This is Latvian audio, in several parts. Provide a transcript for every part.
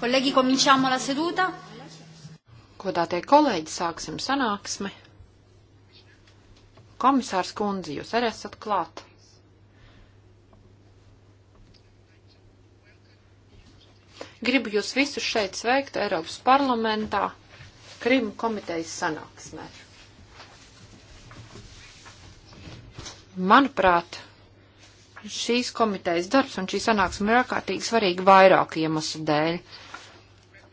Kolēģi, cominciamo la seduta. Godātie kolēģi, sāksim sanāksmi. Komisārs kundze, jūs arī esat klāt. Gribu jūs visus šeit sveikt Eiropas parlamentā Krimu komitejas sanāksmē. Manuprāt, šīs komitejas darbs un šī sanāksme ir ārkārtīgi svarīga vairāku iemeslu dēļ.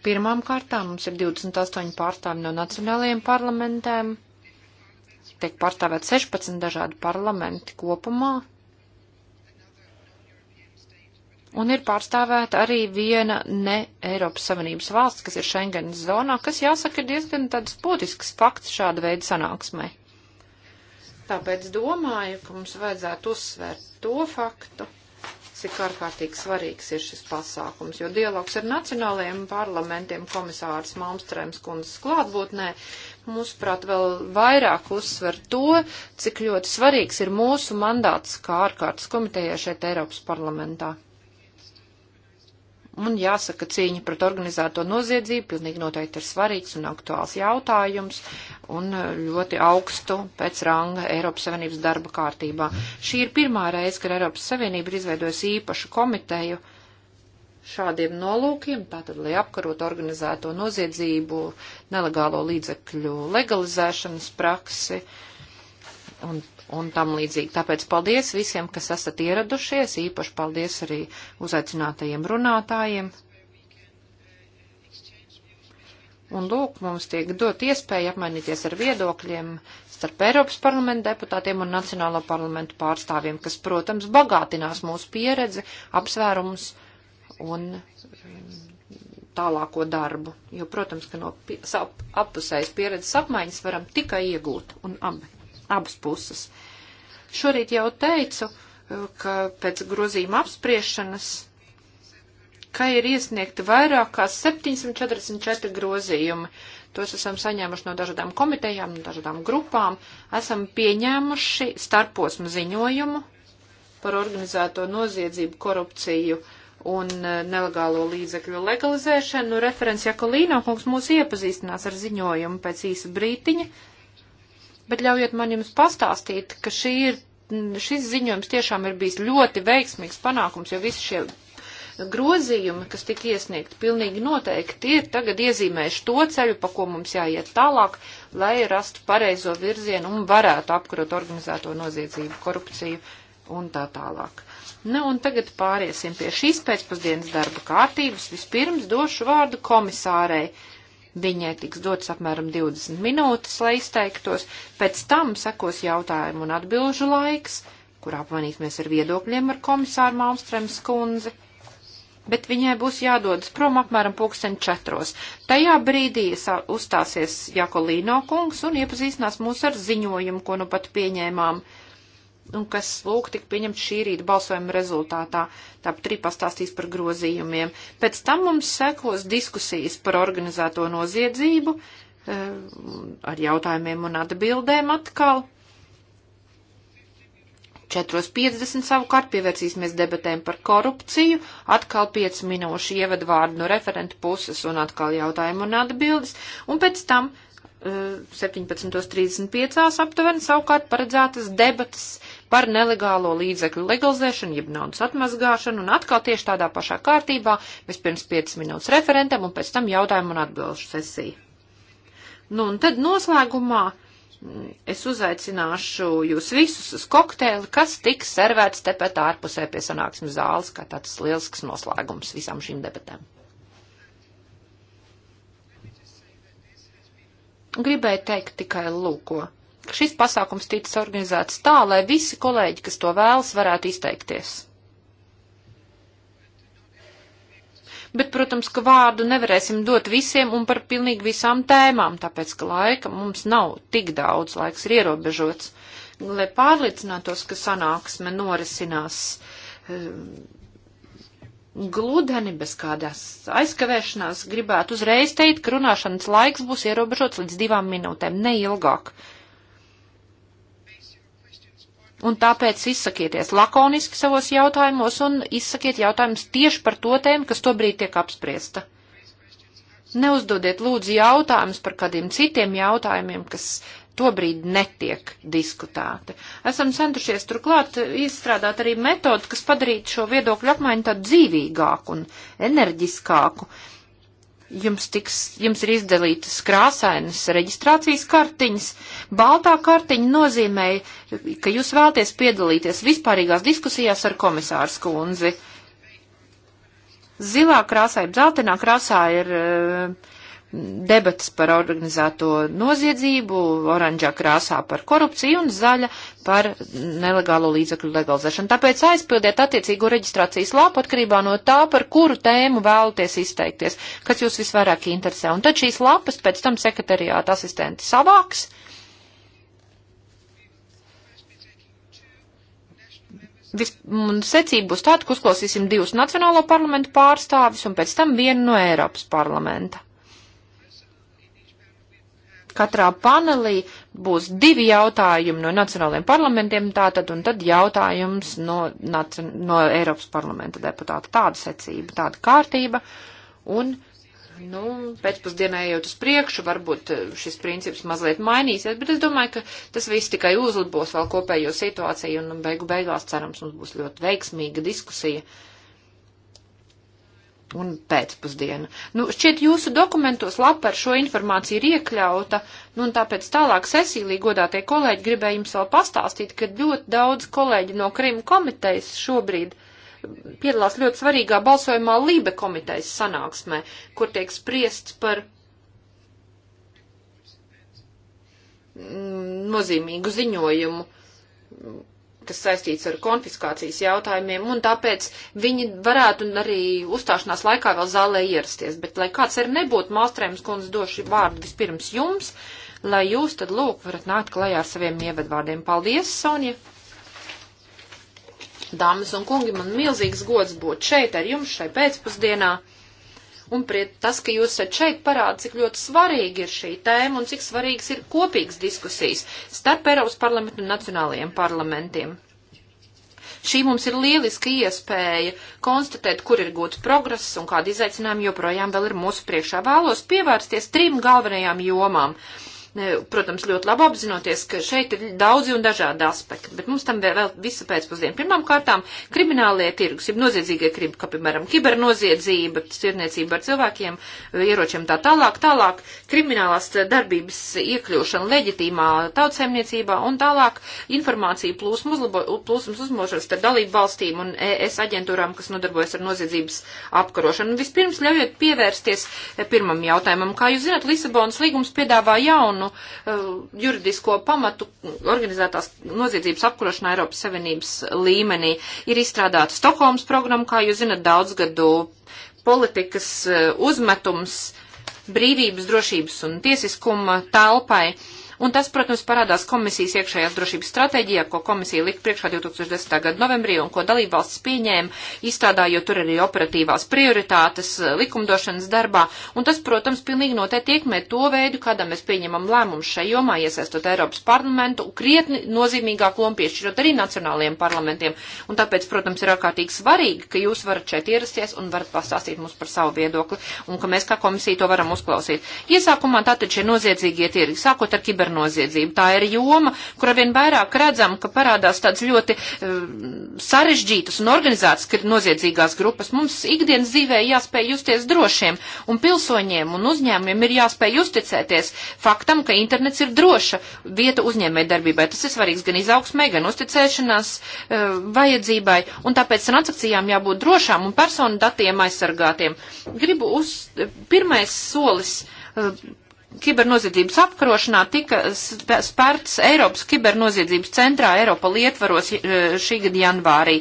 Pirmām kārtām mums ir 28 pārstāvi no nacionālajiem parlamentēm, tiek pārstāvēt 16 dažādi parlamenti kopumā, un ir pārstāvēta arī viena ne Eiropas Savienības valsts, kas ir Schengenas zonā, kas jāsaka ir diezgan tāds būtisks fakts šāda veida sanāksmē. Tāpēc domāju, ka mums vajadzētu uzsvērt to faktu, cik ārkārtīgi svarīgs ir šis pasākums, jo dialogs ar nacionālajiem parlamentiem komisārs Malmstrēms kundzes klātbūtnē, mūsuprāt, vēl vairāk uzsver to, cik ļoti svarīgs ir mūsu mandāts kā ārkārtas komitejai šeit Eiropas parlamentā. Un jāsaka, cīņa pret organizēto noziedzību pilnīgi noteikti ir svarīgs un aktuāls jautājums un eh, ļoti augstu pēc ranga Eiropas Savienības darba kārtībā. Šī ir pirmā reize, kad Eiropas Savienība ir izveidojusi īpašu komiteju šādiem nolūkiem, tātad, lai apkarot organizēto noziedzību, nelegālo līdzekļu legalizēšanas praksi. Un un tam līdzīgi. Tāpēc paldies visiem, kas esat ieradušies, īpaši paldies arī uzaicinātajiem runātājiem. Un lūk, mums tiek dot iespēja apmainīties ar viedokļiem starp Eiropas parlamenta deputātiem un Nacionālo parlamentu pārstāvjiem, kas, protams, bagātinās mūsu pieredzi, apsvērums un mm, tālāko darbu. Jo, protams, ka no apusējas pieredzes apmaiņas varam tikai iegūt un abi abas puses. Šorīt jau teicu, uh, ka pēc grozījuma apspriešanas, ka ir iesniegti vairāk kā 744 grozījumi. Tos esam saņēmuši no dažādām komitejām, no dažādām grupām. Esam pieņēmuši starposmu ziņojumu par organizēto noziedzību, korupciju un uh, nelegālo līdzekļu legalizēšanu. Referents Jakolīno kungs mūs iepazīstinās ar ziņojumu pēc īsa brītiņa. Uh, bet ļaujiet man jums pastāstīt, ka šī ir, šis ziņojums tiešām ir bijis ļoti veiksmīgs panākums, jo visi šie grozījumi, kas tika iesniegti, pilnīgi noteikti ir tagad iezīmējuši to ceļu, pa ko mums jāiet tālāk, lai rastu pareizo virzienu un varētu apkarot organizēto noziedzību, korupciju un tā tālāk. Nu, un tagad pāriesim pie šīs pēcpusdienas darba kārtības. Vispirms došu vārdu komisārei Viņai tiks dots apmēram 20 minūtes, lai izteiktos, pēc tam sekos jautājumu un atbilžu laiks, kur apmanīsimies ar viedokļiem ar komisāru Malmstrēms kundzi bet viņai būs jādodas prom apmēram pulksten četros. Tajā brīdī uzstāsies Jakolīno kungs un iepazīstinās mūs ar ziņojumu, ko nu pat pieņēmām un kas lūk tik pieņemts šī rīta balsojuma rezultātā. Tāpat arī pastāstīs par grozījumiem. Pēc tam mums sekos diskusijas par organizēto noziedzību eh, ar jautājumiem un atbildēm atkal. 4.50 savukārt pievērsīsimies debatēm par korupciju, atkal 5 minūšu ievadvārdu no referenta puses un atkal jautājumu un atbildes, un pēc tam 17.35 eh, aptuveni savukārt paredzētas debatas par nelegālo līdzekļu legalizēšanu, jeb naudas atmazgāšanu, un atkal tieši tādā pašā kārtībā vispirms 5 minūtes referentam un pēc tam jautājumu un atbilžu sesiju. Nu, un tad noslēgumā mm, es uzaicināšu jūs visus uz kokteili, kas tiks servēts tepat ārpusē pie sanāksmes zāles, kā tāds lielsks noslēgums visām šīm debatēm. Gribēju teikt tikai lūko šis pasākums ticis organizēts tā, lai visi kolēģi, kas to vēlas, varētu izteikties. Bet, protams, ka vārdu nevarēsim dot visiem un par pilnīgi visām tēmām, tāpēc, ka laika mums nav tik daudz, laiks ir ierobežots. Lai pārliecinātos, ka sanāksme norisinās eh, gludeni, bez kādās aizkavēšanās, gribētu uzreiz teikt, ka runāšanas laiks būs ierobežots līdz divām minūtēm, neilgāk. ilgāk Un tāpēc izsakieties lakoniski savos jautājumos un izsakiet jautājumus tieši par to tēmu, kas tobrīd tiek apspriesta. Neuzdodiet lūdzu jautājumus par kādiem citiem jautājumiem, kas tobrīd netiek diskutēti. Esam centušies turklāt izstrādāt arī metodu, kas padarītu šo viedokļu apmaiņu tādu dzīvīgāku un enerģiskāku. Uh, Jums, tiks, jums ir izdalītas krāsainas reģistrācijas kartiņas. Baltā kartiņa nozīmē, ka jūs vēlties piedalīties vispārīgās diskusijās ar komisāru skundzi. Zilā krāsā, jeb zeltainā krāsā ir uh, debatas par organizēto noziedzību, oranžā krāsā par korupciju un zaļa par nelegālo līdzakļu legalizēšanu. Tāpēc aizpildiet attiecīgo reģistrācijas lapu atkarībā no tā, par kuru tēmu vēlaties izteikties, kas jūs visvairāk interesē. Un tad šīs lapas pēc tam sekretariāta asistenti savāks. Vis, un secība būs tāda, ka uzklausīsim divus Nacionālo parlamentu pārstāvis un pēc tam vienu no Eiropas parlamenta. Katrā panelī būs divi jautājumi no nacionāliem parlamentiem, tātad, un tad jautājums no, no Eiropas parlamenta deputāta. Tāda secība, tāda kārtība. Un nu, pēcpusdienā ejot uz priekšu, varbūt eh, šis princips mazliet mainīsies, bet es domāju, ka tas viss tikai uzlabos vēl kopējo situāciju un beigu beigās cerams mums būs ļoti veiksmīga diskusija un pēcpusdiena. Nu, šķiet, jūsu dokumentos lapa ar šo informāciju ir iekļauta, nu, un tāpēc tālāk Cecīlija godātie kolēģi gribēja jums vēl pastāstīt, ka ļoti daudz kolēģi no Krimu komitejas šobrīd piedalās ļoti svarīgā balsojumā Lībe komitejas sanāksmē, kur tiek spriests par mm, nozīmīgu ziņojumu kas saistīts ar konfiskācijas jautājumiem, un tāpēc viņi varētu arī uzstāšanās laikā vēl zālē ierasties. Bet, lai kāds ir nebūtu, Mālstrēms kundze došu vārdu vispirms jums, lai jūs tad, lūk, varat nākt klajā ar saviem ievadvārdiem. Paldies, Sonja! Dāmas un kungi, man milzīgs gods būt šeit ar jums šai pēcpusdienā. Un tas, ka jūs esat šeit, parāda, cik ļoti svarīgi ir šī tēma un cik svarīgas ir kopīgas diskusijas starp Eiropas parlamentu un nacionālajiem parlamentiem. Šī mums ir lieliska iespēja konstatēt, kur ir gūts progress un kādi izaicinājumi joprojām vēl ir mūsu priekšā. Vēlos pievērsties trim galvenajām jomām. Uh, protams, ļoti labi apzinoties, ka šeit ir daudzi un dažādi aspekti, bet mums tam vēl visu pēcpusdienu. Pirmām kārtām kriminālie tirgus, ir noziedzīgie krimi, kā piemēram kibernoziedzība, cirniecība ar cilvēkiem, ieročiem tā tālāk, tālāk, kriminālās darbības iekļūšana leģitīmā tautsēmniecībā un tālāk informācija plūsmas uzmošanas starp dalību valstīm un ES aģentūrām, kas nodarbojas ar noziedzības apkarošanu. Vispirms ļaujiet pievērsties eh, pirmam jautājumam. Kā jūs zināt, Lisabonas līgums piedāvā jaunu jaunu uh, eh, juridisko pamatu organizētās noziedzības apkurošanā Eiropas Savienības līmenī. Ir izstrādāta Stokholmas programma, kā jūs zinat, daudzgadu politikas uh, uzmetums brīvības, drošības un tiesiskuma telpai. Uh, Un tas, protams, parādās komisijas iekšējās drošības stratēģijā, ko komisija lika priekšā 2010. gada novembrī un ko dalībvalsts pieņēma, izstrādājot tur arī operatīvās prioritātes eh, likumdošanas darbā. Un tas, protams, pilnīgi noteikti iekmē to veidu, kādā mēs pieņemam lēmumus šai jomā, iesaistot Eiropas parlamentu, krietni nozīmīgāk lomu piešķirot arī nacionālajiem parlamentiem. Un tāpēc, protams, ir ārkārtīgi svarīgi, ka jūs varat šeit ierasties un varat pastāstīt mums par savu viedokli un ka mēs kā komisija to varam uzklausīt. Iesākumā tātad šie noziedzīgie tirgi, sākot ar kiber kibernoziedzību. Tā ir joma, kura vien vairāk redzam, ka parādās tāds ļoti uh, sarežģītas un organizētas noziedzīgās grupas. Mums ikdienas dzīvē jāspēj justies drošiem, un pilsoņiem un uzņēmumiem ir jāspēj uzticēties faktam, ka internets ir droša vieta uzņēmē darbībai. Tas ir svarīgs gan izaugsmē, gan uzticēšanās uh, vajadzībai, un tāpēc transakcijām jābūt drošām un personu datiem aizsargātiem. Gribu uz, pirmais solis uh, kibernoziedzības apkarošanā tika spērts Eiropas kibernoziedzības centrā Eiropa lietvaros eh, šī gada janvārī.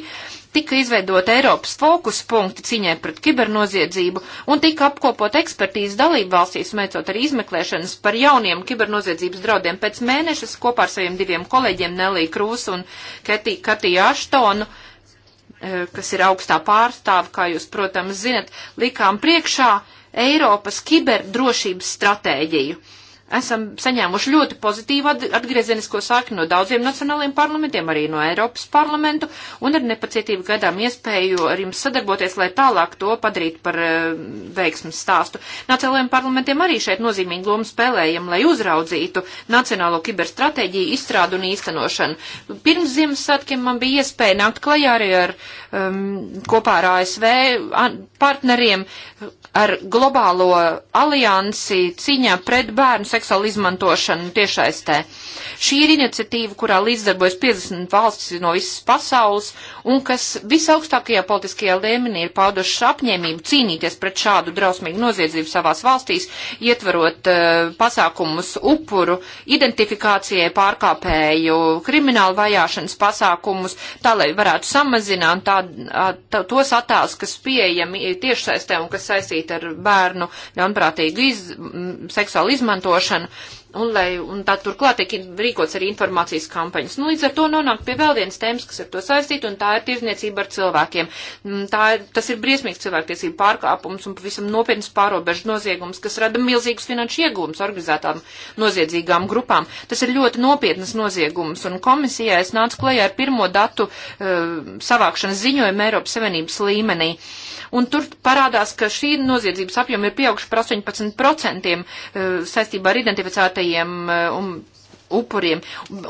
Tika izveidot Eiropas fokus punkti ciņai pret kibernoziedzību un tika apkopot ekspertīzi dalību valstīs, veicot arī izmeklēšanas par jauniem kibernoziedzības draudiem. Pēc mēnešas kopā ar saviem diviem kolēģiem Nelī Krūs un Ketī, Katiju Aštonu eh, kas ir augstā pārstāva, kā jūs, protams, zinat, likām priekšā uh, Eiropas kiberdrošības stratēģiju. Esam saņēmuši ļoti pozitīvu atgriezenisko sākni no daudziem nacionāliem parlamentiem, arī no Eiropas parlamentu, un ar nepacietību gaidām iespēju ar jums sadarboties, lai tālāk to padarītu par uh, eh, veiksmas stāstu. Nacionālajiem parlamentiem arī šeit nozīmīgi lomu spēlējam, lai uzraudzītu nacionālo kiberstratēģiju izstrādu un īstenošanu. Pirms Ziemassvētkiem man bija iespēja nākt klajā arī ar um, kopā ar ASV partneriem ar globālo aliansi cīņā pret bērnu seksuālu izmantošanu tiešaistē. Šī ir iniciatīva, kurā līdzdarbojas 50 valstis no visas pasaules un kas visaugstākajā politiskajā līmenī ir paudušas apņēmību cīnīties pret šādu drausmīgu noziedzību savās valstīs, ietverot uh, pasākumus upuru, identifikācijai pārkāpēju, kriminālu vajāšanas pasākumus, tā lai varētu samazināt tā, tā, tos attēlus, kas pieejami tiešsaistē un kas saistīti saistīta ar bērnu ļaunprātīgu iz, seksuālu izmantošanu, Un, lai, un tā turklāt tiek rīkots arī informācijas kampaņas. Nu, līdz ar to nonāk pie vēl vienas tēmas, kas ar to saistīta, un tā ir tirzniecība ar cilvēkiem. Mm, tā ir, tas ir briesmīgs cilvēktiesību pārkāpums un pavisam nopietnas pārobežu noziegums, kas rada milzīgus finanšu iegūmus organizētām noziedzīgām grupām. Tas ir ļoti nopietnas noziegums, un komisijā es nācu klajā ar pirmo datu uh, savākšanas ziņojumu Eiropas Savienības līmenī. Un tur parādās, ka šī noziedzības apjoma ir pieauguši par 18% uh, eh, saistībā ar identificētajiem smagajiem eh, um, upuriem,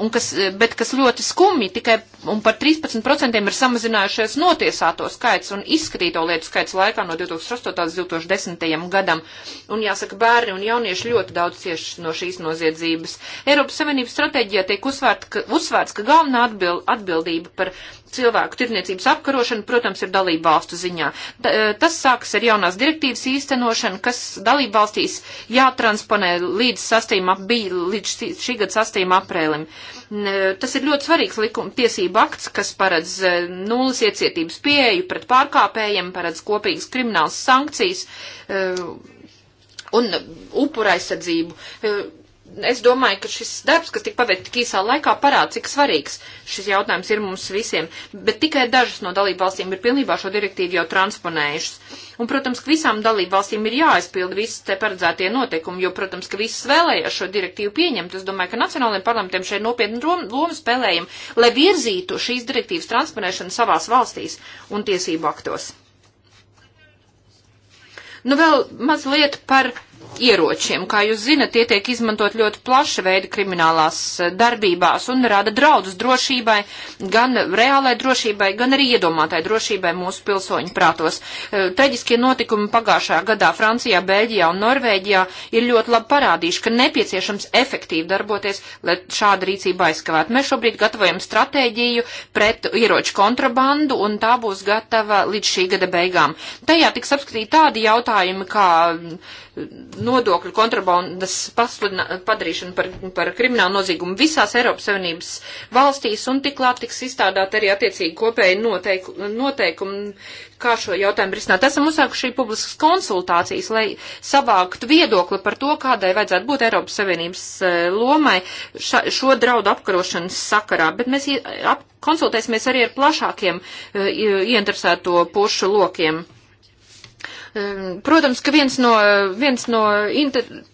un kas, eh, bet kas ļoti skumji, tikai un par 13% ir samazinājušies notiesāto skaits un izskatīto lietu skaits laikā no 2008. līdz 2010. gadam. Un jāsaka, bērni un jaunieši ļoti daudz cieš no šīs noziedzības. Eiropas Savienības stratēģijā tiek uzsvērts, ka, uzsvērts, ka galvenā atbild, atbildība par cilvēku tirniecības apkarošana, protams, ir dalība valstu ziņā. Da, e, tas sāks ar jaunās direktīvas īstenošanu, kas dalība valstīs jātransponē līdz, sastīm, līdz šī gada 6. aprēlim. E, tas ir ļoti svarīgs likuma tiesība akts, kas paredz e, nulles iecietības pieeju pret pārkāpējiem, paredz kopīgas kriminālas sankcijas un upura aizsardzību es domāju, ka šis darbs, kas tika paveikts tik īsā laikā, parāda, cik svarīgs šis jautājums ir mums visiem. Bet tikai dažas no dalībvalstīm ir pilnībā šo direktīvu jau transponējušas. Un, protams, ka visām dalībvalstīm ir jāizpilda visas te paredzētie noteikumi, jo, protams, ka visas vēlējās šo direktīvu pieņemt. Es domāju, ka nacionālajiem parlamentiem šeit nopietni lomu spēlējam, lai virzītu šīs direktīvas transponēšanu savās valstīs un tiesību aktos. Nu, vēl mazliet par ieročiem. Kā jūs zinat, tie tiek izmantot ļoti plaša veida kriminālās eh, darbībās un rada draudus drošībai, gan reālai drošībai, gan arī iedomātai drošībai mūsu pilsoņu prātos. Eh, traģiskie notikumi pagājušajā gadā Francijā, Bēļģijā un Norvēģijā ir ļoti labi parādījuši, ka nepieciešams efektīvi darboties, lai šāda rīcība aizskavētu. Mēs šobrīd gatavojam stratēģiju pret ieroču kontrabandu un tā būs gatava līdz šī gada beigām. Tajā tiks apskatīt tādi jautājumi, kā nodokļu kontrabandas padarīšanu par, par kriminālu nozīgumu visās Eiropas Savienības valstīs, un tiklāt tiks izstādāt arī attiecīgi kopēji noteiku, noteikumi, kā šo jautājumu risināt. Esam uzsākuši publiskas konsultācijas, lai savāktu viedokli par to, kādai vajadzētu būt Eiropas Savienības eh, lomai ša, šo draudu apkarošanas sakarā, bet mēs ap, konsultēsimies arī ar plašākiem eh, ieinteresēto pušu lokiem. Ehm, protams, ka viens no, viens no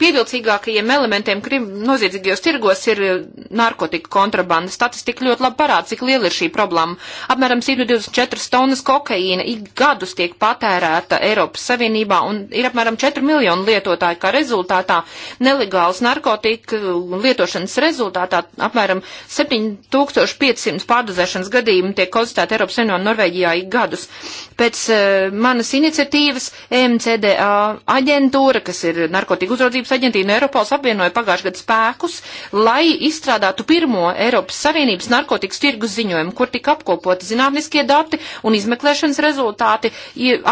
pievilcīgākajiem elementiem noziedzīgajos tirgos ir eh, narkotika kontrabanda. Statistika ļoti labi parāda, cik liela ir šī problēma. Apmēram 124 tonnas kokaīna ik gadus tiek patērēta Eiropas Savienībā un ir apmēram 4 miljonu lietotāju, kā rezultātā nelegāls narkotika uh, lietošanas rezultātā apmēram 7500 pārdozēšanas gadījumu tiek konstatēta Eiropas Savienībā un Norvēģijā ik gadus. Pēc uh, manas iniciatīvas MCDA aģentūra, kas ir narkotiku uzraudzības aģentīna no Eiropas, apvienoja pagājušajā gadā spēkus, lai izstrādātu pirmo Eiropas Savienības narkotikas tirgus ziņojumu, kur tika apkopoti zinātniskie dati un izmeklēšanas rezultāti,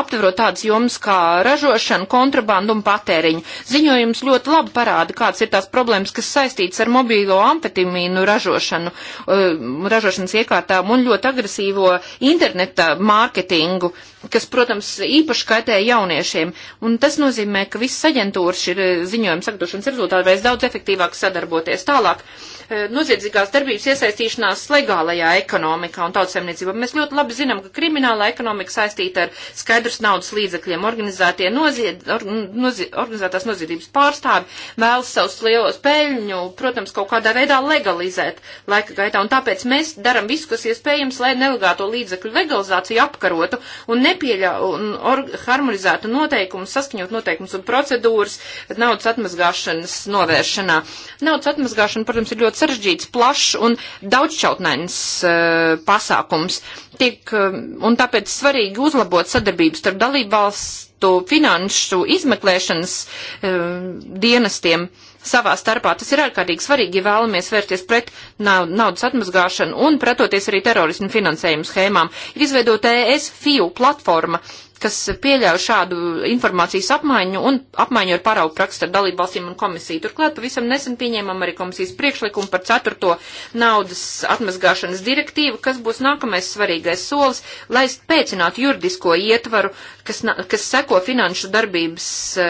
aptverot tādas jomas kā ražošana, kontrabandu un patēriņu. Ziņojums ļoti labi parāda, kādas ir tās problēmas, kas saistītas ar mobīlo amfetamīnu ražošanu, um, ražošanas iekārtām un ļoti agresīvo interneta mārketingu. Uh, kas, protams, īpaši kaitē jauniešiem. Un tas nozīmē, ka visas aģentūras ir ziņojuma sagatavošanas rezultātā vairs daudz efektīvāk sadarboties tālāk. Uh, E, noziedzīgās darbības iesaistīšanās legālajā ekonomikā un tautsemniecībā. Mēs ļoti labi zinām, ka krimināla ekonomika saistīta ar skaidrs naudas līdzekļiem. Organizētie nozied, or, nozie, organizētās noziedzības pārstāvi vēlas savus lielos peļņu, protams, kaut kādā veidā legalizēt laika gaitā. Un tāpēc mēs daram visu, kas iespējams, lai nelegāto līdzekļu legalizāciju apkarotu un nepieļautu un or, harmonizētu noteikumus, saskaņot noteikumus un procedūras naudas atmazgāšanas novēršanā. Naudas atmazgāšana, protams, ir ļoti ļoti sarežģīts, plašs un daudzšķautnains uh, eh, pasākums. Tiek, uh, un tāpēc svarīgi uzlabot sadarbības starp dalībvalstu finanšu izmeklēšanas uh, dienestiem savā starpā. Tas ir ārkārtīgi svarīgi, ja vēlamies vērties pret naudas atmazgāšanu un pretoties arī terorismu finansējumu schēmām. Ir izveidota ES FIU platforma, uh, kas pieļauj šādu informācijas apmaiņu un apmaiņu ar paraugu prakstu ar dalību valstīm un komisiju. Turklāt pavisam nesen pieņēmām arī komisijas priekšlikumu par ceturto naudas atmazgāšanas direktīvu, kas būs nākamais svarīgais solis, lai spēcinātu juridisko ietvaru, kas, kas seko finanšu darbības e,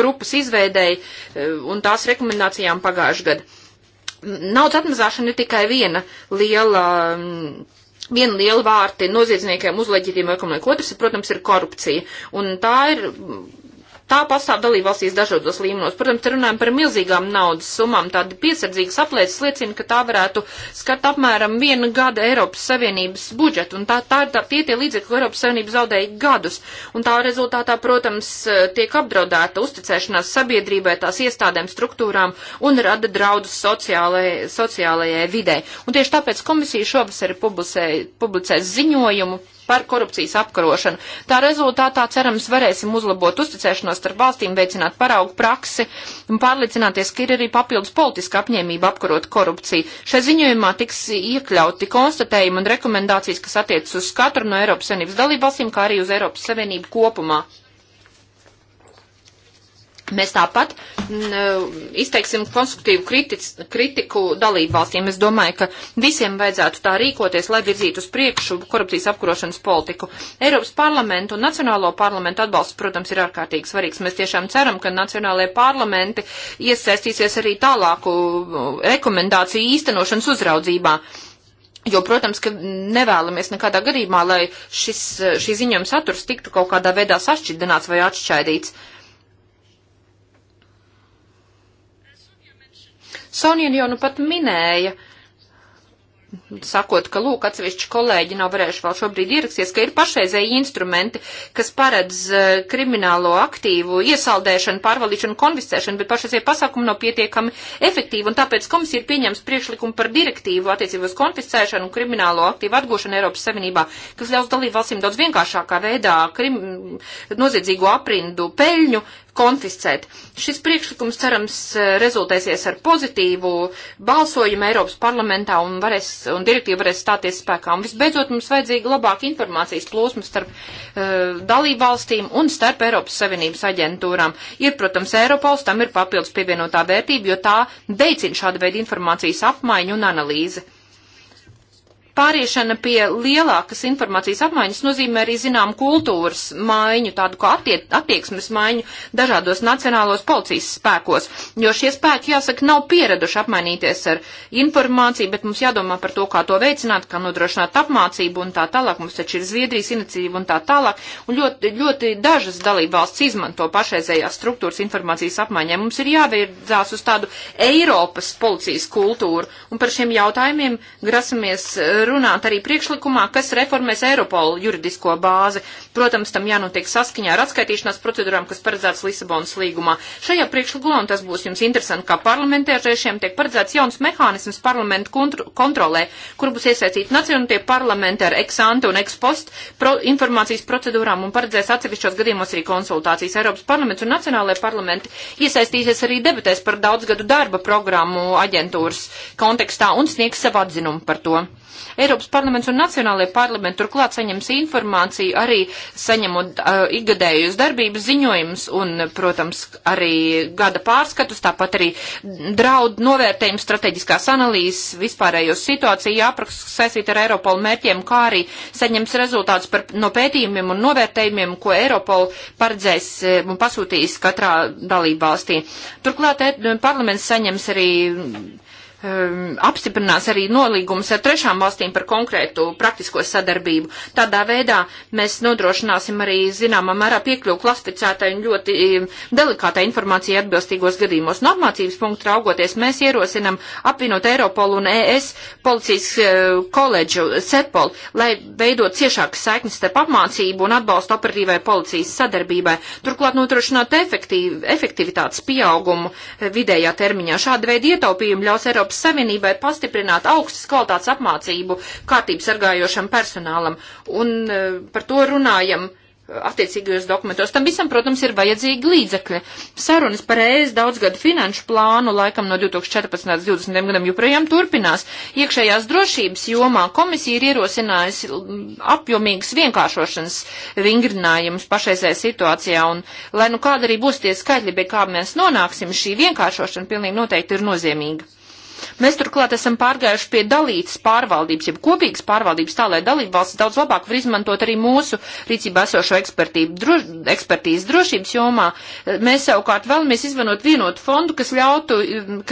grupas izveidēji e, un tās rekomendācijām pagājušajā gadā. Naudas atmazāšana ir tikai viena liela. E, Viena liela vārti noziedzniekiem uz leģitīmu ekonomiku, otrs, protams, ir korupcija. Un tā ir Tā pastāv dalībvalstīs dažādos līmenos. Protams, te runājam par milzīgām naudas summām. Tāda piesardzīgas aplēses liecina, ka tā varētu skart apmēram vienu gadu Eiropas Savienības budžetu. Un tā, tā ir tie tie līdzekļi, ko Eiropas Savienība zaudēja gadus. Un tā rezultātā, protams, eh, tiek apdraudēta uzticēšanās sabiedrībai, tās iestādēm, struktūrām un rada draudus sociālajai, sociālajai vidē. Un tieši tāpēc komisija šovasar publicē, publicēs ziņojumu par korupcijas apkarošanu. Tā rezultātā, cerams, varēsim uzlabot uzticēšanos starp valstīm, veicināt paraugu praksi un pārliecināties, ka ir arī papildus politiska apņēmība apkarot korupciju. Šai ziņojumā tiks iekļauti konstatējumi un rekomendācijas, kas attiecas uz katru no Eiropas Savienības dalībvalstīm, kā arī uz Eiropas Savienību kopumā. Mēs tāpat mm, eh, izteiksim konstruktīvu kritic, kritiku dalību valstīm. Es domāju, ka visiem vajadzētu tā rīkoties, lai virzītu uz priekšu korupcijas apkurošanas politiku. Eiropas parlamentu un Nacionālo parlamentu atbalsts, protams, ir ārkārtīgi svarīgs. Mēs tiešām ceram, ka Nacionālajie parlamenti iesaistīsies arī tālāku mm, rekomendāciju īstenošanas uzraudzībā. Jo, protams, ka nevēlamies nekādā gadījumā, lai šis, šī ziņojuma saturs tiktu kaut kādā veidā sašķidrināts vai atšķaidīts. Sonija jau nu pat minēja, sakot, ka, lūk, atsevišķi kolēģi nav varējuši vēl šobrīd ieraksties, ka ir pašreizēji instrumenti, kas paredz e, kriminālo aktīvu iesaldēšanu, pārvaldīšanu, konfiscēšanu, bet pašreizie pasākumi nav pietiekami efektīvi, un tāpēc komisija ir pieņems priekšlikumu par direktīvu attiecību uz konfiscēšanu un kriminālo aktīvu atgūšanu Eiropas Savienībā, kas ļaus dalību valstīm daudz vienkāršākā veidā krim, noziedzīgo aprindu peļņu konfiscēt. Šis priekšlikums, cerams, eh, rezultēsies ar pozitīvu balsojumu Eiropas parlamentā un, varēs, un direktīva varēs stāties spēkā. Un visbeidzot, mums vajadzīga labāka informācijas plūsma starp uh, eh, dalību valstīm un starp Eiropas Savienības aģentūrām. Ir, protams, Eiropols, tam ir papildus pievienotā vērtība, jo tā veicina šādu veidu informācijas apmaiņu un analīzi. Pāriešana pie lielākas informācijas apmaiņas nozīmē arī zinām kultūras maiņu, tādu kā attie, attieksmes maiņu dažādos nacionālos policijas spēkos, jo šie spēki, jāsaka, nav pieraduši apmainīties ar informāciju, bet mums jādomā par to, kā to veicināt, kā nodrošināt apmācību un tā tālāk. Mums taču ir Zviedrijas iniciatīva un tā tālāk, un ļoti, ļoti dažas dalībvalsts izmanto pašreizējās struktūras informācijas apmaiņai. Mums ir jāvirzās uz tādu Eiropas policijas kultūru, un par šiem jautājumiem grasamies runāt arī priekšlikumā, kas reformēs Eiropolu juridisko bāzi. Protams, tam jānotiek saskaņā ar atskaitīšanās procedūrām, kas paredzēts Lisabonas līgumā. Šajā priekšlikumā, un tas būs jums interesanti, kā parlamentāriešiem, tiek paredzēts jauns mehānisms parlamentu kontro kontrolē, kur būs iesaistīti nacionālie parlamenti ar ex-ante un ex-post pro informācijas procedūrām un paredzēs atsevišķos gadījumos arī konsultācijas. Eiropas parlaments un nacionālajie parlamenti iesaistīsies arī debatēs par daudzgadu darba programmu aģentūras kontekstā un sniegs savu atzinumu par to. Eiropas parlaments un nacionālajie parlamenti turklāt saņems informāciju arī saņemot uh, ikgadējus darbības ziņojumus un, protams, arī gada pārskatus, tāpat arī draudu novērtējumu strateģiskās analīzes vispārējos situāciju apraksts saistīt ar Eiropolu mērķiem, kā arī saņems rezultātus par, no pētījumiem un novērtējumiem, ko Eiropola paredzēs um, un pasūtīs katrā dalību valstī. Turklāt eh, parlaments saņems arī um, apstiprinās arī nolīgumus ar trešām valstīm par konkrētu praktisko sadarbību. Tādā veidā mēs nodrošināsim arī zināmā mērā piekļuvu klasificētai un ļoti um, delikātai informācijai atbilstīgos gadījumos. No apmācības punktu raugoties, mēs ierosinam apvienot Eiropolu un ES policijas uh, koledžu CEPOL, lai veidot ciešākas saiknes starp apmācību un atbalstu operatīvai policijas sadarbībai. Turklāt nodrošināt efektiv, efektivitātes pieaugumu uh, vidējā termiņā. Šāda veida ietaupījumi ļaus Eiropā Eiropas Savienībai pastiprināt augstas kvalitātes apmācību kārtības sargājošam personālam. Un e, par to runājam e, attiecīgajos dokumentos. Tam visam, protams, ir vajadzīgi līdzekļi. Sarunas par ES daudzgadu finanšu plānu laikam no 2014. līdz 2020. gadam joprojām turpinās. Iekšējās drošības jomā komisija ir ierosinājusi apjomīgas vienkāršošanas vingrinājumus pašreizējā situācijā, un lai nu kāda arī būs tie skaitļi, pie kā mēs nonāksim, šī vienkāršošana pilnīgi noteikti ir nozīmīga. Mēs turklāt esam pārgājuši pie dalītas pārvaldības, jeb kopīgas pārvaldības tā, lai dalība valsts daudz labāk var izmantot arī mūsu rīcībā esošo droš, ekspertīzi drošības jomā. Mēs savukārt vēlamies izvanot vienotu fondu, kas ļautu,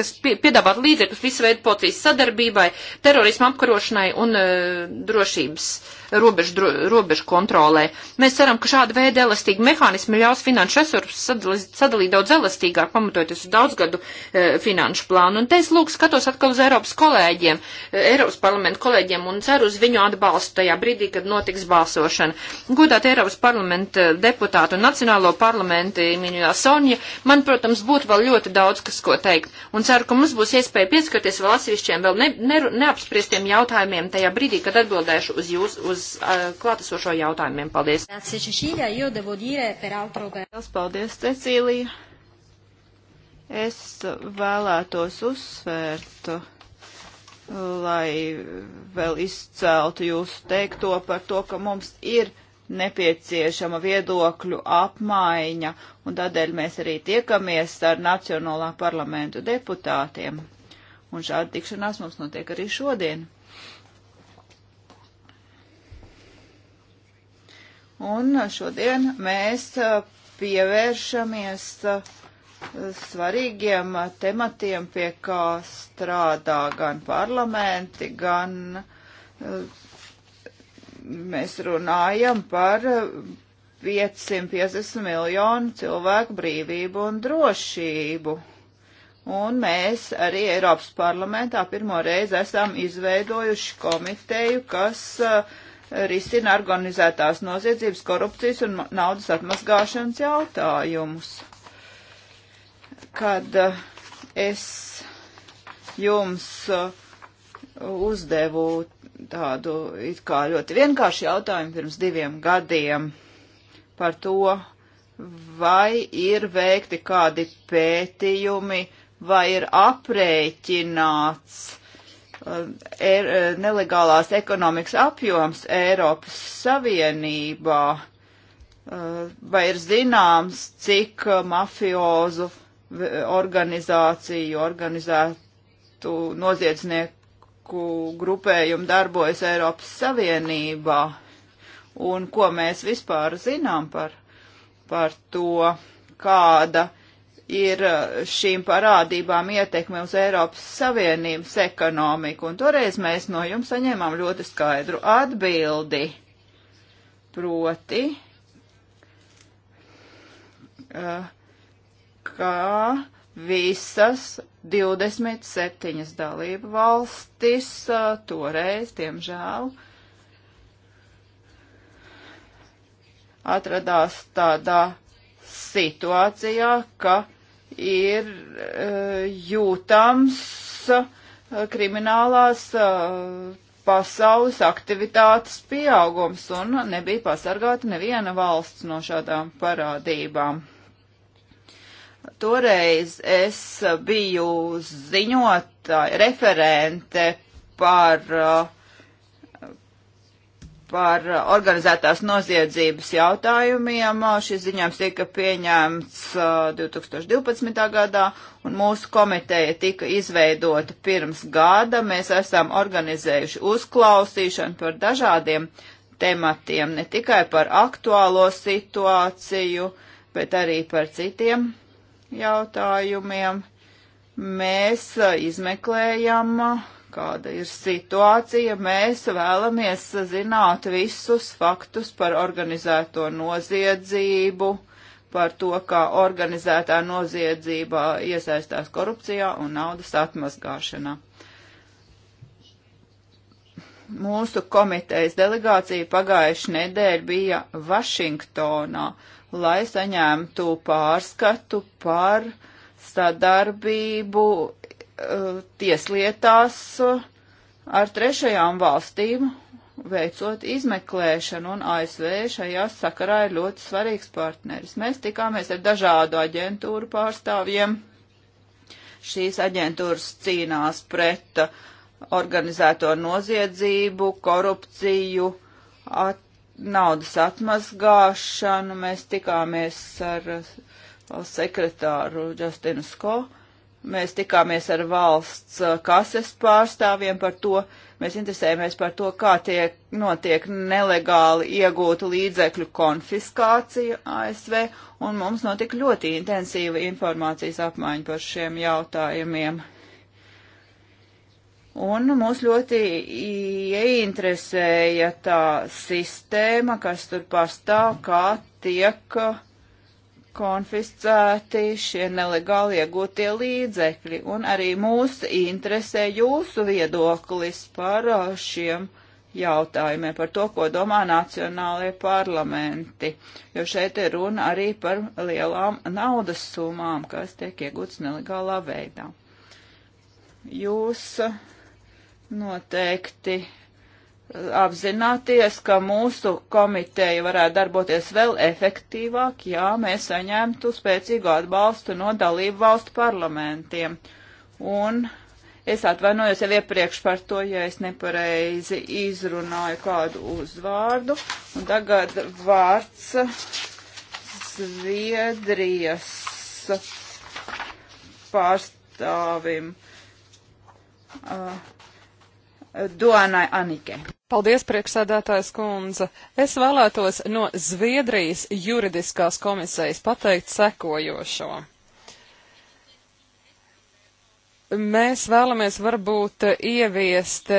kas pie, piedāvātu līdzekļus visu veidu policijas sadarbībai, terorismu apkarošanai un uh, drošības uh, robežu, robežu kontrolē. Mēs ceram, ka šāda veida elastīgi mehānismi ļaus finanšu resursus sadalīt, sadalīt daudz elastīgāk, pamatojoties uz daudzgadu e, finanšu plānu. Un te es lūk skatos atkal uz Eiropas kolēģiem, e, Eiropas parlamentu kolēģiem un ceru uz viņu atbalstu tajā brīdī, kad notiks balsošana. Godāt Eiropas parlamenta deputātu un Nacionālo parlamentu Minijā Sonja, man, protams, būtu vēl ļoti daudz, kas ko teikt. Un ceru, ka mums būs iespēja pieskarties vēl atsevišķiem, vēl ne, ne, neapspriestiem jautājumiem tajā brīdī, kad atbildēšu uz jūsu. Uz uz uh, klātesošo jautājumiem. Paldies! Paldies, paldies Cecīlija! Es vēlētos uzsvērt, lai vēl izceltu jūsu teikto par to, ka mums ir nepieciešama viedokļu apmaiņa, un tādēļ mēs arī tiekamies ar Nacionālā parlamentu deputātiem. Un šāda tikšanās mums notiek arī šodien. Un šodien mēs uh, pievēršamies uh, svarīgiem uh, tematiem, pie kā strādā gan parlamenti, gan mēs runājam par 550 miljonu cilvēku brīvību un drošību. Un mēs arī Eiropas parlamentā pirmo reizi esam izveidojuši komiteju, kas uh, risina organizētās noziedzības, korupcijas un naudas atmazgāšanas jautājumus. Kad eh, es jums eh, uzdevu tādu it kā ļoti vienkāršu jautājumu pirms diviem gadiem par to, vai ir veikti kādi pētījumi, vai ir aprēķināts, Uh, er, uh, nelegālās ekonomikas apjoms Eiropas Savienībā, uh, vai ir zināms, cik mafiozu organizāciju, organizētu noziedznieku grupējumu darbojas Eiropas Savienībā, un ko mēs vispār zinām par, par to, kāda ir uh, šīm parādībām ietekme uz Eiropas Savienības ekonomiku, un toreiz mēs no jums saņēmām ļoti skaidru atbildi. Proti, uh, kā visas 27 dalību valstis uh, toreiz, diemžēl, atradās tādā situācijā, ka ir e, jūtams e, kriminālās e, pasaules aktivitātes pieaugums un nebija pasargāta neviena valsts no šādām parādībām. Toreiz es biju ziņotāja referente par uh, par eh, organizētās noziedzības jautājumiem. Eh, šis ziņojums tika pieņemts 2012. Eh, gadā, un mūsu komiteja tika izveidota pirms gada. Mēs esam organizējuši uzklausīšanu par dažādiem tematiem, ne tikai par aktuālo situāciju, bet arī par citiem jautājumiem. Mēs izmeklējam uh, kāda ir situācija. Mēs vēlamies zināt visus faktus par organizēto noziedzību, par to, kā organizētā noziedzība iesaistās korupcijā un naudas atmazgāšanā. Mūsu komitejas delegācija pagājuši nedēļ bija Vašingtonā, lai saņemtu pārskatu par sadarbību Eh, tieslietās eh, ar trešajām valstīm veicot izmeklēšanu, un ASV šajā sakarā ir ļoti svarīgs partneris. Mēs tikāmies ar dažādu aģentūru pārstāvjiem. Šīs aģentūras cīnās pret eh, organizēto noziedzību, korupciju, at, naudas atmazgāšanu. Mēs tikāmies ar valsts sekretāru Justinu Skotu Mēs tikāmies ar valsts eh, kases pārstāvjiem par to, mēs interesējamies par to, kā tiek notiek nelegāli iegūtu līdzekļu konfiskācija ASV, un mums notika ļoti intensīva informācijas apmaiņa par šiem jautājumiem. Un mūs ļoti ieinteresēja tā sistēma, kas tur pastāv, kā tiek uh, konfiscēti šie nelegāli iegūtie līdzekļi, un arī mūs interesē jūsu viedoklis par uh, šiem jautājumiem, par to, ko domā nacionālajie parlamenti, jo šeit ir runa arī par lielām naudas summām, kas tiek iegūtas nelegālā veidā. Jūs uh, noteikti apzināties, ka mūsu komiteja varētu darboties vēl efektīvāk, ja mēs saņemtu spēcīgu atbalstu no dalību valstu parlamentiem. Un es atvainojos jau iepriekš par to, ja es nepareizi izrunāju kādu uzvārdu. Un tagad vārds Zviedrijas pārstāvim. Uh, Doanai Anike. Paldies, priekšsēdētājs kundze. Es vēlētos no Zviedrijas juridiskās komisijas pateikt sekojošo. Mēs vēlamies varbūt ieviest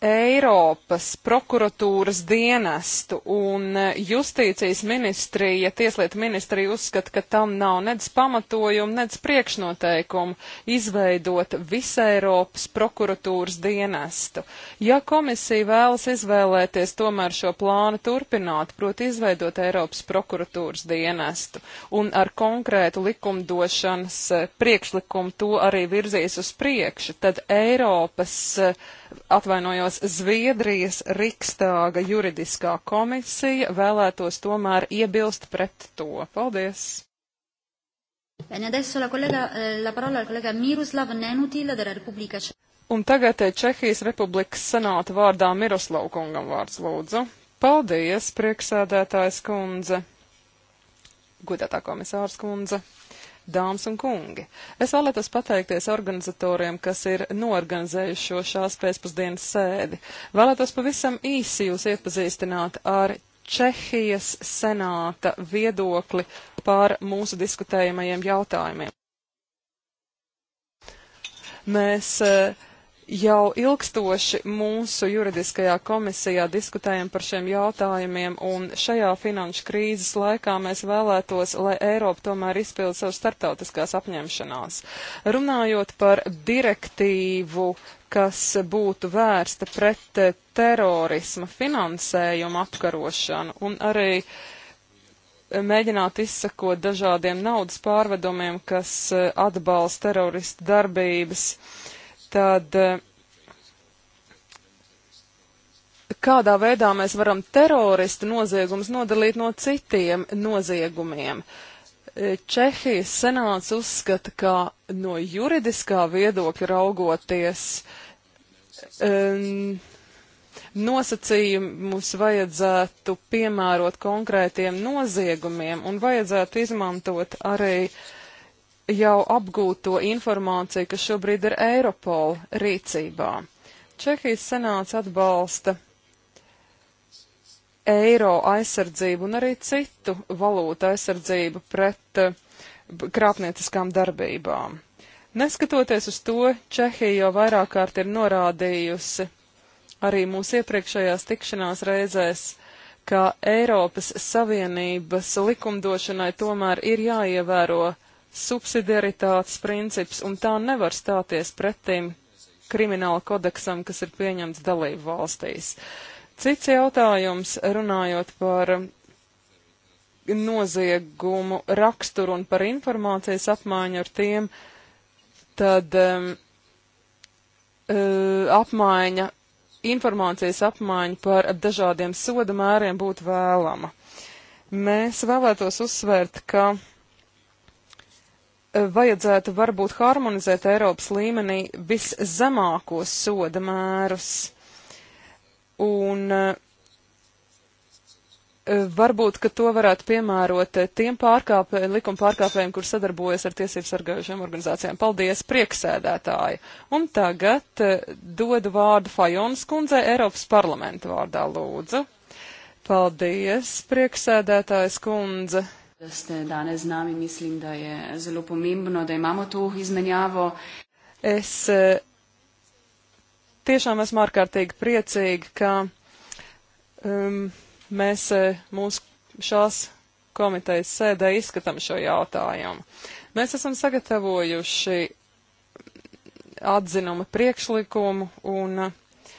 Eiropas prokuratūras dienestu un e, justīcijas ministrija, tieslietu ministrija uzskata, ka tam nav nedz pamatojumu, nedz priekšnoteikumu izveidot visu Eiropas prokuratūras dienestu. Ja komisija vēlas izvēlēties tomēr šo plānu turpināt, proti izveidot Eiropas prokuratūras dienestu un ar konkrētu likumdošanas e, priekšlikumu to arī virzīs uz priekšu, tad Eiropas uh, atvainojos, Zviedrijas Rikstāga juridiskā komisija vēlētos tomēr iebilst pret to. Paldies! Bene, adesso la, collega, eh, la parola al collega Miroslav Nenutil della Repubblica Ceca. Un tagad eh, Čehijas Republikas senāta vārdā Miroslav kungam vārds lūdzu. Paldies, prieksēdētājs kundze, gudētā komisārs kundze dāmas un kungi. Es vēlētos pateikties organizatoriem, kas ir norganizējuši šo šās pēcpusdienas sēdi. Vēlētos pavisam īsi jūs iepazīstināt ar Čehijas senāta viedokli par mūsu diskutējamajiem jautājumiem. Mēs uh, Jau ilgstoši mūsu juridiskajā komisijā diskutējam par šiem jautājumiem, un šajā finanšu krīzes laikā mēs vēlētos, lai Eiropa tomēr izpild savu starptautiskās apņemšanās. Runājot par direktīvu, kas būtu vērsta pret terorisma finansējumu apkarošanu un arī mēģināt izsakot dažādiem naudas pārvedumiem, kas atbalsta teroristu darbības. Uh, tad eh, kādā veidā mēs varam teroristu noziegumus nodalīt no citiem noziegumiem. Eh, Čehijas senāts uzskata, ka no juridiskā viedokļa raugoties um, nosacījumus vajadzētu piemērot konkrētiem noziegumiem un vajadzētu izmantot arī uh, jau apgūto informāciju, kas šobrīd ir Eiropola rīcībā. Čehijas senāts atbalsta eiro aizsardzību un arī citu valūtu aizsardzību pret eh, krāpnieciskām darbībām. Neskatoties uz to, Čehija jau vairāk kārt ir norādījusi arī mūsu iepriekšējās tikšanās reizēs, ka Eiropas Savienības likumdošanai tomēr ir jāievēro subsidiaritātes princips, un tā nevar stāties pretim krimināla kodeksam, kas ir pieņemts dalību valstīs. Cits jautājums, runājot par noziegumu raksturu un par informācijas apmaiņu ar tiem, tad um, apmaiņa, informācijas apmaiņa par dažādiem soda mēriem būtu vēlama. Mēs vēlētos uzsvērt, ka Eh, vajadzētu varbūt harmonizēt Eiropas līmenī viszemākos soda mērus. Un eh, eh, varbūt, ka to varētu piemērot tiem pārkāpē, likuma pārkāpējiem, kur sadarbojas ar tiesību sargājušiem organizācijām. Paldies, prieksēdētāji! Un tagad dodu vārdu Fajons kundzē Eiropas parlamenta vārdā, lūdzu. Paldies, prieksēdētājs kundze! ste danes z nami. Mislim, da je zelo pomembno, da imamo to izmenjavo. Es eh, tiešām esmu ārkārtīgi priecīgi, ka um, mēs eh, mūsu šās komitejas sēdē izskatām šo jautājumu. Mēs esam sagatavojuši atzinuma priekšlikumu un, eh,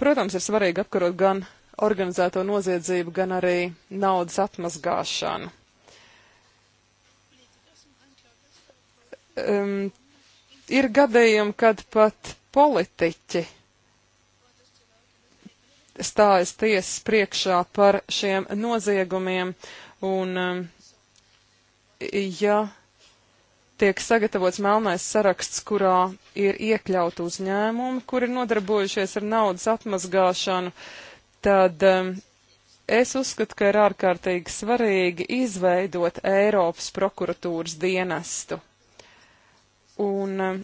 protams, ir svarīgi apkarot gan organizēto noziedzību, gan arī naudas atmazgāšanu. Um, ir gadījumi, kad pat politiķi stājas tiesas priekšā par šiem noziegumiem, un um, ja tiek sagatavots melnais saraksts, kurā ir iekļaut uzņēmumi, kuri ir nodarbojušies ar naudas atmazgāšanu, uh, tad um, es uzskatu, ka ir ārkārtīgi svarīgi izveidot Eiropas prokuratūras dienestu. Un um,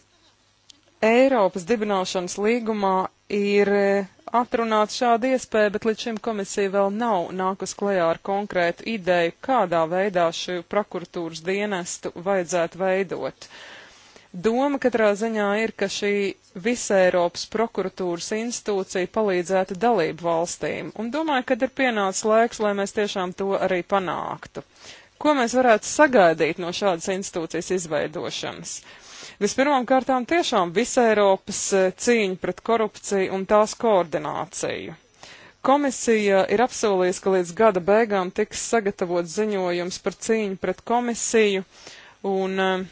Eiropas dibināšanas līgumā ir eh, atrunāta šāda iespēja, bet līdz šim komisija vēl nav nākus klajā ar konkrētu ideju, kādā veidā šo prokuratūras dienestu vajadzētu veidot. Uh, Doma katrā ziņā ir, ka šī visa Eiropas prokuratūras institūcija palīdzētu dalību valstīm, un domāju, ka ir pienācis laiks, lai mēs tiešām to arī panāktu. Ko mēs varētu sagaidīt no šādas institūcijas izveidošanas? Vispirmām kārtām tiešām visa Eiropas e, cīņa pret korupciju un tās koordināciju. Komisija ir apsolījusi, ka līdz gada beigām tiks sagatavots ziņojums par cīņu pret komisiju, un uh,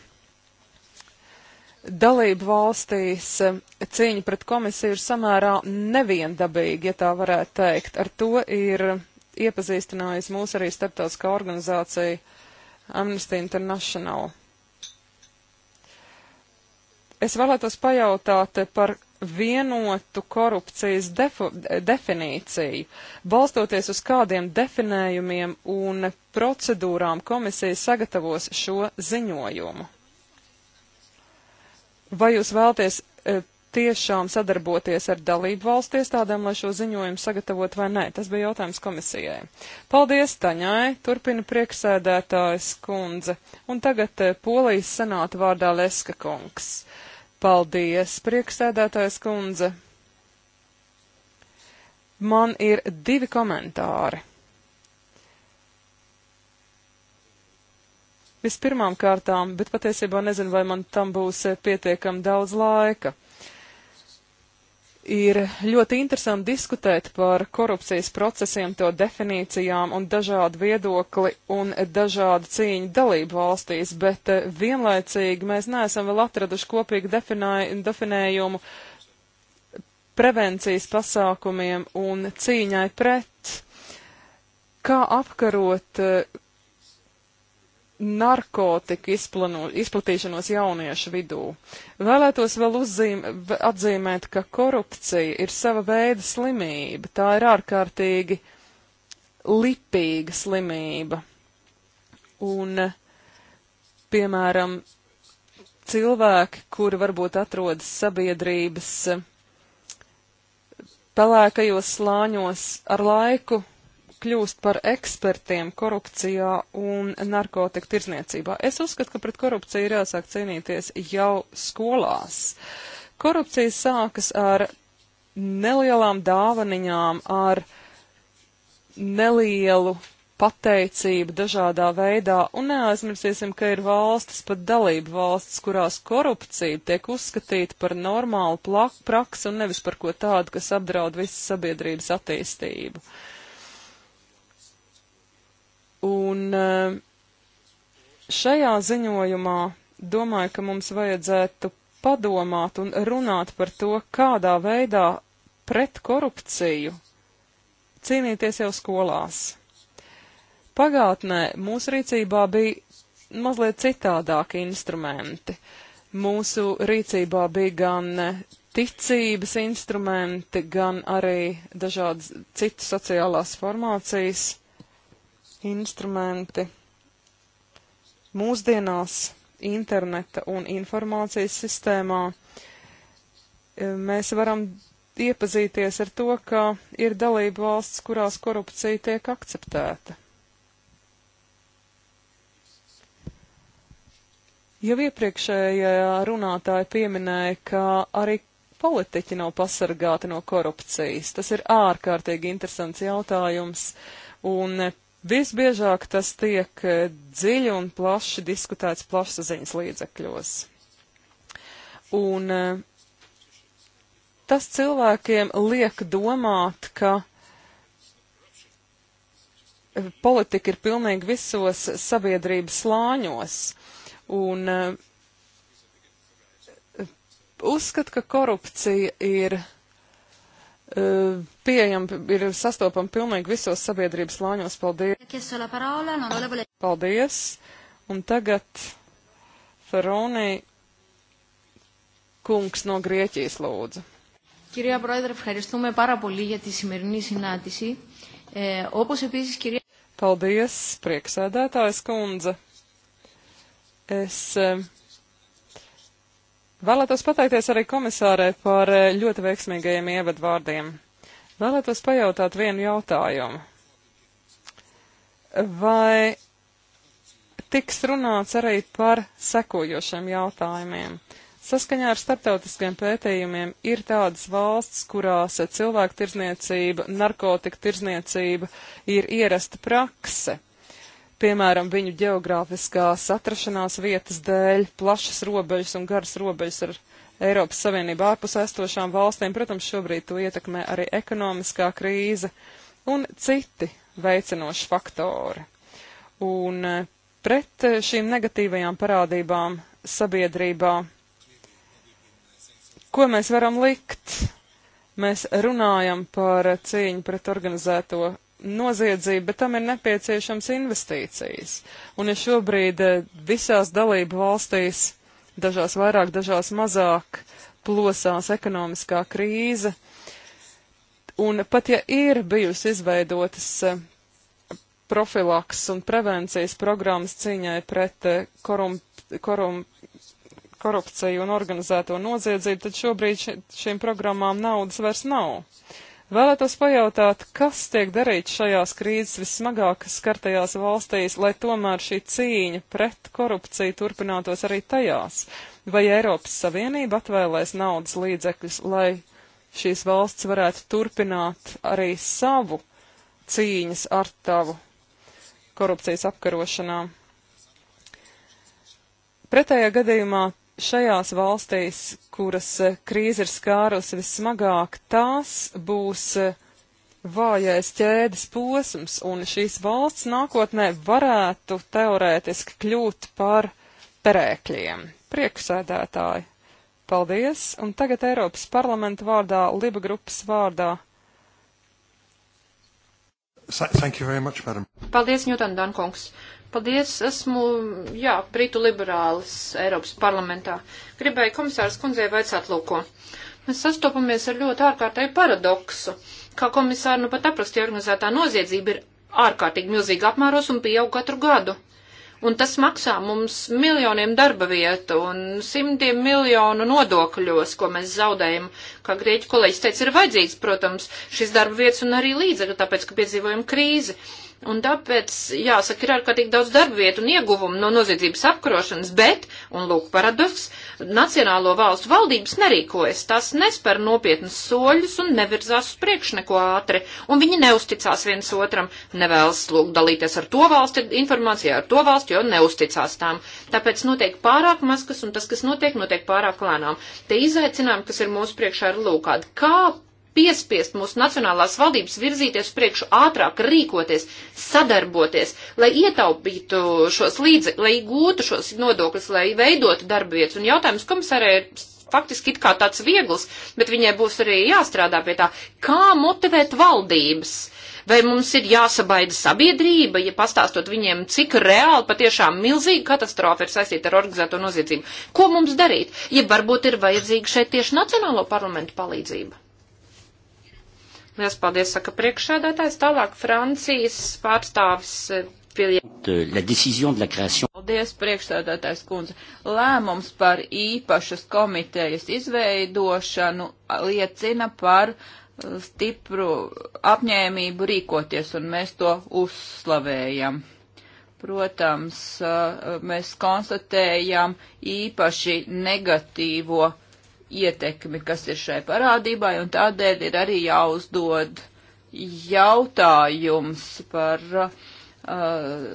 dalību valstīs e, cīņa pret komisiju ir samērā neviendabīga, ja tā varētu teikt. Ar to ir iepazīstinājusi mūs arī starptautiskā organizācija Amnesty International. Es vēlētos pajautāt par vienotu korupcijas defu, definīciju, balstoties uz kādiem definējumiem un procedūrām komisija sagatavos šo ziņojumu. Vai jūs vēlaties e, tiešām sadarboties ar dalību valstu iestādēm, lai šo ziņojumu sagatavot vai nē? Tas bija jautājums komisijai. Paldies, Taņai, turpina prieksēdētājs kundze. Un tagad e, Polijas senāta vārdā Leska kungs. Paldies, prieksēdētājs kundze. Man ir divi komentāri. Vispirmām kārtām, bet patiesībā nezinu, vai man tam būs eh, pietiekam daudz laika. Ir ļoti interesanti diskutēt par korupcijas procesiem, to definīcijām un dažādu viedokli un dažādu cīņu dalību valstīs, bet eh, vienlaicīgi mēs neesam vēl atraduši kopīgu definējumu prevencijas pasākumiem un cīņai pret kā apkarot eh, narkotiku izplanu, izplatīšanos jauniešu vidū. Vēlētos vēl uzzīm, atzīmēt, ka korupcija ir sava veida slimība. Tā ir ārkārtīgi lipīga slimība. Un, piemēram, cilvēki, kuri varbūt atrodas sabiedrības pelēkajos slāņos ar laiku kļūst par ekspertiem korupcijā un narkotiku tirzniecībā. Es uzskatu, ka pret korupciju ir jāsāk cīnīties jau skolās. Korupcija sākas ar nelielām dāvaniņām, ar nelielu pateicību dažādā veidā, un neaizmirsīsim, ka ir valstis, pat dalība valstis, kurās korupcija tiek uzskatīta par normālu praksi un nevis par ko tādu, kas apdraud visas sabiedrības attīstību. Uh, Un eh, šajā ziņojumā domāju, ka mums vajadzētu padomāt un runāt par to, kādā veidā pret korupciju cīnīties jau skolās. Pagātnē mūsu rīcībā bija mazliet citādāki instrumenti. Mūsu rīcībā bija gan ticības instrumenti, gan arī dažādas citas sociālās formācijas instrumenti mūsdienās interneta un informācijas sistēmā e, mēs varam iepazīties ar to, ka ir dalība valsts, kurās korupcija tiek akceptēta. Jau iepriekšējā runātāja pieminēja, ka arī politiķi nav pasargāti no korupcijas. Tas ir ārkārtīgi interesants jautājums, un Visbiežāk tas tiek eh, dziļi un plaši diskutēts plašsaziņas līdzekļos. Un eh, tas cilvēkiem liek domāt, ka eh, politika ir pilnīgi visos sabiedrības slāņos. Un uzskat, ka korupcija ir pieejami ir sastopami pilnīgi visos sabiedrības lāņos. Paldies! Paldies! Un tagad Feroni kungs no Grieķijas lūdzu. Κυρία Πρόεδρε, ευχαριστούμε πάρα πολύ για τη σημερινή συνάντηση. Ε, όπως επίσης, κυρία... Paldies, prieksēdētājs kundze. Es Vēlētos pateikties arī komisārē par eh, ļoti veiksmīgajiem ievadvārdiem. Vēlētos pajautāt vienu jautājumu. Vai tiks runāts arī par sekojošiem jautājumiem? Saskaņā ar starptautiskiem pētījumiem ir tādas valsts, kurās cilvēku tirzniecība, narkotika tirzniecība ir ierasta prakse piemēram, viņu geogrāfiskās atrašanās vietas dēļ, plašas robežas un garas robežas ar Eiropas Savienību ārpus estošām valstīm. Protams, šobrīd to ietekmē arī ekonomiskā krīze un citi veicinoši faktori. Un eh, pret eh, šīm negatīvajām parādībām sabiedrībā, ko mēs varam likt? Mēs runājam par cīņu pret organizēto noziedzību, bet tam ir nepieciešams investīcijas. Un ja šobrīd eh, visās dalību valstīs, dažās vairāk, dažās mazāk, plosās ekonomiskā krīze, un pat ja ir bijusi izveidotas eh, profilaks un prevencijas programmas cīņai pret eh, korum, korum, korupciju un organizēto noziedzību, tad šobrīd ši, šīm programmām naudas vairs nav. Vēlētos pajautāt, kas tiek darīts šajās krīzes vissmagāk skartajās valstīs, lai tomēr šī cīņa pret korupciju turpinātos arī tajās? Vai Eiropas Savienība atvēlēs naudas līdzekļus, lai šīs valsts varētu turpināt arī savu cīņas ar tavu korupcijas apkarošanā? Pretējā gadījumā šajās valstīs, kuras eh, krīze ir skārusi vismagāk, tās būs eh, vājais ķēdes posms, un šīs valsts nākotnē varētu teorētiski kļūt par perēkļiem. Priekšsēdētāji, paldies, un tagad Eiropas parlamenta vārdā, Liba grupas vārdā. Thank you very much, madam. Paldies, Ņūtan Dankungs. Uh, Paldies, esmu, jā, Britu liberālis Eiropas parlamentā. Gribēju komisārs kundzei vaicāt lūko. Mēs sastopamies ar ļoti ārkārtēju paradoksu. Kā komisāri nu pat aprakstīja, organizētā noziedzība ir ārkārtīgi milzīga apmēros un pieaug katru gadu. Un tas maksā mums miljoniem darba vietu un simtiem miljonu nodokļos, ko mēs zaudējam. Kā grieķu kolēģis teica, ir vajadzīgs, protams, šis darba vietas un arī līdzekļi, tāpēc, ka piedzīvojam krīzi. Un tāpēc, jāsaka, ir ārkārtīgi daudz darba vietu un ieguvumu no noziedzības apkarošanas, bet, un lūk, paradoks, Nacionālo valstu valdības nerīkojas, tās nespēr nopietnas soļus un nevirzās uz priekšu neko ātri, un viņi neusticās viens otram, nevēlas lūk dalīties ar to valsti informācijā, ar to valsti, jo neusticās tām. Tāpēc notiek pārāk maskas, un tas, kas notiek, notiek pārāk lēnām. Te izaicinājumi, kas ir mūsu priekšā, ir lūkādi. Kā piespiest mūsu nacionālās valdības virzīties priekšu ātrāk, rīkoties, sadarboties, lai ietaupītu šos līdzekļus, lai gūtu šos nodokļus, lai veidotu darba vietas. Un jautājums komisārē ir faktiski it kā tāds viegls, bet viņai būs arī jāstrādā pie tā, kā motivēt valdības. Vai mums ir jāsabaida sabiedrība, ja pastāstot viņiem, cik reāli patiešām milzīga katastrofa ir saistīta ar organizēto noziedzību? Ko mums darīt? Ja varbūt ir vajadzīga šeit tieši Nacionālo parlamentu palīdzība? Lielas paldies, saka priekšsēdētājs. Tālāk Francijas pārstāvis eh, Paldies, priekšsēdētājs kundze. Lēmums par īpašas komitejas izveidošanu liecina par eh, stipru apņēmību rīkoties, un mēs to uzslavējam. Protams, eh, mēs konstatējam īpaši negatīvo ietekmi, kas ir šai parādībai, un tādēļ ir arī jāuzdod jautājums par uh,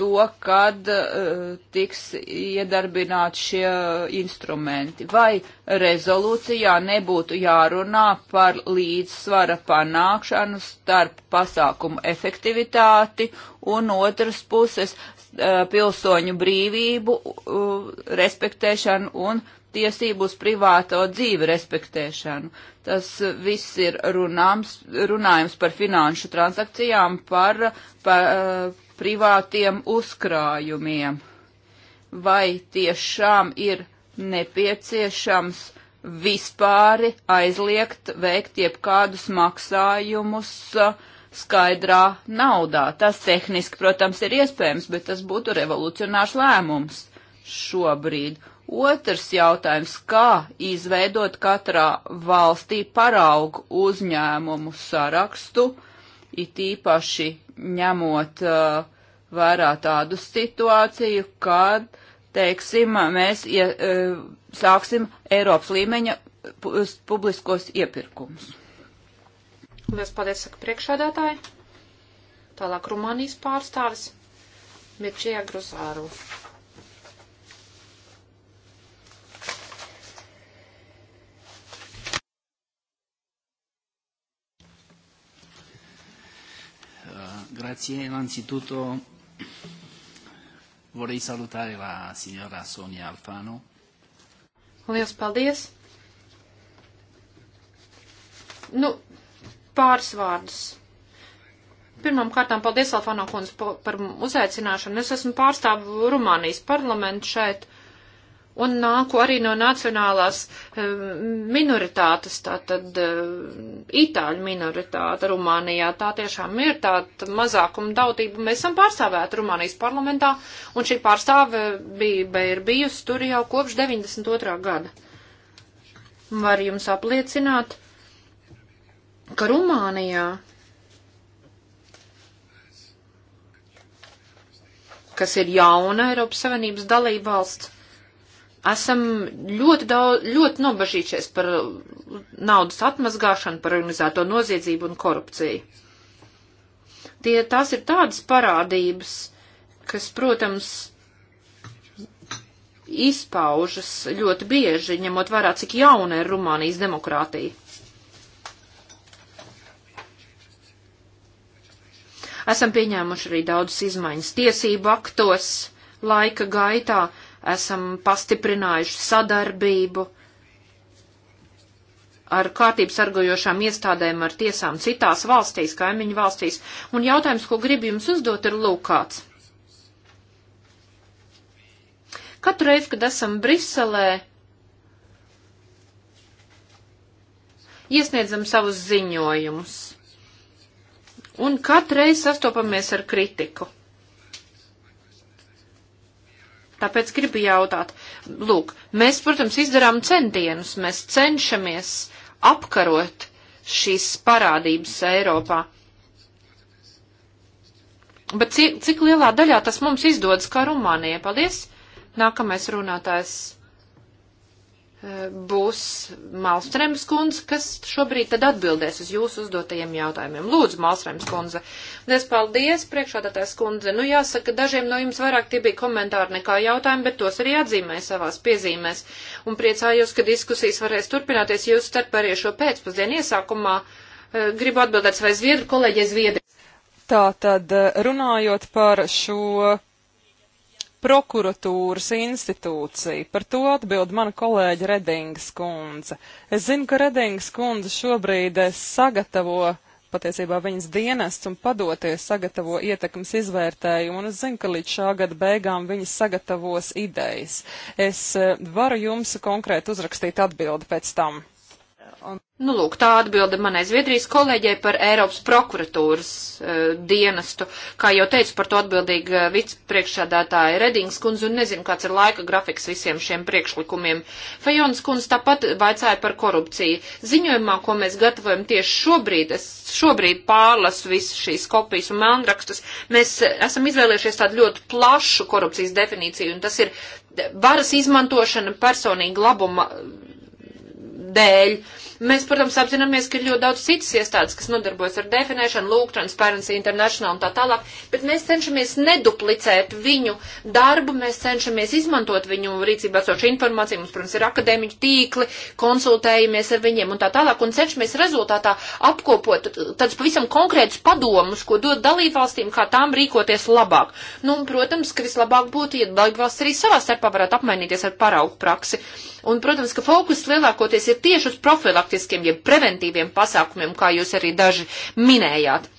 to, kad uh, tiks iedarbināti šie instrumenti. Vai rezolūcijā nebūtu jārunā par līdzsvara panākšanu starp pasākumu efektivitāti un otras puses uh, pilsoņu brīvību, uh, respektēšanu un tiesību uz privāto dzīvi respektēšanu. Tas viss ir runāms, runājums par finanšu transakcijām, par, par eh, privātiem uzkrājumiem. Vai tiešām ir nepieciešams vispāri aizliegt veikt jebkādus maksājumus eh, skaidrā naudā? Tas tehniski, protams, ir iespējams, bet tas būtu revolucionārs lēmums šobrīd Otrs jautājums, kā izveidot katrā valstī paraugu uzņēmumu sarakstu, it īpaši ņemot uh, vērā tādu situāciju, kad, teiksim, mēs ja, uh, sāksim Eiropas līmeņa publiskos iepirkumus. Lielas paldies, saka priekšādātāji. Tālāk Rumānijas pārstāvis Mirčija Gruzāru. Grazie, innanzitutto vorrei salutare la signora Sonia Alfano. Lielas paldies! Nu, pāris vārdus. Pirmām kārtām paldies Alfano kundze par uzaicināšanu. Es esmu pārstāvu Rumānijas parlamentu šeit un nāku arī no nacionālās eh, minoritātes, tātad eh, itāļu minoritāte Rumānijā. Tā tiešām ir tāda mazākuma tautība. Mēs esam pārstāvēti Rumānijas parlamentā, un šī pārstāve bija, ir bijusi tur jau kopš 92. gada. Var jums apliecināt, ka Rumānijā kas ir jauna Eiropas Savienības dalībvalsts, esam ļoti daudz, ļoti nobažījušies par naudas atmazgāšanu, par organizēto noziedzību un korupciju. Tie tās ir tādas parādības, kas, protams, izpaužas ļoti bieži, ņemot vērā, cik jauna ir Rumānijas demokrātija. Esam pieņēmuši arī daudzas izmaiņas tiesību aktos laika gaitā, esam pastiprinājuši sadarbību ar kārtības sargojošām iestādēm, ar tiesām citās valstīs, kaimiņu valstīs. Un jautājums, ko gribu jums uzdot, ir lūkāts. Katru reizi, kad esam Briselē, iesniedzam savus ziņojumus. Un katru reizi sastopamies ar kritiku. Tāpēc gribu jautāt, lūk, mēs, protams, izdarām centienus, mēs cenšamies apkarot šīs parādības Eiropā. Bet cik, cik lielā daļā tas mums izdodas kā Rumānijai? Paldies! Nākamais runātājs būs Malstrēms kundze, kas šobrīd tad atbildēs uz jūsu uzdotajiem jautājumiem. Lūdzu, Malstrēms kundze. Es paldies, priekšādātājs kundze. Nu, jāsaka, dažiem no jums vairāk tie bija komentāri nekā jautājumi, bet tos arī atzīmēju savās piezīmēs. Un priecājos, ka diskusijas varēs turpināties jūsu starp arī šo pēcpusdienu iesākumā. Eh, gribu atbildēt savai zviedru kolēģei Zviedri. Tā tad eh, runājot par šo prokuratūras institūcija. Par to atbild mana kolēģa Redingas kundze. Es zinu, ka Redingas kundze šobrīd eh, sagatavo, patiesībā viņas dienests un padoties sagatavo ietekmes izvērtējumu, un es zinu, ka līdz šā gada beigām viņas sagatavos idejas. Es eh, varu jums konkrēti uzrakstīt atbildi pēc tam. Nu, lūk, tā atbilde manai Zviedrijas kolēģei par Eiropas prokuratūras uh, dienestu. Kā jau teicu, par to atbildīga eh, vicepriekšādātāja Redings kundze un nezinu, kāds ir laika grafiks visiem šiem priekšlikumiem. Fajons kundze tāpat vaicāja par korupciju. Ziņojumā, ko mēs gatavojam tieši šobrīd, es šobrīd pārlasu visas šīs kopijas un mēnrakstus, mēs eh, esam izvēlējušies tādu ļoti plašu korupcijas definīciju, un tas ir varas izmantošana personīga labuma dēļ. Mēs, protams, apzināmies, ka ir ļoti daudz citas iestādes, kas nodarbojas ar definēšanu, lūk, Transparency International un tā tālāk, bet mēs cenšamies neduplicēt viņu darbu, mēs cenšamies izmantot viņu rīcībā esošu informāciju, mums, protams, ir akadēmiķi tīkli, konsultējamies ar viņiem un tā tālāk, un cenšamies rezultātā apkopot tādus pavisam konkrētus padomus, ko dod dalībvalstīm, kā tām rīkoties labāk. Nu, un, protams, ka vislabāk būtu, ja dalībvalsts arī savā starpā varētu apmainīties ar paraugu praksi. Uh, Un, protams, ka fokus lielākoties ir tieši uz profilaktiskiem, jeb ja preventīviem pasākumiem, kā jūs arī daži minējāt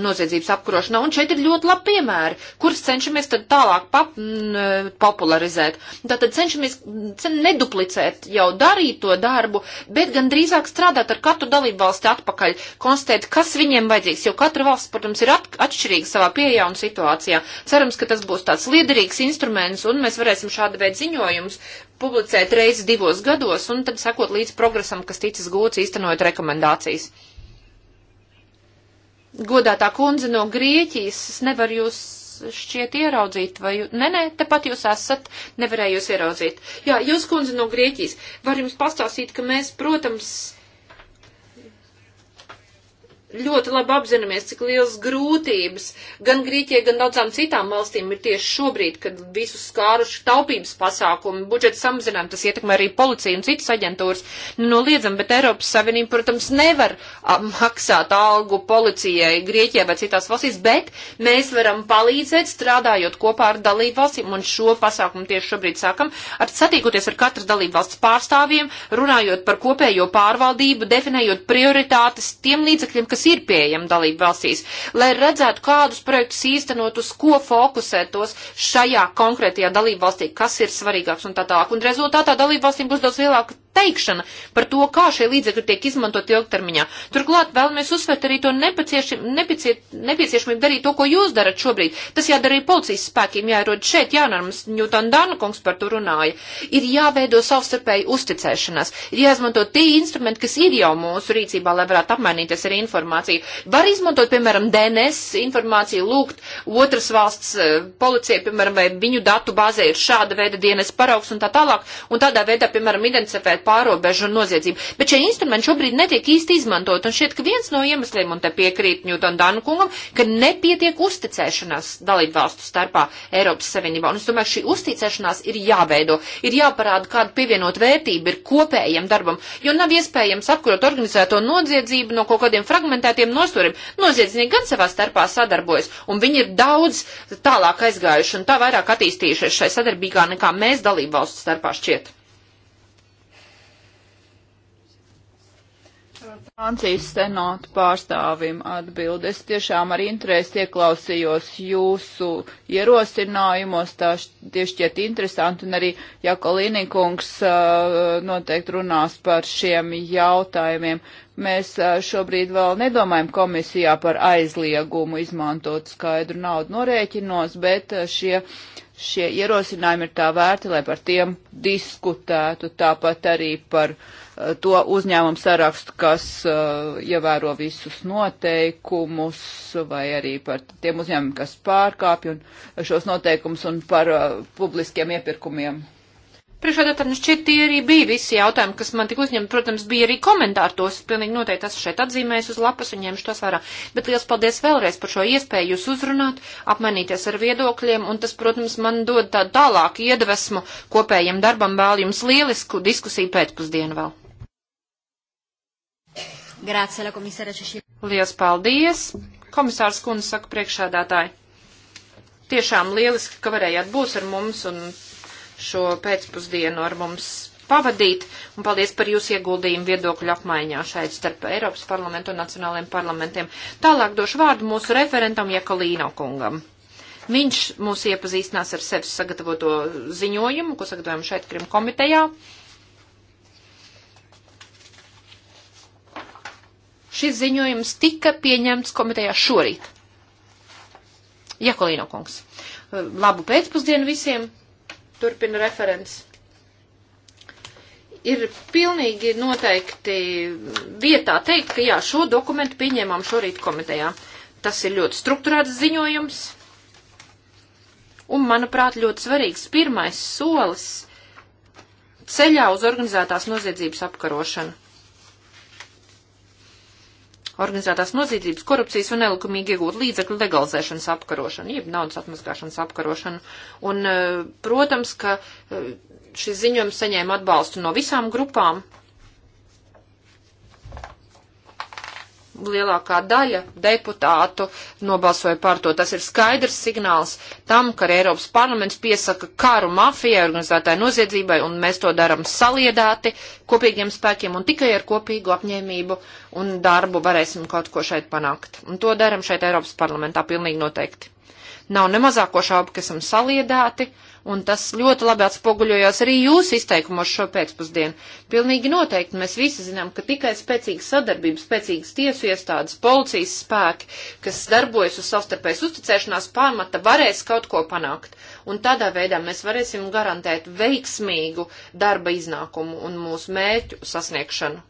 noziedzības apkarošanā, un šeit ir ļoti labi piemēri, kurus cenšamies tad tālāk pap, m, e, popularizēt. Tātad cenšamies cen neduplicēt jau darīto darbu, bet gan drīzāk strādāt ar katru dalību valsti atpakaļ, konstatēt, kas viņiem vajadzīgs, jo katra valsts, protams, ir at, atšķirīga savā pieejā un situācijā. Cerams, ka tas būs tāds liederīgs instruments, un mēs varēsim šāda veida ziņojumus publicēt reizi divos gados, un tad sekot līdz progresam, kas ticis gūts, īstenojot rekomendācijas godātā kundze no Grieķijas, es nevaru jūs šķiet ieraudzīt, vai jūs, nē, nē, tepat jūs esat, nevarēju jūs ieraudzīt. Jā, jūs, kundze no Grieķijas, var jums pastāstīt, ka mēs, protams, ļoti labi apzināmies, cik liels grūtības gan Grieķijai, gan daudzām citām valstīm ir tieši šobrīd, kad visus skāruši taupības pasākumi, budžeta samazinājumi, tas ietekmē arī policiju un citas aģentūras. Nu, noliedzam, bet Eiropas Savienība, protams, nevar maksāt algu policijai Grieķijai vai citās valstīs, bet mēs varam palīdzēt strādājot kopā ar dalību valstīm, un šo pasākumu tieši šobrīd sākam, ar satīkoties ar katras dalību valsts pārstāvjiem, runājot par kopējo pārvaldību, definējot prioritātes tiem līdzekļiem, kas kas ir pieejama dalību valstīs, lai redzētu, kādus projektus īstenot, uz ko fokusētos šajā konkrētajā dalību valstī, kas ir svarīgāks un tā tālāk. Un rezultātā dalību valstīm būs daudz lielāka teikšana par to, kā šie līdzekļi tiek izmantot ilgtermiņā. Turklāt vēlamies uzsvērt arī to nepieciešamību darīt to, ko jūs darat šobrīd. Tas jādara arī policijas spēkiem, jāierod šeit, jānarmas, Ņūtan Danakungs par to runāja. Ir jāveido savstarpēji uzticēšanās, ir jāizmanto tie instrumenti, kas ir jau mūsu rīcībā, lai varētu apmainīties ar informāciju. Var izmantot, piemēram, DNS informāciju, lūgt otras valsts eh, policijai, piemēram, vai viņu datu bāzē ir šāda veida DNS paraugs un tā tālāk, un tādā veidā, piemēram, identificēt pārobežu noziedzību. Bet šie instrumenti šobrīd netiek īsti izmantot, un šķiet, ka viens no iemesliem, un te piekrīt Ņūton Danu kungam, ka nepietiek uzticēšanās dalību valstu starpā Eiropas Savienībā. Un es domāju, šī uzticēšanās ir jāveido, ir jāparāda, kāda pievienot vērtība ir kopējiem darbam, jo nav iespējams apkurot organizēto noziedzību no kaut kādiem fragmentētiem nosturiem. Noziedznieki gan savā starpā sadarbojas, un viņi ir daudz tālāk aizgājuši un tā vairāk attīstījušies šai sadarbībā nekā mēs dalību valstu starpā šķiet. Francijas senāta pārstāvim atbild. Es tiešām ar interesi ieklausījos jūsu ierosinājumos, tā tie šķiet interesanti, un arī Jakolīni kungs uh, noteikti runās par šiem jautājumiem. Mēs uh, šobrīd vēl nedomājam komisijā par aizliegumu izmantot skaidru naudu norēķinos, bet uh, šie šie ierosinājumi ir tā vērti, lai par tiem diskutētu, tāpat arī par uh, to uzņēmumu sarakstu, kas uh, ievēro visus noteikumus, vai arī par tiem uzņēmumiem, kas pārkāpj šos noteikumus un par uh, publiskiem iepirkumiem. Priekšādātājiem nu šķiet tie arī bija visi jautājumi, kas man tik uzņemti. Protams, bija arī komentāri tos, pilnīgi noteikti esmu šeit atzīmējis uz lapas un ņemšu tos vērā. Bet liels paldies vēlreiz par šo iespēju jūs uzrunāt, apmainīties ar viedokļiem, un tas, protams, man dod tādu tālāku iedvesmu kopējiem darbam vēl jums lielisku diskusiju pēcpusdienu vēl. Grācija, komisāra Šešīla. Lielas paldies! Komisārs Kundze saka priekšādātāji. Tiešām lieliski, ka varējāt būt ar mums un šo pēcpusdienu ar mums pavadīt, un paldies par jūsu ieguldījumu viedokļu apmaiņā šeit starp Eiropas parlamentu un nacionālajiem parlamentiem. Tālāk došu vārdu mūsu referentam Jekalīno kungam. Viņš mūs iepazīstinās ar sevis sagatavoto ziņojumu, ko sagatavojam šeit Krim komitejā. Uh, Šis ziņojums tika pieņemts komitejā šorīt. Jekolīno kungs. Labu pēcpusdienu visiem. Turpina referents ir pilnīgi noteikti vietā teikt, ka jā, šo dokumentu pieņēmām šorīt komitejā. Tas ir ļoti strukturēts ziņojums un, manuprāt, ļoti svarīgs pirmais solis ceļā uz organizētās noziedzības apkarošanu organizētās noziedzības, korupcijas un nelikumīgi iegūt līdzekļu legalizēšanas apkarošanu, jeb naudas atmaskāšanas apkarošanu. Un, eh, protams, ka eh, šis ziņojums saņēma atbalstu no visām grupām, lielākā daļa deputātu nobalsoja par to. Tas ir skaidrs signāls tam, ka Eiropas parlaments piesaka karu mafijai, organizētāji noziedzībai, un mēs to darām saliedāti kopīgiem spēkiem, un tikai ar kopīgu apņēmību un darbu varēsim kaut ko šeit panākt. Un to darām šeit Eiropas parlamentā pilnīgi noteikti. Nav ne mazāko šaubu, ka esam saliedāti. Uh, un tas ļoti labi atspoguļojās arī jūsu izteikumos šo pēcpusdienu. Pilnīgi noteikti mēs visi zinām, ka tikai spēcīga sadarbība, spēcīgas tiesu iestādes, policijas spēki, kas darbojas uz savstarpējas uzticēšanās pārmata, varēs kaut ko panākt. Un tādā veidā mēs varēsim garantēt veiksmīgu darba iznākumu un mūsu mērķu sasniegšanu.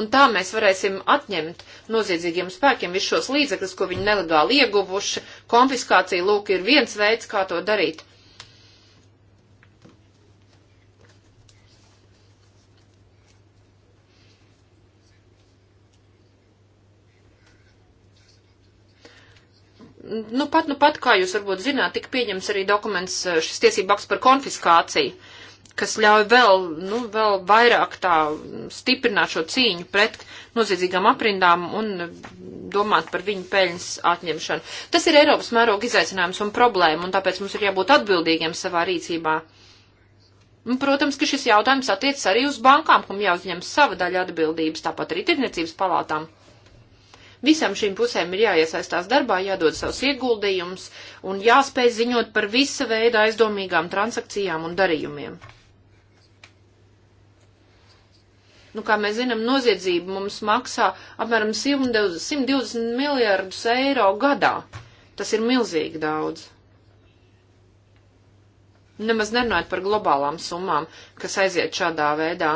Un tā mēs varēsim atņemt noziedzīgiem spēkiem visus šos līdzekļus, ko viņi nelegāli ieguvuši. Konfiskācija, lūk, ir viens veids, kā to darīt. Nu pat, nu pat, kā jūs varbūt zināt, tika pieņems arī dokuments eh, šis tiesību akts par konfiskāciju kas ļauj vēl, nu, vēl vairāk tā stiprināt šo cīņu pret noziedzīgām aprindām un domāt par viņu peļņas atņemšanu. Tas ir Eiropas mēroga izaicinājums un problēma, un tāpēc mums ir jābūt atbildīgiem savā rīcībā. Un, protams, ka šis jautājums attiecas arī uz bankām, kam jāuzņem sava daļa atbildības, tāpat arī tirniecības palātām. Visām šīm pusēm ir jāiesaistās darbā, jādod savus ieguldījumus un jāspēj ziņot par visa veida aizdomīgām transakcijām un darījumiem. Nu, kā mēs zinām, noziedzība mums maksā apmēram 120 miljārdus eiro gadā. Tas ir milzīgi daudz. Nemaz nerunājot par globālām summām, kas aiziet šādā veidā.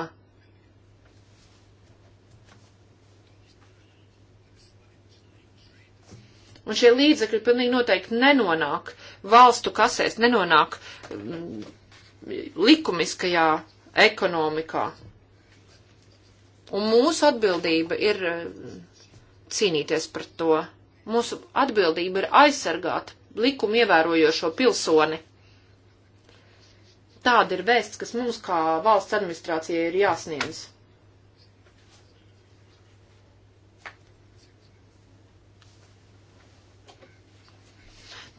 Un šie līdzekļi pilnīgi noteikti nenonāk valstu kasēs, nenonāk mm, likumiskajā ekonomikā. Un mūsu atbildība ir eh, cīnīties par to. Mūsu atbildība ir aizsargāt likumu ievērojošo pilsoni. Tāda ir vēsts, kas mums kā valsts administrācijai ir jāsniedz.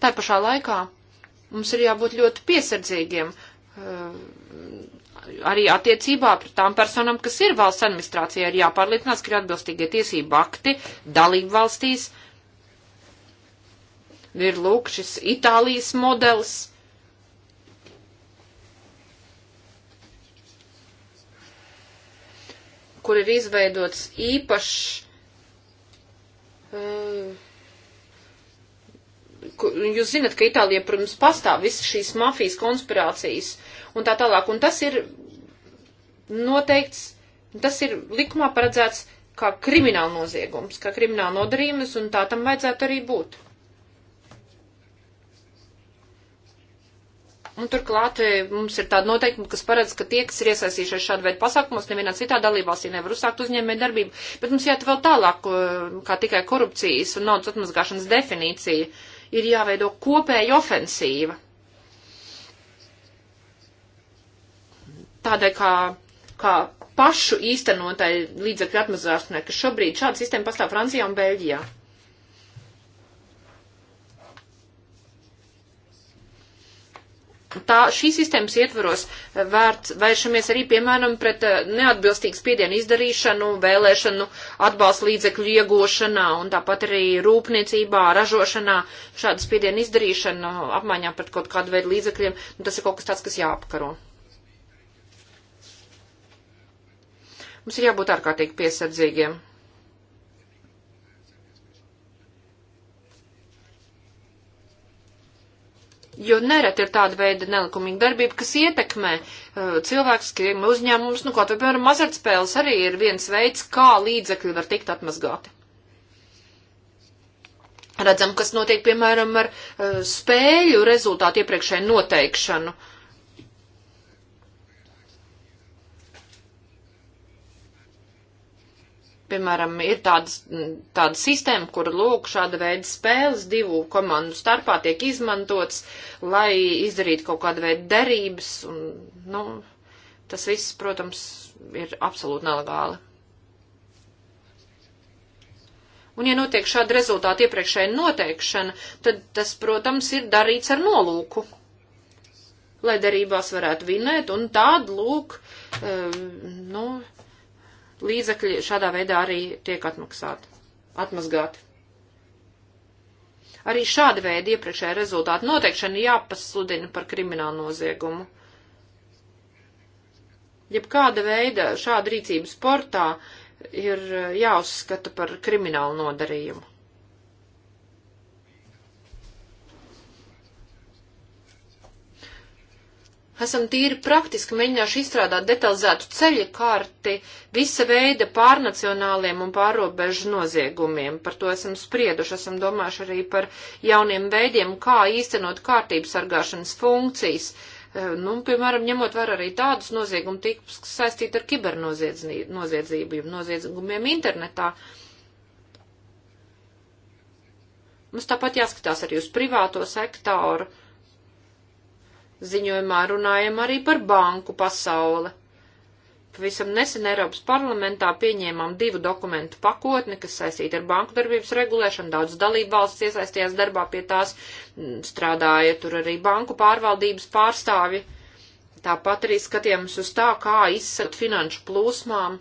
Tā pašā laikā mums ir jābūt ļoti piesardzīgiem, eh, arī attiecībā par tām personām, kas ir valsts administrācijā, ir jāpārliecinās, ka ir atbilstīgie tiesību akti dalību valstīs. Ir lūk šis Itālijas modelis. kur ir izveidots īpašs, eh, kur, jūs zinat, ka Itālija, protams, pastāv visas šīs mafijas konspirācijas un tā tālāk, un tas ir noteikts, tas ir likumā paredzēts kā krimināla noziegums, kā krimināla nodarījums, un tā tam vajadzētu arī būt. Un turklāt eh, mums ir tāda noteikuma, kas paredz, ka tie, kas ir iesaistījušies šādu veidu pasākumos, nevienā citā dalībvalstī nevar uzsākt uzņēmēju darbību. Bet mums jāiet vēl tālāk, kā tikai korupcijas un naudas atmazgāšanas definīcija. Ir jāveido kopēja ofensīva. Tādai kā kā pašu īstenotāju līdzekļu atmazāšanai, kas šobrīd šāda sistēma pastāv Francijā un Beļģijā. Tā šīs sistēmas ietvaros eh, vērts, vēršamies arī, piemēram, pret eh, neatbilstīgu spiedienu izdarīšanu, vēlēšanu atbalsta līdzekļu iegūšanā un tāpat arī rūpniecībā, ražošanā, šāda spiedienu izdarīšana apmaiņā pret kaut kādu veidu līdzekļiem. Nu, tas ir kaut kas tāds, kas jāapkaro. Mums ir jābūt ārkārtīgi piesardzīgiem. Jo nereti ir tāda veida nelikumīga darbība, kas ietekmē uh, cilvēkus, kuriem uzņēmums, nu, kaut vai, piemēram, mazartspēles arī ir viens veids, kā līdzekļi var tikt atmazgāti. Redzam, kas notiek, piemēram, ar uh, spēļu rezultātu iepriekšēju noteikšanu. Uh, Piemēram, ir tādas, tāda sistēma, kur lūk šāda veida spēles divu komandu starpā tiek izmantots, lai izdarītu kaut kādu veidu derības, un, nu, tas viss, protams, ir absolūti nelegāli. Un, ja notiek šāda rezultāta iepriekšēja noteikšana, tad tas, protams, ir darīts ar nolūku, lai derībās varētu vinēt, un tādu lūk, e, nu, līdzekļi šādā veidā arī tiek atmaksāti, atmazgāti. Arī šāda veida iepriekšējā rezultāta noteikšana jāpasludina par kriminālu noziegumu. Jebkāda veida šāda rīcība sportā ir eh, jāuzskata par kriminālu nodarījumu. esam tīri praktiski mēģinājuši izstrādāt detalizētu ceļa karti visa veida pārnacionāliem un pārobežu noziegumiem. Par to esam sprieduši, esam domājuši arī par jauniem veidiem, kā īstenot kārtības sargāšanas funkcijas. E, nu, piemēram, ņemot vērā arī tādus noziegumu tipus, kas saistīti ar kibernoziedzību, noziegumiem internetā. Mums tāpat jāskatās arī uz privāto sektoru Ziņojumā runājam arī par banku pasauli. Pavisam nesen Eiropas parlamentā pieņēmām divu dokumentu pakotni, kas saistīta ar banku darbības regulēšanu. Daudz dalību valsts iesaistījās darbā pie tās, mm, strādāja tur arī banku pārvaldības pārstāvi. Tāpat arī skatījāmies uz tā, kā izsakt finanšu plūsmām.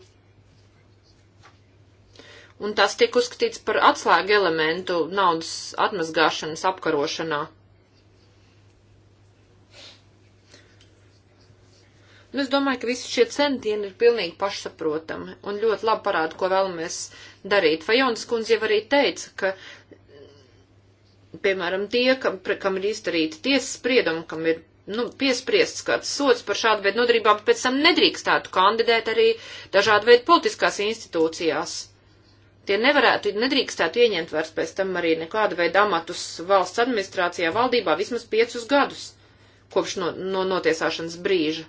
Un tas tiek uzskatīts par atslēgu elementu naudas atmazgāšanas apkarošanā. Nu, es domāju, ka visi šie centieni ir pilnīgi pašsaprotami un ļoti labi parāda, ko vēlamies darīt. Fajons kundze jau arī teica, ka, piemēram, tie, kam, kam ir izdarīti tiesas spriedumi, kam ir nu, piespriests kāds sots par šādu veidu nodarībām, pēc tam nedrīkstētu kandidēt arī dažādu veidu politiskās institūcijās. Tie nevarētu, nedrīkstētu ieņemt vairs pēc tam arī nekādu veidu amatus valsts administrācijā, valdībā vismaz piecus gadus kopš no, no notiesāšanas brīža.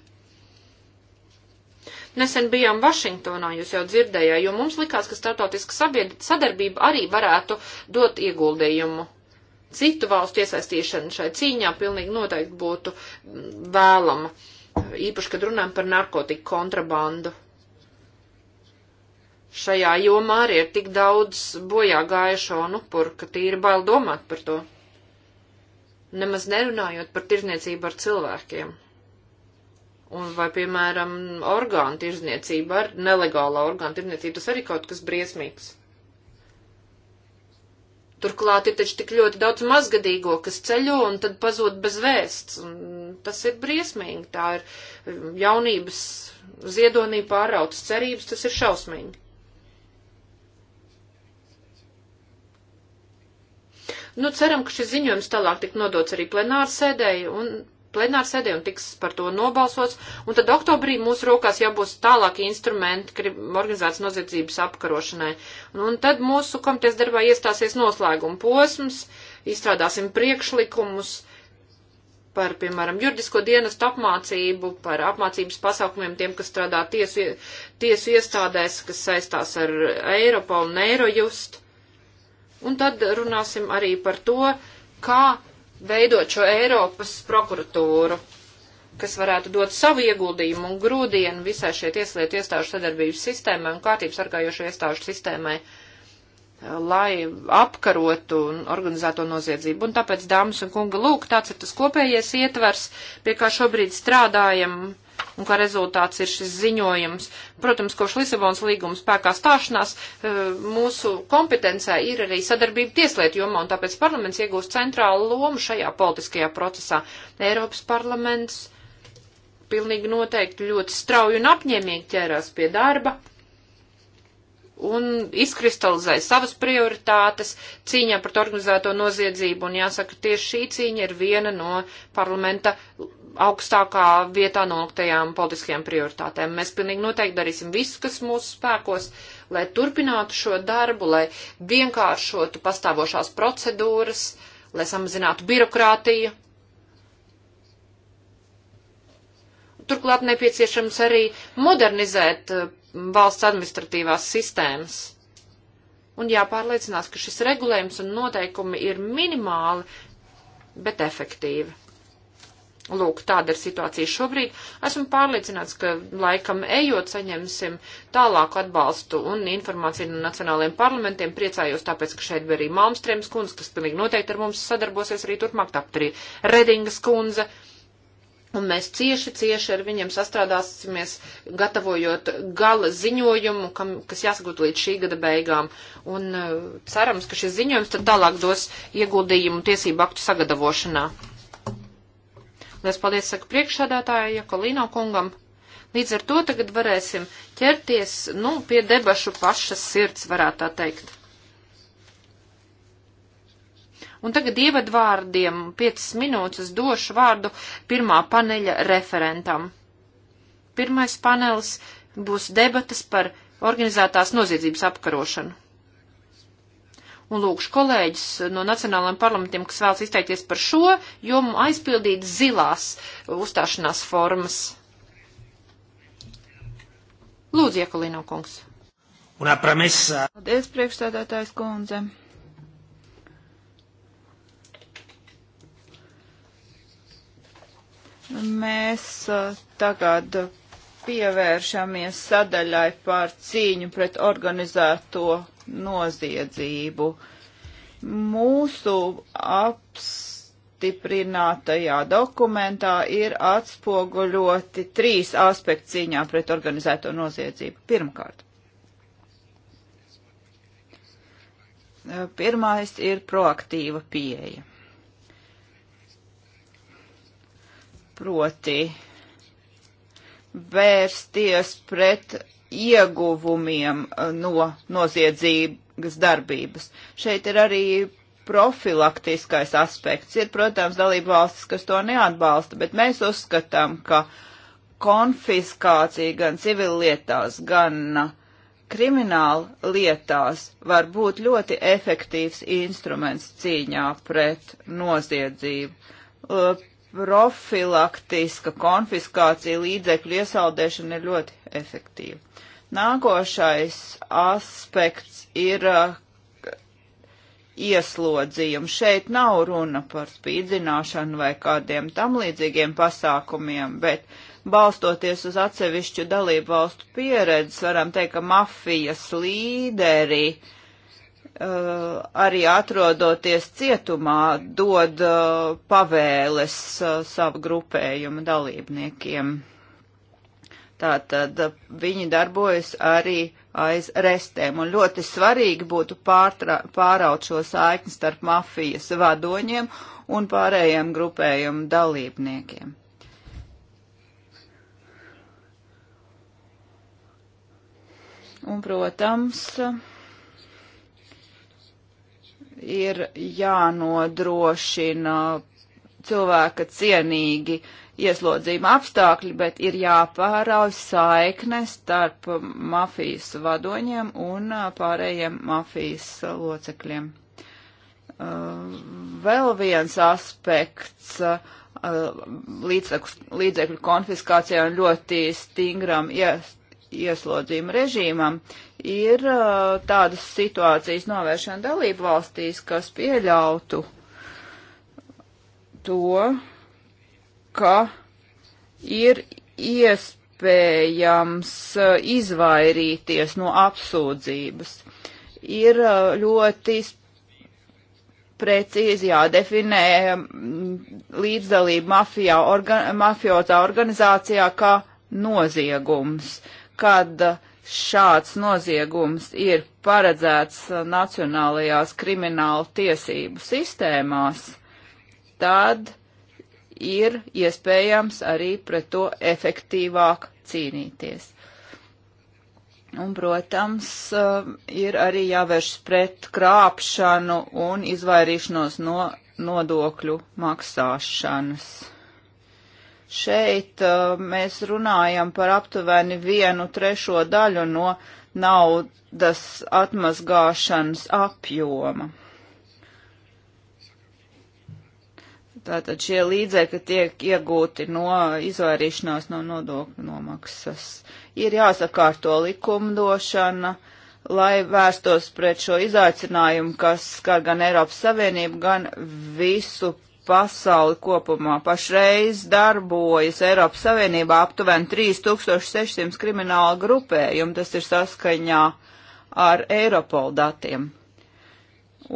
Nesen bijām Vašingtonā, jūs jau dzirdējāt, jo mums likās, ka startautiska sadarbība arī varētu dot ieguldījumu. Citu valstu iesaistīšana šai cīņā pilnīgi noteikti būtu mm, vēlama, īpaši, kad runājam par narkotiku kontrabandu šajā jomā arī ir tik daudz bojā gājušo un upuru, ka tīri bail domāt par to. Nemaz nerunājot par tirzniecību ar cilvēkiem. Un vai, piemēram, orgānu tirzniecība ar nelegālā orgānu tirzniecību, tas arī kaut kas briesmīgs. Turklāt ir taču tik ļoti daudz mazgadīgo, kas ceļo un tad pazūd bez vēsts. Un tas ir briesmīgi. Tā ir um, jaunības ziedonība pārautas cerības, tas ir šausmīgi. Nu, ceram, ka šis ziņojums tālāk tik nodots arī plenārsēdēji un plenārsēdē un tiks par to nobalsots. Un tad oktobrī mūsu rokās jau būs tālāki instrumenti organizētas noziedzības apkarošanai. Un, un tad mūsu komitejas darbā iestāsies noslēguma posms, izstrādāsim priekšlikumus par, piemēram, juridisko dienestu apmācību, par apmācības pasākumiem tiem, kas strādā tiesu, tiesu iestādēs, kas saistās ar Eiropolu un Eirojust. Un tad runāsim arī par to, kā veidot šo Eiropas prokuratūru, kas varētu dot savu ieguldījumu un grūdienu visai šie tieslietu iestāžu sadarbības sistēmai un kārtības sargājošo iestāžu sistēmai, eh, lai apkarotu organizēto noziedzību. Un tāpēc, dāmas un kunga, lūk, tāds ir tas kopējais ietvers, pie kā šobrīd strādājam un kā rezultāts ir šis ziņojums. Protams, kopš Lisabonas līguma spēkā stāšanās eh, mūsu kompetencē ir arī sadarbība tieslietu jomā, un tāpēc parlaments iegūst centrālu lomu šajā politiskajā procesā. Eiropas parlaments pilnīgi noteikti ļoti strauji un apņēmīgi ķērās pie darba un izkristalizē savas prioritātes cīņā pret organizēto noziedzību, un jāsaka, tieši šī cīņa ir viena no parlamenta augstākā vietā noliktajām politiskajām prioritātēm. Mēs pilnīgi noteikti darīsim visu, kas mūsu spēkos, lai turpinātu šo darbu, lai vienkāršotu pastāvošās procedūras, lai samazinātu birokrātiju. Turklāt nepieciešams arī modernizēt eh, valsts administratīvās sistēmas un jāpārliecinās, ka šis regulējums un noteikumi ir minimāli, bet efektīvi. Lūk, tāda ir situācija šobrīd. Esmu pārliecināts, ka laikam ejot saņemsim tālāku atbalstu un informāciju no nacionāliem parlamentiem. Priecājos tāpēc, ka šeit bija arī Malmstrēms kundze, kas pilnīgi noteikti ar mums sadarbosies arī turpmāk, tāpat arī Redingas kundze. Un mēs cieši, cieši ar viņiem sastrādāsimies, gatavojot gala ziņojumu, kam, kas jāsagut līdz šī gada beigām. Un uh, cerams, ka šis ziņojums tad tālāk dos ieguldījumu tiesību aktu sagatavošanā. Lielas paldies, saka priekšādātāja Jakolino kungam. Līdz ar to tagad varēsim ķerties, nu, pie debašu pašas sirds, varētu tā teikt. Un tagad ievadvārdiem 5 minūtes došu vārdu pirmā paneļa referentam. Pirmais panelis būs debatas par organizētās noziedzības apkarošanu. Un lūkšu kolēģis no nacionālajiem parlamentiem, kas vēlas izteikties par šo jomu, aizpildīt zilās uzstāšanās formas. Lūdzu, Jekalino kungs. Una premessa. Paldies, priekšstādātājs kundze. Mēs uh, tagad pievēršamies sadaļai par cīņu pret organizēto noziedzību. Mūsu apstiprinātajā dokumentā ir atspoguļoti trīs aspekti cīņā pret organizēto noziedzību. Pirmkārt, pirmais ir proaktīva pieeja. Proti vērsties pret ieguvumiem uh, no noziedzības darbības. Šeit ir arī profilaktiskais aspekts. Ir, protams, dalību valstis, kas to neatbalsta, bet mēs uzskatām, ka konfiskācija gan civillietās, gan uh, krimināla lietās var būt ļoti efektīvs instruments cīņā pret noziedzību. Uh, profilaktiska konfiskācija līdzekļu iesaldēšana ir ļoti efektīva. Nākošais aspekts ir uh, ieslodzījums. Šeit nav runa par spīdzināšanu vai kādiem tam līdzīgiem pasākumiem, bet balstoties uz atsevišķu dalību valstu pieredzi, varam teikt, ka mafijas līderi uh, Uh, arī atrodoties cietumā, dod uh, pavēles uh, savu grupējumu dalībniekiem. Tātad viņi darbojas arī aiz restēm, un ļoti svarīgi būtu pārtra, pāraut šo saikni starp mafijas vadoņiem un pārējiem grupējumu dalībniekiem. Un, protams, uh, ir jānodrošina cilvēka cienīgi ieslodzījuma apstākļi, bet ir jāpārauj saikne starp mafijas vadoņiem un pārējiem mafijas locekļiem. Vēl viens aspekts līdzekļu konfiskācijā un ļoti stingram iestāšanās ieslodzījuma režīmam, ir uh, tādas situācijas novēršana dalību valstīs, kas pieļautu to, ka ir iespējams uh, izvairīties no apsūdzības. Ir uh, ļoti precīzi jādefinē um, līdzdalība mafijā, orga, mafiotā organizācijā kā noziegums kad šāds noziegums ir paredzēts nacionālajās krimināla tiesību sistēmās, tad ir iespējams arī pret to efektīvāk cīnīties. Un, protams, um, ir arī jāvērš pret krāpšanu un izvairīšanos no nodokļu maksāšanas. Šeit uh, mēs runājam par aptuveni vienu trešo daļu no naudas atmazgāšanas apjoma. Tātad šie līdzekļi tiek iegūti no izvairīšanās no nodokļu nomaksas. Ir jāsakārto likumdošana, lai vērstos pret šo izaicinājumu, kas skar gan Eiropas Savienību, gan visu pasauli kopumā. Pašreiz darbojas Eiropas Savienībā aptuveni 3600 krimināla grupējumu, tas ir saskaņā ar Eiropol datiem.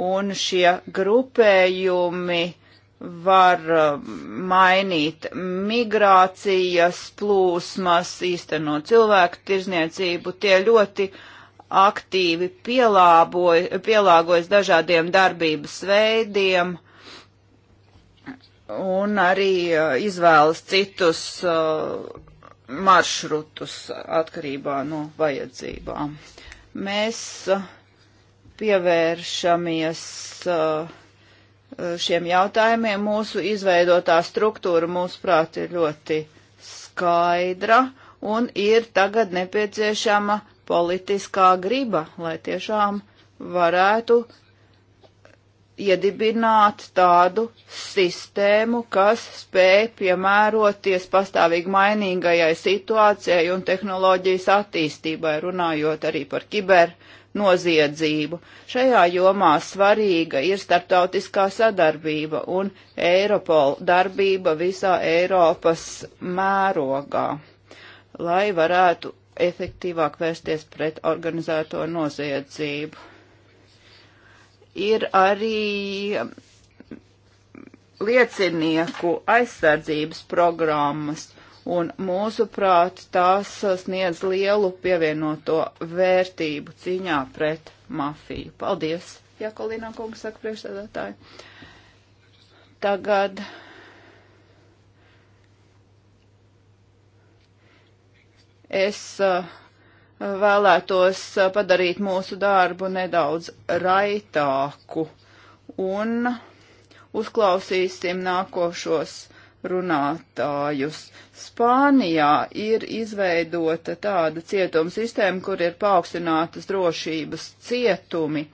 Un šie grupējumi var um, mainīt migrācijas plūsmas, īstenot cilvēku tirzniecību, tie ļoti aktīvi pielāgojas dažādiem darbības veidiem, uh, un arī uh, izvēlas citus uh, maršrutus atkarībā no vajadzībām. Mēs uh, pievēršamies šiem jautājumiem. Mūsu izveidotā struktūra, mūsuprāt, ir ļoti skaidra un ir tagad nepieciešama politiskā griba, lai tiešām varētu iedibināt tādu sistēmu, kas spēj piemēroties pastāvīgi mainīgajai situācijai un tehnoloģijas attīstībai, runājot arī par kiber noziedzību. Šajā jomā svarīga ir starptautiskā sadarbība un Eiropol darbība visā Eiropas mērogā, lai varētu efektīvāk vērsties pret organizēto noziedzību ir arī liecinieku aizsardzības programmas, un mūsuprāt tās sniedz lielu pievienoto vērtību cīņā pret mafiju. Paldies, Jakolīna kungs, saka priekšsēdētāji. Tagad. Es uh, vēlētos eh, padarīt mūsu darbu nedaudz raitāku un uzklausīsim nākošos runātājus. Spānijā ir izveidota tāda cietuma sistēma, kur ir paaugstinātas drošības cietumi,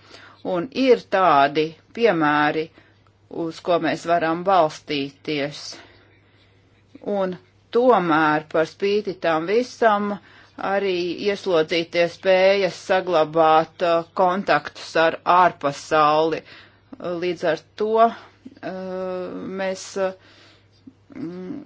un ir tādi piemēri, uz ko mēs varam balstīties. Un tomēr par spīti tam visam uh, arī ieslodzītie spējas saglabāt uh, kontaktus ar ārpasauli. Līdz ar to uh, mēs uh, mm,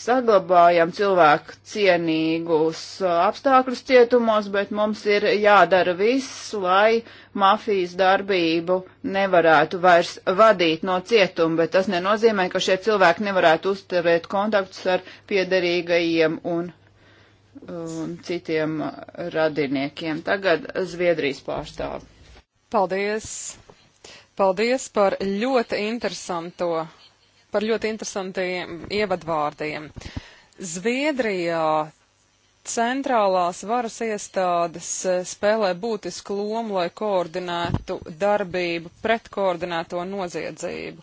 saglabājam cilvēku cienīgus uh, apstākļus cietumos, bet mums ir jādara viss, lai mafijas darbību nevarētu vairs vadīt no cietuma, bet tas nenozīmē, ka šie cilvēki nevarētu uzturēt kontaktus ar piederīgajiem un un citiem radiniekiem. Tagad Zviedrijas pārstāv. Paldies! Paldies par ļoti interesanto, par ļoti interesantiem ievadvārdiem. Zviedrijā centrālās varas iestādes spēlē būtisku lomu, lai koordinētu darbību pret koordinēto noziedzību.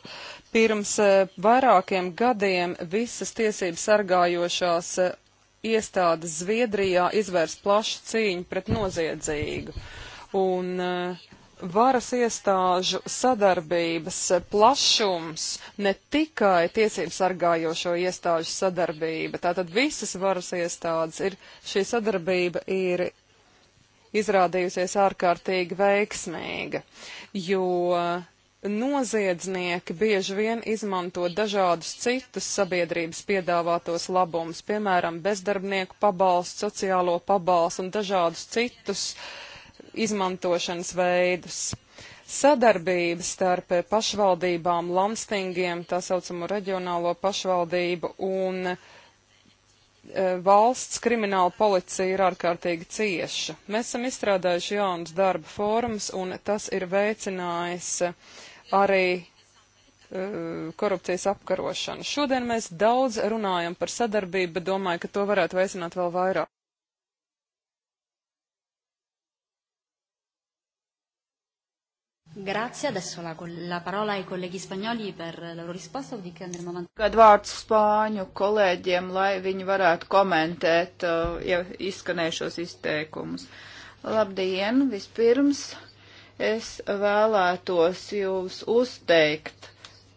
Pirms eh, vairākiem gadiem visas tiesības sargājošās eh, iestādes Zviedrijā izvērs plašu cīņu pret noziedzīgu. Un uh, varas iestāžu sadarbības plašums, ne tikai tiesību sargājošo iestāžu sadarbība, tātad visas varas iestādes ir, šī sadarbība ir izrādījusies ārkārtīgi veiksmīga, jo uh, noziedznieki bieži vien izmanto dažādus citus sabiedrības piedāvātos labumus, piemēram, bezdarbnieku pabalstu, sociālo pabalstu un dažādus citus izmantošanas veidus. Sadarbība starp pašvaldībām, lamstingiem, tā saucamo reģionālo pašvaldību un e, valsts krimināla policija ir ārkārtīgi cieša. Mēs esam izstrādājuši jaunas darba formas, un tas ir veicinājis arī uh, korupcijas apkarošanu. Šodien mēs daudz runājam par sadarbību, bet domāju, ka to varētu veicināt vēl vairāk. Grazie, adesso la, la parola ai colleghi spagnoli per la loro risposta, dopodiché andremo avanti. Kad vārds spāņu kolēģiem, lai viņi varētu komentēt uh, e, ja izskanējušos izteikumus. Labdien, vispirms Es vēlētos jūs uzteikt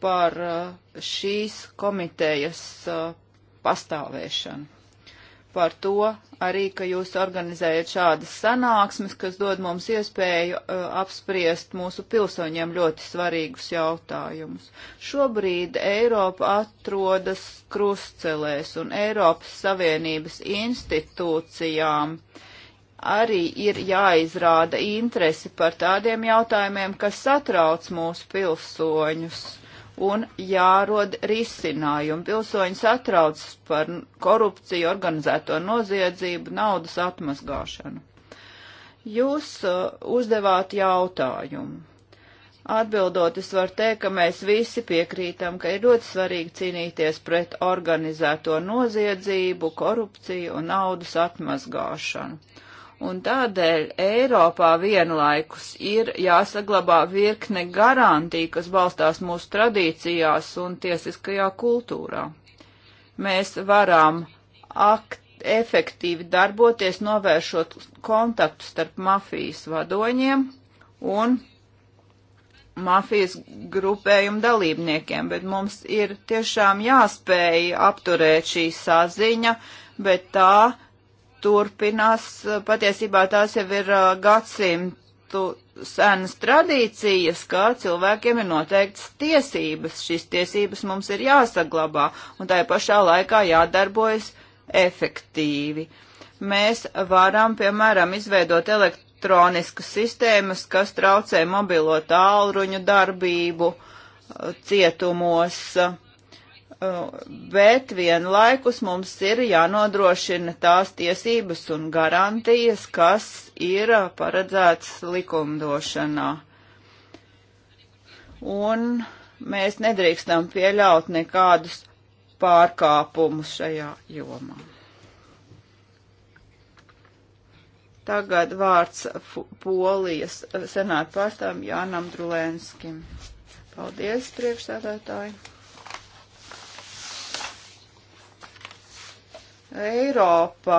par uh, šīs komitejas uh, pastāvēšanu. Par to arī, ka jūs organizējat šādas sanāksmes, kas dod mums iespēju uh, apspriest mūsu pilsoņiem ļoti svarīgus jautājumus. Šobrīd Eiropa atrodas krustcelēs un Eiropas Savienības institūcijām uh, arī ir jāizrāda interesi par tādiem jautājumiem, kas satrauc mūsu pilsoņus un jārod risinājumi. Pilsoņi satrauc par korupciju, organizēto noziedzību, naudas atmazgāšanu. Jūs uh, uzdevāt jautājumu. Atbildot, es varu teikt, ka mēs visi piekrītam, ka ir ļoti svarīgi cīnīties pret organizēto noziedzību, korupciju un naudas atmazgāšanu Un tādēļ Eiropā vienlaikus ir jāsaglabā virkne garantija, kas balstās mūsu tradīcijās un tiesiskajā kultūrā. Mēs varam akt, efektīvi darboties, novēršot kontaktu starp mafijas vadoņiem un mafijas grupējumu dalībniekiem, bet mums ir tiešām jāspēj apturēt šī saziņa, bet tā turpinās. Patiesībā tās jau ir gadsimtu senas tradīcijas, ka cilvēkiem ir noteikts tiesības. Šīs tiesības mums ir jāsaglabā un tajā pašā laikā jādarbojas efektīvi. Mēs varam, piemēram, izveidot elektroniskas sistēmas, kas traucē mobilo tālruņu darbību cietumos Eh, bet vienlaikus mums ir jānodrošina tās tiesības un garantijas, kas ir paredzēts likumdošanā. Un mēs nedrīkstam pieļaut nekādus pārkāpumus šajā jomā. Tagad vārds Polijas eh, senāta pārstāvam Jānam Drulēnskim. Paldies, priekšsēdētāji! Eiropa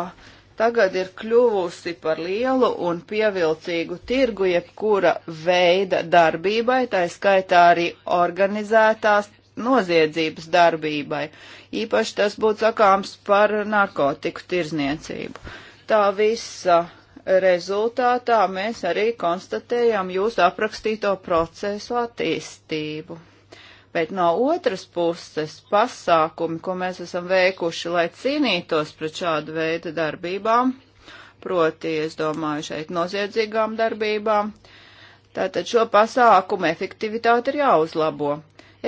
tagad ir kļuvusi par lielu un pievilcīgu tirgu jebkura veida darbībai, tā skaitā arī organizētās noziedzības darbībai. Īpaši tas būtu sakāms par narkotiku tirzniecību. Tā visa rezultātā mēs arī konstatējam jūs aprakstīto procesu attīstību bet no otras puses pasākumi, ko mēs esam veikuši, lai cīnītos pret šādu veidu darbībām, proti, es domāju, šeit noziedzīgām darbībām, tātad šo pasākumu efektivitāti ir jāuzlabo.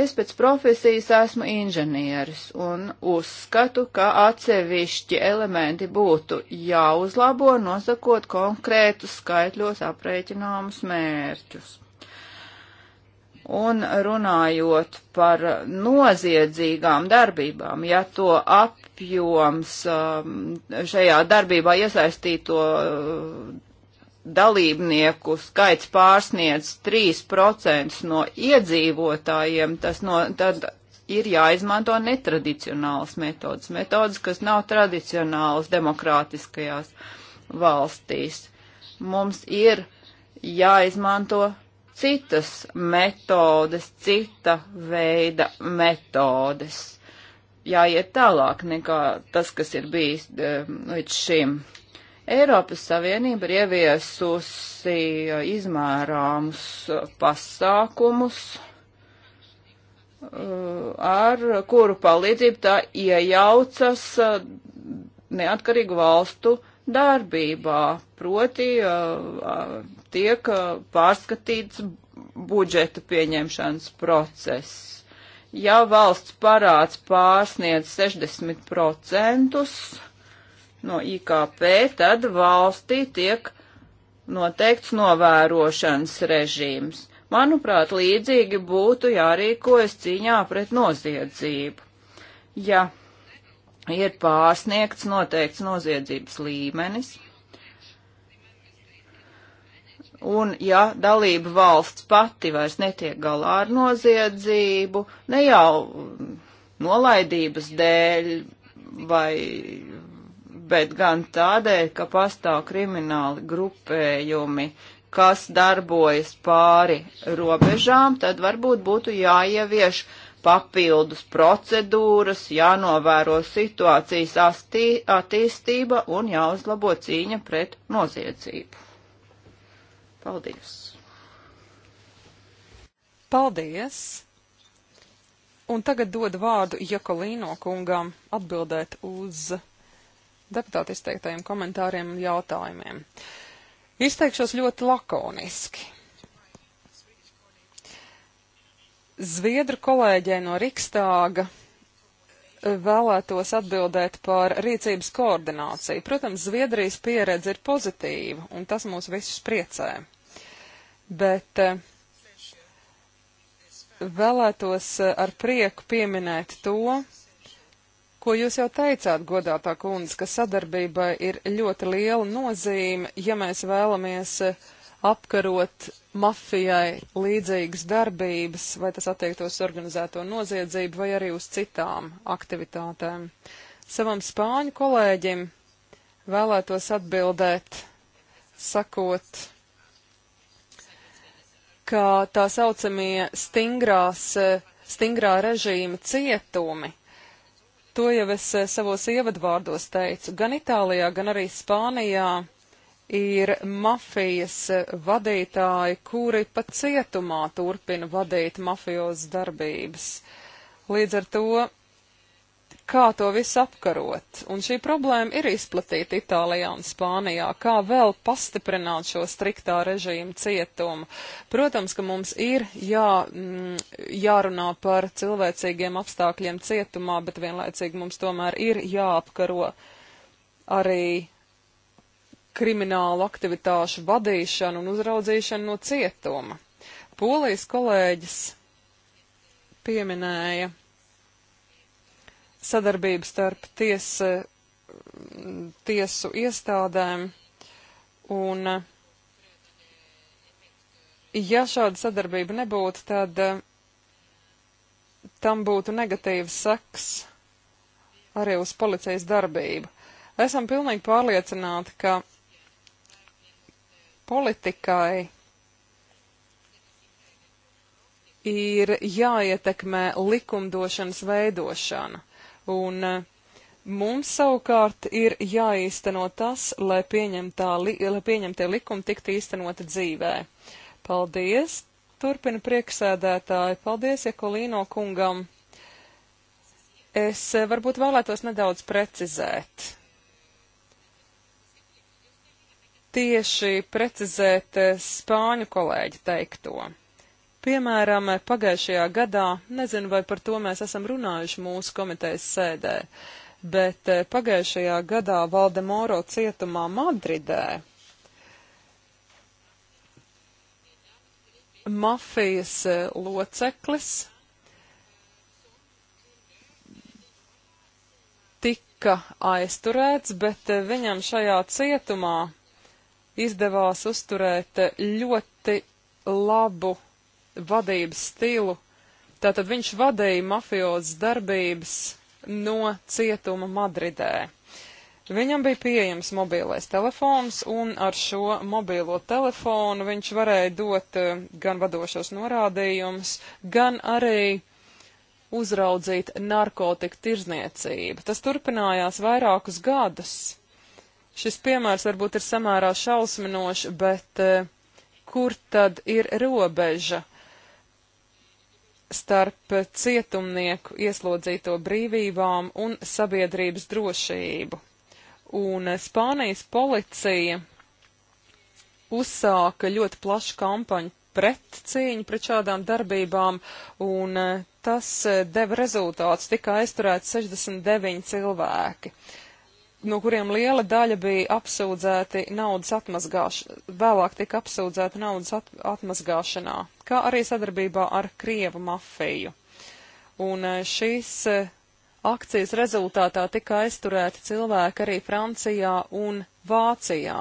Es pēc profesijas esmu inženieris un uzskatu, ka atsevišķi elementi būtu jāuzlabo, nosakot konkrētus skaitļos aprēķināmus mērķus. Un runājot par noziedzīgām darbībām, ja to apjoms um, šajā darbībā iesaistīto uh, dalībnieku skaits pārsniedz 3% no iedzīvotājiem, tas no, tad ir jāizmanto netradicionālas metodas, metodas, kas nav tradicionālas demokrātiskajās valstīs. Mums ir jāizmanto citas metodes, cita veida metodes. Jāiet tālāk nekā tas, kas ir bijis eh, līdz šim. Eiropas Savienība ir ieviesusi eh, izmērāmus eh, pasākumus, ar kuru palīdzību tā iejaucas neatkarīgu valstu darbībā, proti tiek uh, pārskatīts budžeta pieņemšanas process. Ja valsts parāds pārsniedz 60% no IKP, tad valstī tiek noteikts novērošanas režīms. Manuprāt, līdzīgi būtu jārīkojas cīņā pret noziedzību. Ja ir pārsniegts noteikts noziedzības līmenis, Un ja dalība valsts pati vairs netiek galā ar noziedzību, ne jau nolaidības dēļ, vai, bet gan tādēļ, ka pastāv krimināli grupējumi, kas darbojas pāri robežām, tad varbūt būtu jāievieš papildus procedūras, jānovēro situācijas astī, attīstība un jāuzlabo cīņa pret noziedzību. Paldies! Paldies! Un tagad dodu vārdu Jakolīno kungam atbildēt uz deputāti izteiktajiem komentāriem un jautājumiem. Izteikšos ļoti lakoniski. Zviedru kolēģē no Rikstāga vēlētos atbildēt par rīcības koordināciju. Protams, Zviedrijas pieredze ir pozitīva, un tas mūs visus priecē. Bet eh, vēlētos eh, ar prieku pieminēt to, ko jūs jau teicāt, godātā kundze, ka sadarbībai ir ļoti liela nozīme, ja mēs vēlamies uh, apkarot mafijai līdzīgas darbības, vai tas attiektos organizēto noziedzību vai arī uz citām aktivitātēm. Savam spāņu kolēģim vēlētos atbildēt, sakot, ka tā saucamie stingrās, stingrā režīma cietumi To jau es savos ievadvārdos teicu. Gan Itālijā, gan arī Spānijā ir mafijas eh, vadītāji, kuri pat cietumā turpina vadīt mafijos darbības. Līdz ar to, kā to visu apkarot? Un šī problēma ir izplatīta Itālijā un Spānijā. Kā vēl pastiprināt šo striktā režīmu cietumu? Protams, ka mums ir jā, mm, jārunā par cilvēcīgiem apstākļiem cietumā, bet vienlaicīgi mums tomēr ir jāapkaro arī kriminālu aktivitāšu vadīšanu un uzraudzīšanu no cietuma. Polijas kolēģis pieminēja sadarbību starp tiesa, tiesu iestādēm un ja šāda sadarbība nebūtu, tad tam būtu negatīvs seks arī uz policijas darbību. Esam pilnīgi pārliecināti, ka politikai ir jāietekmē likumdošanas veidošana, un eh, mums savukārt ir jāīsteno tas, lai, pieņemtā, li, lai pieņemtie likumi tiktu īstenoti dzīvē. Paldies! Turpina prieksēdētāji. Paldies Jekolīno kungam. Es eh, varbūt vēlētos nedaudz precizēt tieši precizēt eh, spāņu kolēģi teikto. Piemēram, pagājušajā gadā, nezinu, vai par to mēs esam runājuši mūsu komitejas sēdē, bet eh, pagājušajā gadā Valdemoro cietumā Madridē mafijas eh, loceklis tika aizturēts, bet viņam šajā cietumā izdevās uzturēt ļoti labu vadības stilu. Tātad viņš vadīja mafijozes darbības no cietuma Madridē. Viņam bija pieejams mobilais telefons, un ar šo mobilo telefonu viņš varēja dot eh, gan vadošos norādījumus, gan arī uzraudzīt narkotiku tirzniecību. Tas turpinājās vairākus gadus. Šis piemērs varbūt ir samērā šausminošs, bet eh, kur tad ir robeža starp cietumnieku ieslodzīto brīvībām un sabiedrības drošību? Un eh, Spānijas policija uzsāka ļoti plašu kampaņu pret cīņu pret šādām darbībām, un eh, tas deva rezultāts, tika aizturēti 69 cilvēki. Uh, no kuriem liela daļa bija apsūdzēti naudas atmazgāšanā, vēlāk tika apsūdzēti naudas at atmazgāšanā, kā arī sadarbībā ar Krievu mafiju. Un eh, šīs eh, akcijas rezultātā tika aizturēti cilvēki arī Francijā un Vācijā.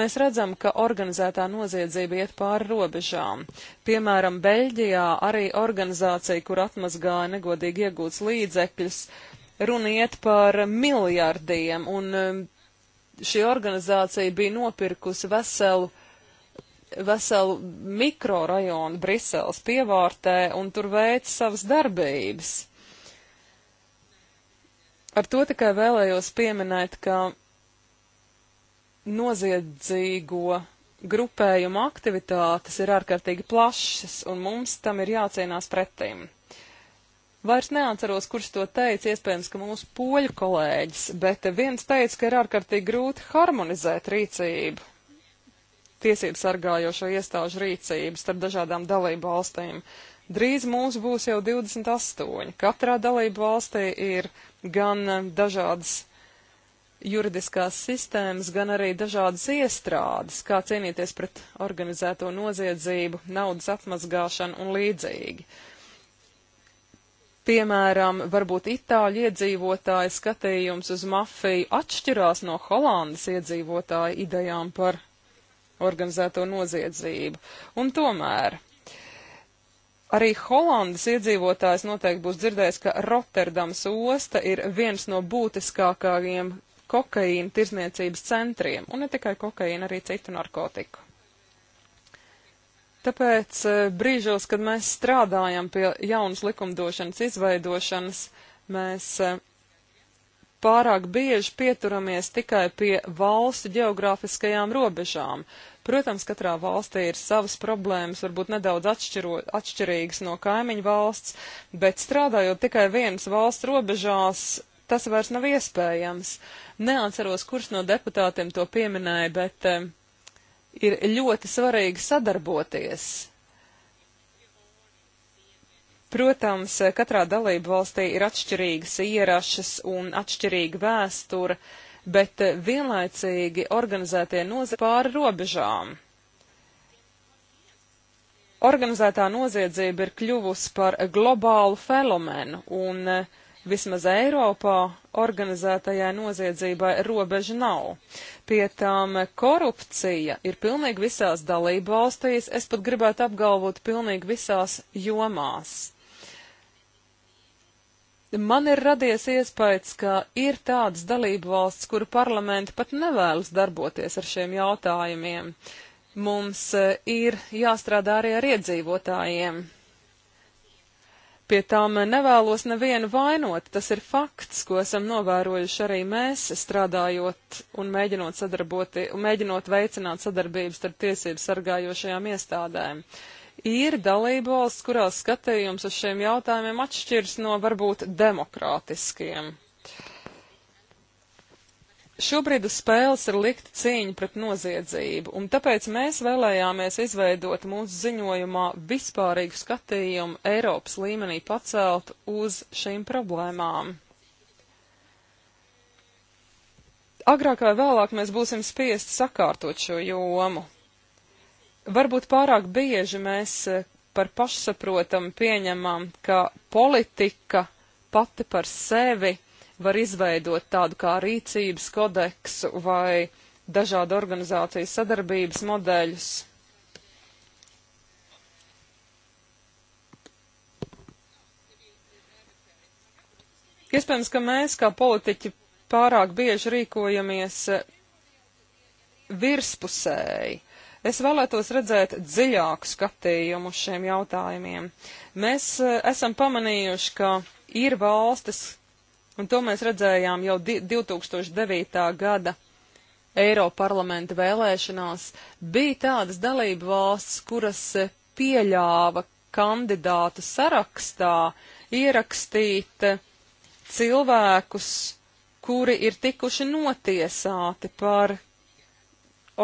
Mēs redzam, ka organizētā noziedzība iet pāri robežām. Piemēram, Beļģijā arī organizācija, kur atmazgāja negodīgi iegūts līdzekļus, runa iet par miljardiem, un um, šī organizācija bija nopirkusi veselu veselu mikrorajonu Briseles pievārtē un tur veic savas darbības. Ar to tikai vēlējos pieminēt, ka noziedzīgo grupējumu aktivitātes ir ārkārtīgi plašas, un mums tam ir jācīnās pretīm. Uh, Vairs neatceros, kurš to teica, iespējams, ka mūsu poļu kolēģis, bet viens teica, ka ir ārkārtīgi grūti harmonizēt rīcību, tiesību sargājošo iestāžu rīcību starp dažādām dalību valstīm. Drīz mūs būs jau 28. Katrā dalību valstī ir gan dažādas juridiskās sistēmas, gan arī dažādas iestrādes, kā cīnīties pret organizēto noziedzību, naudas atmazgāšanu un līdzīgi. Piemēram, varbūt itāļu iedzīvotāja skatījums uz mafiju atšķirās no Holandas iedzīvotāja idejām par organizēto noziedzību. Un tomēr arī Holandas iedzīvotājs noteikti būs dzirdējis, ka Rotterdams osta ir viens no būtiskākajiem kokaīna tirzniecības centriem, un ne tikai kokaīna, arī citu narkotiku. Tāpēc e, brīžos, kad mēs strādājam pie jaunas likumdošanas izveidošanas, mēs e, pārāk bieži pieturamies tikai pie valstu geogrāfiskajām robežām. Protams, katrā valstī ir savas problēmas, varbūt nedaudz atšķiro, atšķirīgas no kaimiņu valsts, bet strādājot tikai vienas valsts robežās, tas vairs nav iespējams. Neatceros, kurš no deputātiem to pieminēja, bet e, ir ļoti svarīgi sadarboties. Protams, katrā dalību valstī ir atšķirīgas ierašas un atšķirīga vēstura, bet vienlaicīgi organizētie noziedznieki pāri robežām. Organizētā noziedzība ir kļuvusi par globālu fenomenu, un uh, Vismaz Eiropā organizētajai noziedzībai robeža nav. Pie tām korupcija ir pilnīgi visās dalību valstīs, es pat gribētu apgalvot pilnīgi visās jomās. Man ir radies iespējas, ka ir tādas dalību valsts, kuru parlamenti pat nevēlas darboties ar šiem jautājumiem. Mums eh, ir jāstrādā arī ar iedzīvotājiem. Pie tām nevēlos nevienu vainot, tas ir fakts, ko esam novērojuši arī mēs, strādājot un mēģinot, sadarboti, un mēģinot veicināt sadarbības starp tiesību sargājošajām iestādēm. Ir dalība valsts, kurās skatījums uz šiem jautājumiem atšķirs no varbūt demokrātiskiem. Šobrīd uz spēles ir likta cīņa pret noziedzību, un tāpēc mēs vēlējāmies izveidot mūsu ziņojumā vispārīgu skatījumu Eiropas līmenī pacelt uz šīm problēmām. Agrāk vai vēlāk mēs būsim spiest sakārtot šo jomu. Varbūt pārāk bieži mēs eh, par pašsaprotamu pieņemam, ka politika pati par sevi var izveidot tādu kā rīcības kodeksu vai dažādu organizāciju sadarbības modeļus. Iespējams, ka mēs, kā politiķi, pārāk bieži rīkojamies eh, virspusēji. Es vēlētos redzēt dziļāku skatījumu uz šiem jautājumiem. Mēs eh, esam pamanījuši, ka ir valstis, Un to mēs redzējām jau 2009. gada Eiroparlamenta vēlēšanās. Bija tādas dalību valsts, kuras eh, pieļāva kandidātu sarakstā ierakstīt eh, cilvēkus, kuri ir tikuši notiesāti par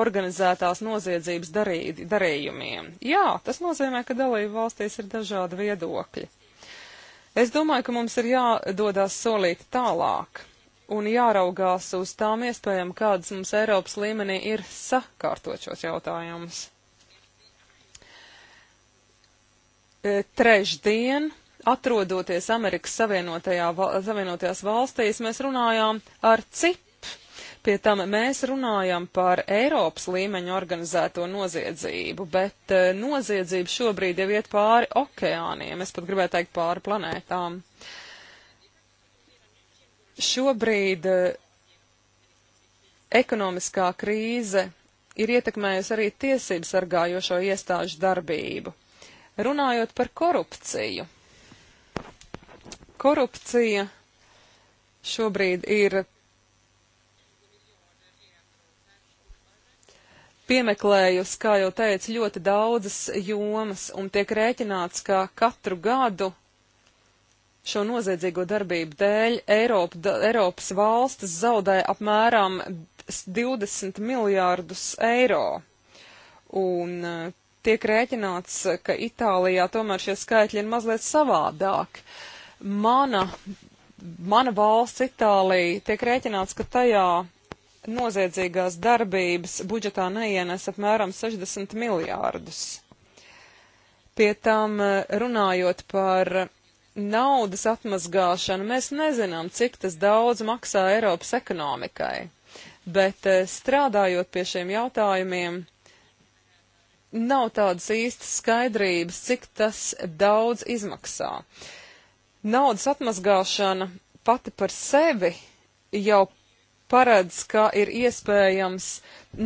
organizētās noziedzības darī, darījumiem. Jā, tas nozīmē, ka dalību valstīs ir dažādi viedokļi. Es domāju, ka mums ir jādodas solīt tālāk un jāraugās uz tām iespējām, kādas mums Eiropas līmenī ir sakārtot šos jautājumus. E, trešdien, atrodoties Amerikas Savienotajā, Savienotajās valstīs, mēs runājām ar citu Pie tam mēs runājam par Eiropas līmeņu organizēto noziedzību, bet eh, noziedzība šobrīd jau iet pāri okeāniem, es pat gribēju teikt pāri planētām. Šobrīd eh, ekonomiskā krīze ir ietekmējusi arī tiesību sargājošo iestāžu darbību. Runājot par korupciju. Korupcija šobrīd ir piemeklējusi, kā jau teicu, ļoti daudzas jomas un tiek rēķināts, ka katru gadu šo noziedzīgo darbību dēļ Eiropa, da, Eiropas valstis zaudē apmēram 20 miljārdus eiro. Un eh, tiek rēķināts, ka Itālijā tomēr šie skaitļi ir mazliet savādāk. Mana, mana valsts Itālija tiek rēķināts, ka tajā noziedzīgās darbības budžetā neienes apmēram 60 miljārdus. Pie tam eh, runājot par naudas atmazgāšanu, mēs nezinām, cik tas daudz maksā Eiropas ekonomikai, bet eh, strādājot pie šiem jautājumiem, nav tādas īstas skaidrības, cik tas daudz izmaksā. Naudas atmazgāšana pati par sevi jau paredz, ka ir iespējams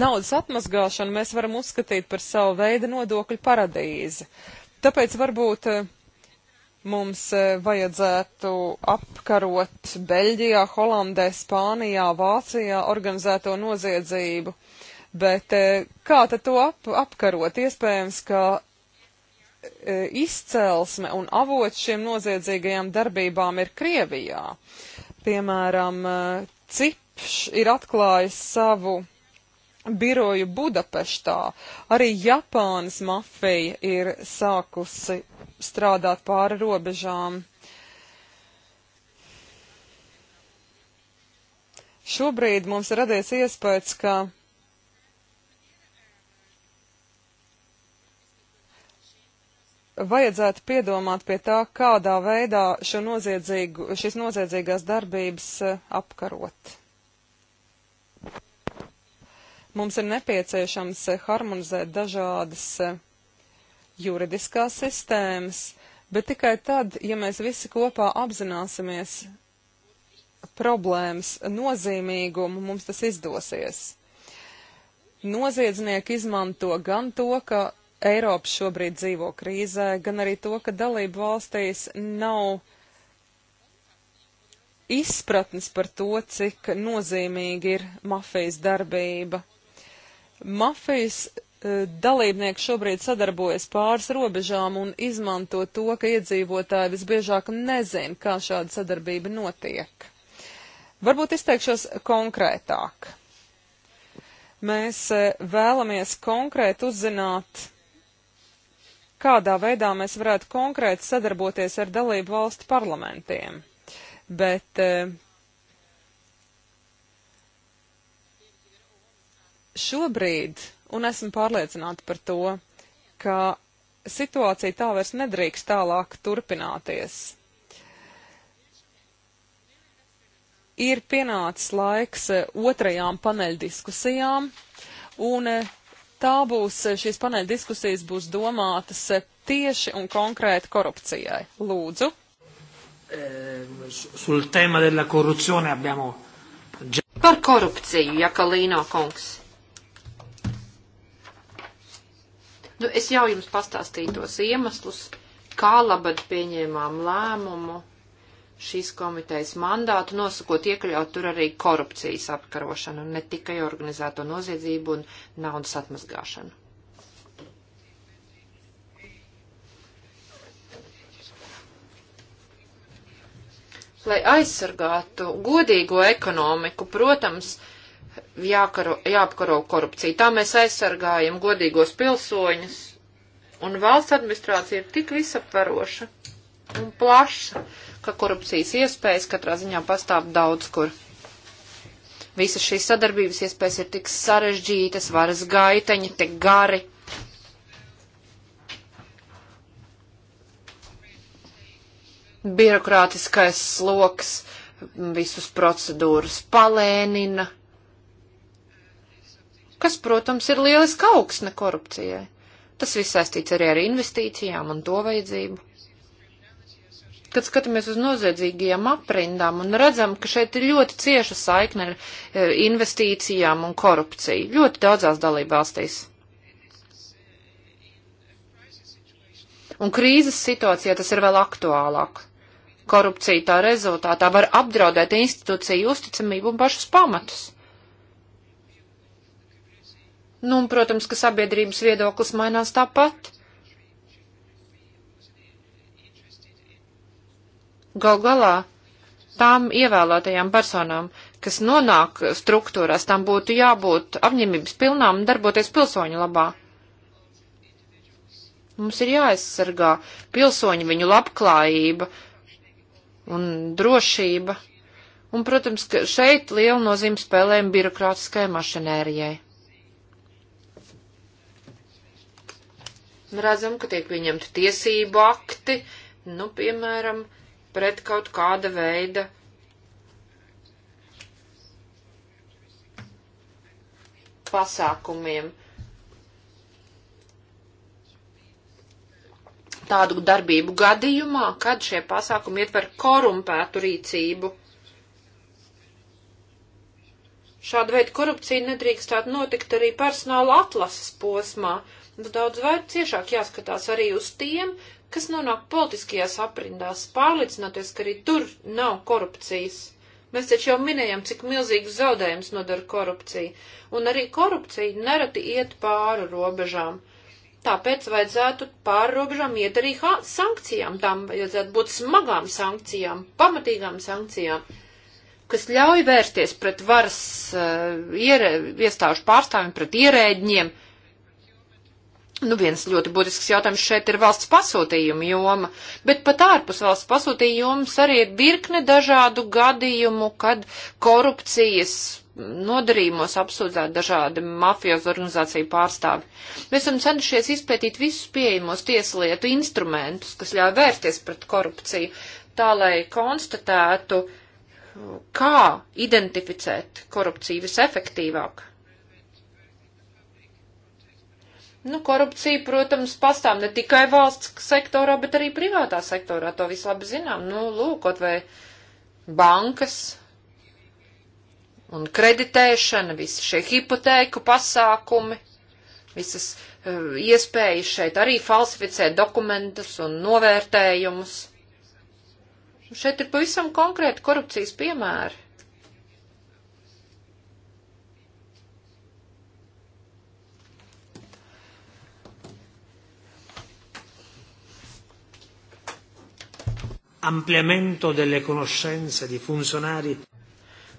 naudas atmazgāšanu, mēs varam uzskatīt par savu veidu nodokļu paradīzi. Tāpēc varbūt eh, mums eh, vajadzētu apkarot Beļģijā, Holandē, Spānijā, Vācijā organizēto noziedzību. Bet eh, kā tad to ap, apkarot? Iespējams, ka izcelsme un avots šiem noziedzīgajām darbībām ir Krievijā. Piemēram, cip Kopš ir atklājis savu biroju Budapeštā. Arī Japānas mafija ir sākusi strādāt pāri robežām. Šobrīd mums radies iespējas, ka vajadzētu piedomāt pie tā, kādā veidā šo noziedzīgu, šis noziedzīgās darbības eh, apkarot. Mums ir nepieciešams eh, harmonizēt dažādas eh, juridiskās sistēmas, bet tikai tad, ja mēs visi kopā apzināsimies problēmas nozīmīgumu, mums tas izdosies. Noziedznieki izmanto gan to, ka Eiropa šobrīd dzīvo krīzē, gan arī to, ka dalību valstīs nav izpratnes par to, cik nozīmīgi ir mafijas darbība. Mafijas e, dalībnieki šobrīd sadarbojas pāris robežām un izmanto to, ka iedzīvotāji visbiežāk nezin, kā šāda sadarbība notiek. Varbūt izteikšos konkrētāk. Mēs e, vēlamies konkrēti uzzināt, kādā veidā mēs varētu konkrēti sadarboties ar dalību valstu parlamentiem. Bet e, Šobrīd, un esmu pārliecināta par to, ka situācija tā vairs nedrīkst tālāk turpināties. Ir pienācis laiks eh, otrajām paneļdiskusijām, un eh, tā būs, eh, šīs paneļdiskusijas būs domātas tieši un konkrēti korupcijai. Lūdzu. Ehm, par korupciju, Jakalīno kungs. Nu, es jau jums pastāstītos iemeslus, kā labad pieņēmām lēmumu šīs komitejas mandātu, nosakot iekļaut tur arī korupcijas apkarošanu, ne tikai organizēto noziedzību un naudas atmazgāšanu. Lai aizsargātu godīgo ekonomiku, protams, uh, jākaro, jāapkaro korupciju. Tā mēs aizsargājam godīgos pilsoņus, un valsts administrācija ir tik visaptvaroša un plaša, ka korupcijas iespējas katrā ziņā pastāv daudz kur. Visas šīs sadarbības iespējas ir tik sarežģītas, varas gaiteņi, tik gari. Birokrātiskais sloks, visus procedūras palēnina kas, protams, ir lieliska augsne korupcijai. Tas viss saistīts arī ar investīcijām un to vajadzību. Kad skatāmies uz noziedzīgajām aprindām un redzam, ka šeit ir ļoti cieša saikne ar e, investīcijām un korupciju, ļoti daudzās dalībvalstīs. Un krīzes situācijā tas ir vēl aktuālāk. Korupcija tā rezultātā var apdraudēt institūciju uzticamību un pašus pamatus. Nu, un, protams, ka sabiedrības viedoklis mainās tāpat. Gal galā tām ievēlētajām personām, kas nonāk struktūrās, tām būtu jābūt apņemības pilnām un darboties pilsoņu labā. Mums ir jāaizsargā pilsoņu viņu labklājība un drošība. Un, protams, ka šeit lielu nozīmi spēlēm birokrātiskajai mašinērijai. redzam, ka tiek pieņemti tiesību akti, nu, piemēram, pret kaut kāda veida pasākumiem. Tādu darbību gadījumā, kad šie pasākumi ietver korumpētu rīcību. Šāda veida korupcija nedrīkstētu notikt arī personāla atlases posmā, daudz vai ciešāk jāskatās arī uz tiem, kas nonāk politiskajās aprindās, pārliecinoties, ka arī tur nav korupcijas. Mēs taču jau minējām, cik milzīgs zaudējums nodara korupcija, un arī korupcija nereti iet pāri robežām. Tāpēc vajadzētu pāri robežām iet arī sankcijām, tām vajadzētu būt smagām sankcijām, pamatīgām sankcijām, kas ļauj vērsties pret varas uh, iestāžu pārstāvjiem, pret ierēģiem, uh, Nu, viens ļoti būtisks jautājums šeit ir valsts pasūtījuma joma, bet pat ārpus valsts pasūtījumas arī ir virkne dažādu gadījumu, kad korupcijas nodarījumos apsūdzēt dažādi mafijas organizāciju pārstāvi. Mēs esam centušies izpētīt visus pieejamos tieslietu instrumentus, kas ļauj vērsties pret korupciju, tā lai konstatētu, kā identificēt korupciju visefektīvāk. Nu, korupcija, protams, pastāv ne tikai valsts sektorā, bet arī privātā sektorā. To visu labi zinām. Nu, lūkot vai bankas un kreditēšana, visi šie hipotēku pasākumi, visas uh, iespējas šeit arī falsificēt dokumentus un novērtējumus. Un šeit ir pavisam konkrēti korupcijas piemēri. ampliamento delle conoscenze di funzionari.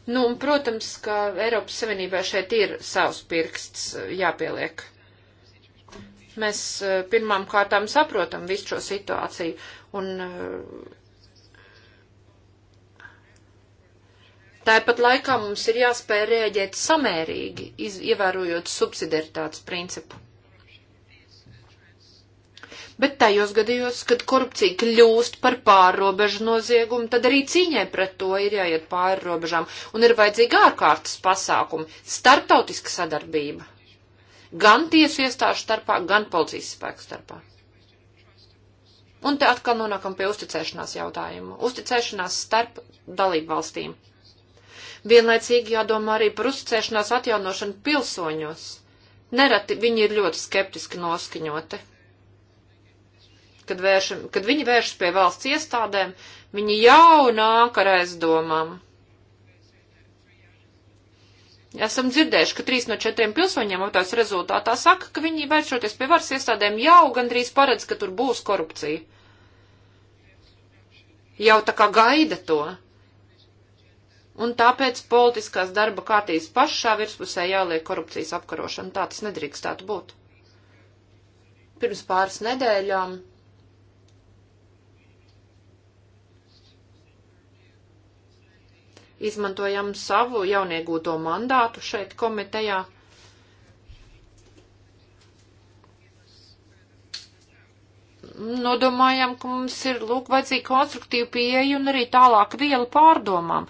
Nu, un, protams, ka Eiropas Savienībā šeit ir savs pirksts eh, jāpieliek. Mēs eh, pirmām kārtām saprotam visu šo situāciju un eh, tāpat laikā mums ir jāspēj rēģēt samērīgi, iz, ievērojot subsidiaritātes principu bet tajos gadījos, kad korupcija kļūst par pārrobežu noziegumu, tad arī cīņai pret to ir jāiet pāri robežām un ir vajadzīga ārkārtas pasākumi, startautiska sadarbība. Gan tiesu iestāžu starpā, gan policijas spēku starpā. Un te atkal nonākam pie uzticēšanās jautājumu. Uzticēšanās starp dalību valstīm. Vienlaicīgi jādomā arī par uzticēšanās atjaunošanu pilsoņos. Nereti viņi ir ļoti skeptiski noskaņoti kad, vēršam, kad viņi vēršas pie valsts iestādēm, viņi jau nāk ar aizdomām. Esam dzirdējuši, ka trīs no četriem pilsoņiem aptaujas rezultātā saka, ka viņi vēršoties pie varas iestādēm jau gandrīz paredz, ka tur būs korupcija. Jau tā kā gaida to. Un tāpēc politiskās darba kārtības pašā virspusē jāliek korupcijas apkarošana. Tā tas nedrīkstētu būt. Pirms pāris nedēļām izmantojam savu jauniegūto mandātu šeit komitejā. Nodomājam, ka mums ir, lūk, vajadzīga konstruktīva pieeja un arī tālāk viela pārdomām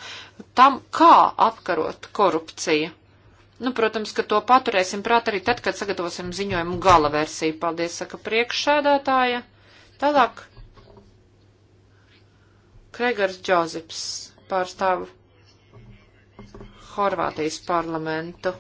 tam, kā apkarot korupciju. Nu, protams, ka to paturēsim prāt arī tad, kad sagatavosim ziņojumu gala versiju. Paldies, saka priekšsēdētāja. Tālāk. Kregars Džozefs pārstāvu Horvātijas parlamentu.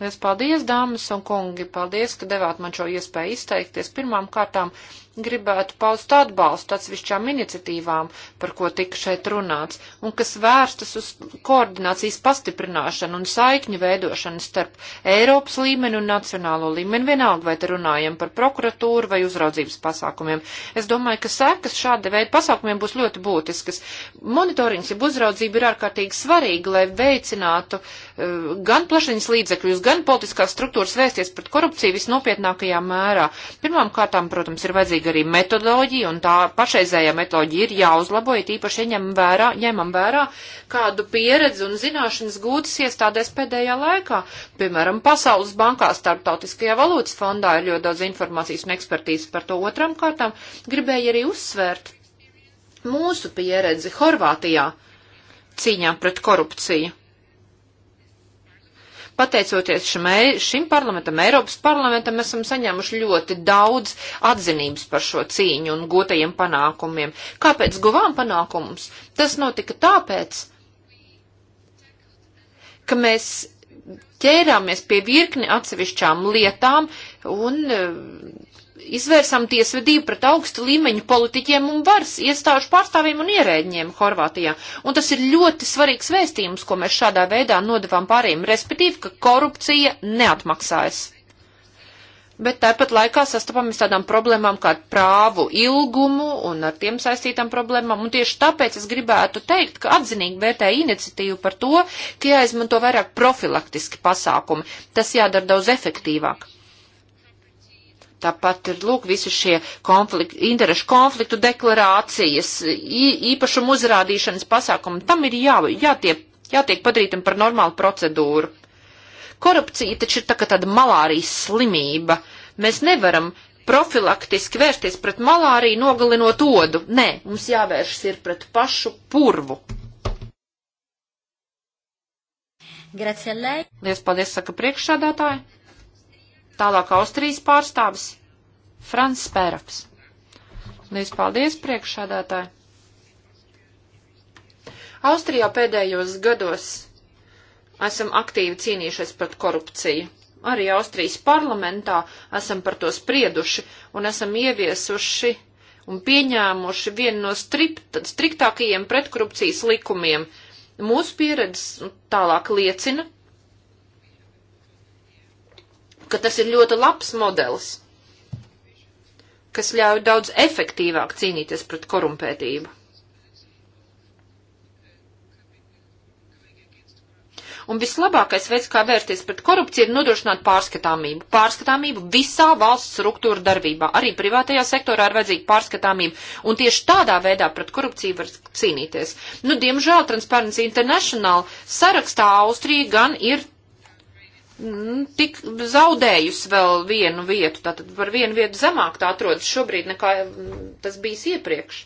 Liels paldies, dāmas un kungi, paldies, ka devāt man šo iespēju izteikties. Pirmām kārtām gribētu paust atbalstu atsevišķām iniciatīvām, par ko tika šeit runāts, un kas vērstas uz koordinācijas pastiprināšanu un saikņu veidošanu starp Eiropas līmeni un nacionālo līmeni, vienalga vai te runājam par prokuratūru vai uzraudzības pasākumiem. Es domāju, ka sekas šāda veida pasākumiem būs ļoti būtiskas. Monitorings, ja uzraudzība ir ārkārtīgi svarīga, lai veicinātu uh, gan plašiņas līdzekļus, gan politiskās struktūras vēsties pret korupciju visnopietnākajā mērā. Pirmām kārtām, protams, ir vajadzīga svarīga arī metodoloģija, un tā pašreizējā metodoloģija ir jāuzlabo, ir īpaši ņem vērā, ņemam vērā kādu pieredzi un zināšanas gūtas iestādēs pēdējā laikā. Piemēram, Pasaules bankā, Startautiskajā valūtas fondā ir ļoti daudz informācijas un ekspertīzes par to otram kārtām. Gribēju arī uzsvērt mūsu pieredzi Horvātijā cīņā pret korupciju Pateicoties šim, šim parlamentam, Eiropas parlamentam, esam saņēmuši ļoti daudz atzinības par šo cīņu un gotajiem panākumiem. Kāpēc guvām panākumus? Tas notika tāpēc, ka mēs ķērāmies pie virkni atsevišķām lietām un izvērsām tiesvedību pret augstu līmeņu politiķiem un varas iestāžu pārstāvjiem un ierēģiem Horvātijā. Un tas ir ļoti svarīgs vēstījums, ko mēs šādā veidā nodevām pārējiem, respektīvi, ka korupcija neatmaksājas. Bet tāpat laikā sastopamies tādām problēmām kā prāvu ilgumu un ar tiem saistītām problēmām, un tieši tāpēc es gribētu teikt, ka atzinīgi vērtēju iniciatīvu par to, ka jāizmanto vairāk profilaktiski pasākumi. Tas jādara daudz efektīvāk. Tāpat ir, lūk, visi šie konflikt, interešu konfliktu deklarācijas, īpašumu uzrādīšanas pasākumi. Tam ir jā, jātiek, jātiek padarītam par normālu procedūru. Korupcija taču ir tā kā tāda malārijas slimība. Mēs nevaram profilaktiski vērsties pret malāriju, nogalinot odu. Nē, mums jāvēršas ir pret pašu purvu. Liels paldies, saka priekšsādātāji. Tālāk Austrijas pārstāvis Frans Spēraps. Lies paldies priekšādātāji. Austrijā pēdējos gados esam aktīvi cīnījušies pret korupciju. Arī Austrijas parlamentā esam par to sprieduši un esam ieviesuši un pieņēmuši vienu no stript, striktākajiem pretkorupcijas likumiem. Mūsu pieredze tālāk liecina, ka tas ir ļoti labs modelis, kas ļauj daudz efektīvāk cīnīties pret korumpētību. Un vislabākais veids, kā vērsties pret korupciju, ir nodrošināt pārskatāmību. Pārskatāmību visā valsts struktūra darbībā. Arī privātajā sektorā ir vajadzīga pārskatāmība. Un tieši tādā veidā pret korupciju var cīnīties. Nu, diemžēl Transparency International sarakstā Austrija gan ir Nu, tik zaudējusi vēl vienu vietu, tātad par vienu vietu zemāk tā atrodas šobrīd nekā mm, tas bijis iepriekš.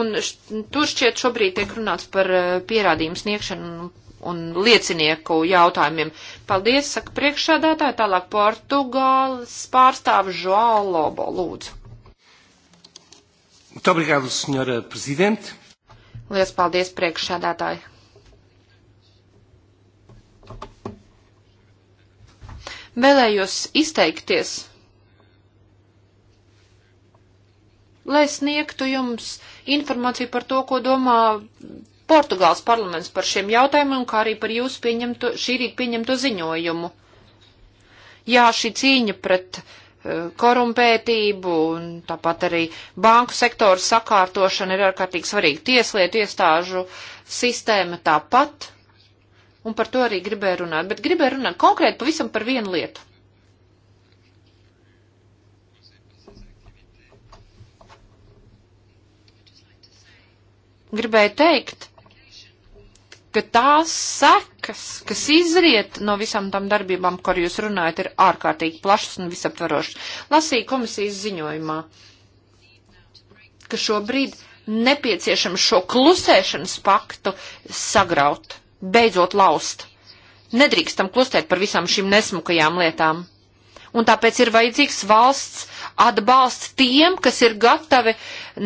Un š, tur šķiet šobrīd tiek runāts par eh, pierādījumu sniegšanu un liecinieku jautājumiem. Paldies, saka priekšsādātāji, tālāk Portugāles pārstāvu Joao Lobo, lūdzu. Muito obrigado, senhora Presidente. Lielas paldies, priekšsādātāji. vēlējos izteikties, lai sniegtu jums informāciju par to, ko domā Portugāls parlaments par šiem jautājumiem, kā arī par jūsu pieņemto, šī rīt pieņemto ziņojumu. Jā, šī cīņa pret uh, korumpētību un tāpat arī banku sektora sakārtošana ir ārkārtīgi svarīga. Tieslietu iestāžu sistēma tāpat Un par to arī gribēju runāt. Bet gribēju runāt konkrēti pavisam par vienu lietu. Gribēju teikt, ka tās sekas, kas izriet no visām tam darbībām, ko jūs runājat, ir ārkārtīgi plašas un visaptvarošas. Lasīju komisijas ziņojumā, ka šobrīd nepieciešams šo klusēšanas paktu sagraut beidzot laust. Nedrīkstam kustēt par visām šīm nesmukajām lietām. Un tāpēc ir vajadzīgs valsts atbalsts tiem, kas ir gatavi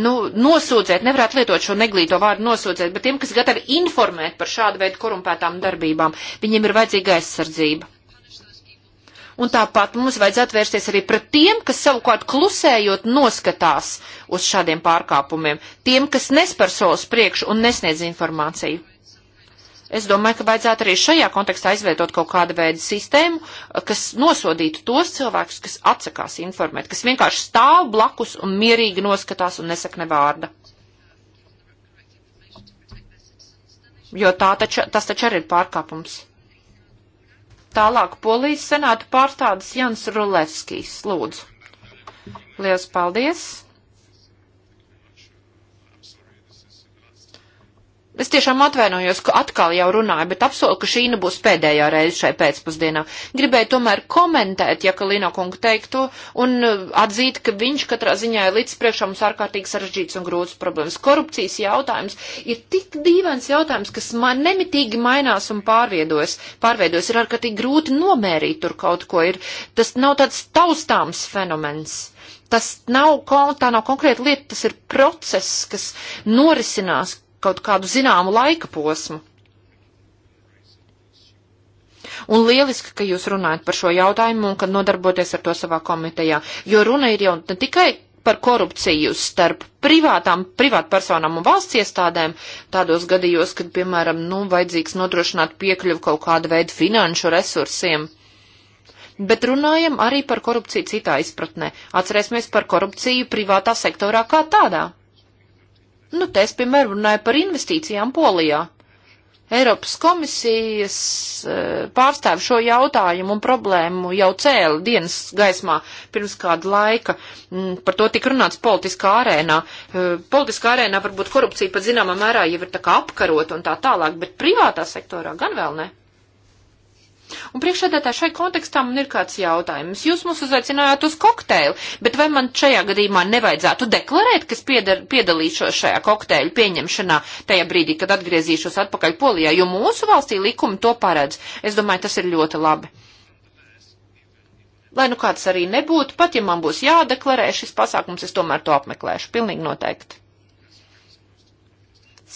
nu, nosūdzēt, nevarētu lietot šo neglīto vārdu nosūdzēt, bet tiem, kas gatavi informēt par šādu veidu korumpētām darbībām, viņiem ir vajadzīga aizsardzība. Un tāpat mums vajadzētu vērsties arī pret tiem, kas savukārt klusējot noskatās uz šādiem pārkāpumiem, tiem, kas nespar solis priekšu un nesniedz informāciju. Es domāju, ka vajadzētu arī šajā kontekstā izveidot kaut kādu veidu sistēmu, kas nosodītu tos cilvēkus, kas atsakās informēt, kas vienkārši stāv blakus un mierīgi noskatās un nesaka ne vārda. Jo tā taču, tas taču arī ir pārkāpums. Tālāk Polijas senāta pārstādes Jans Rulevskijs. Lūdzu. Lielas paldies! Es tiešām atvainojos, ka atkal jau runāju, bet apsolu, ka šī nebūs nu pēdējā reize šai pēcpusdienā. Gribēju tomēr komentēt Jakalino kungu teikto un uh, atzīt, ka viņš katrā ziņā ir līdz priekšā mums ārkārtīgi sarežģīts un grūts problēmas. Korupcijas jautājums ir tik dīvains jautājums, kas man nemitīgi mainās un pārveidojas. Pārveidojas ir ārkārtīgi grūti nomērīt tur kaut ko. Ir. Tas nav tāds taustāms fenomens. Tas nav, tā nav konkrēta lieta, tas ir process, kas norisinās kaut kādu zināmu laika posmu. Un lieliski, ka jūs runājat par šo jautājumu un ka nodarboties ar to savā komitejā, jo runa ir jau ne tikai par korupciju starp privātām, privātpersonām un valsts iestādēm, tādos gadījos, kad, piemēram, nu, vajadzīgs nodrošināt piekļuvu kaut kāda veida finanšu resursiem. Bet runājam arī par korupciju citā izpratnē. Atcerēsimies par korupciju privātā sektorā kā tādā. Nu, te es, piemēram, runāju par investīcijām Polijā. Eiropas komisijas eh, pārstāvi šo jautājumu un problēmu jau cēla dienas gaismā pirms kāda laika. Mm, par to tika runāts politiskā arēnā. Eh, politiskā arēnā varbūt korupcija pat zināmā mērā jau ir tā kā apkarot un tā tālāk, bet privātā sektorā gan vēl ne. Un priekšsēdētā šai kontekstā man ir kāds jautājums. Jūs mūs uzaicinājāt uz kokteili, bet vai man šajā gadījumā nevajadzētu deklarēt, ka es piedar, piedalīšos šajā kokteļu pieņemšanā tajā brīdī, kad atgriezīšos atpakaļ Polijā, jo mūsu valstī likumi to paredz. Es domāju, tas ir ļoti labi lai nu kāds arī nebūtu, pat ja man būs jādeklarē šis pasākums, es tomēr to apmeklēšu, pilnīgi noteikti.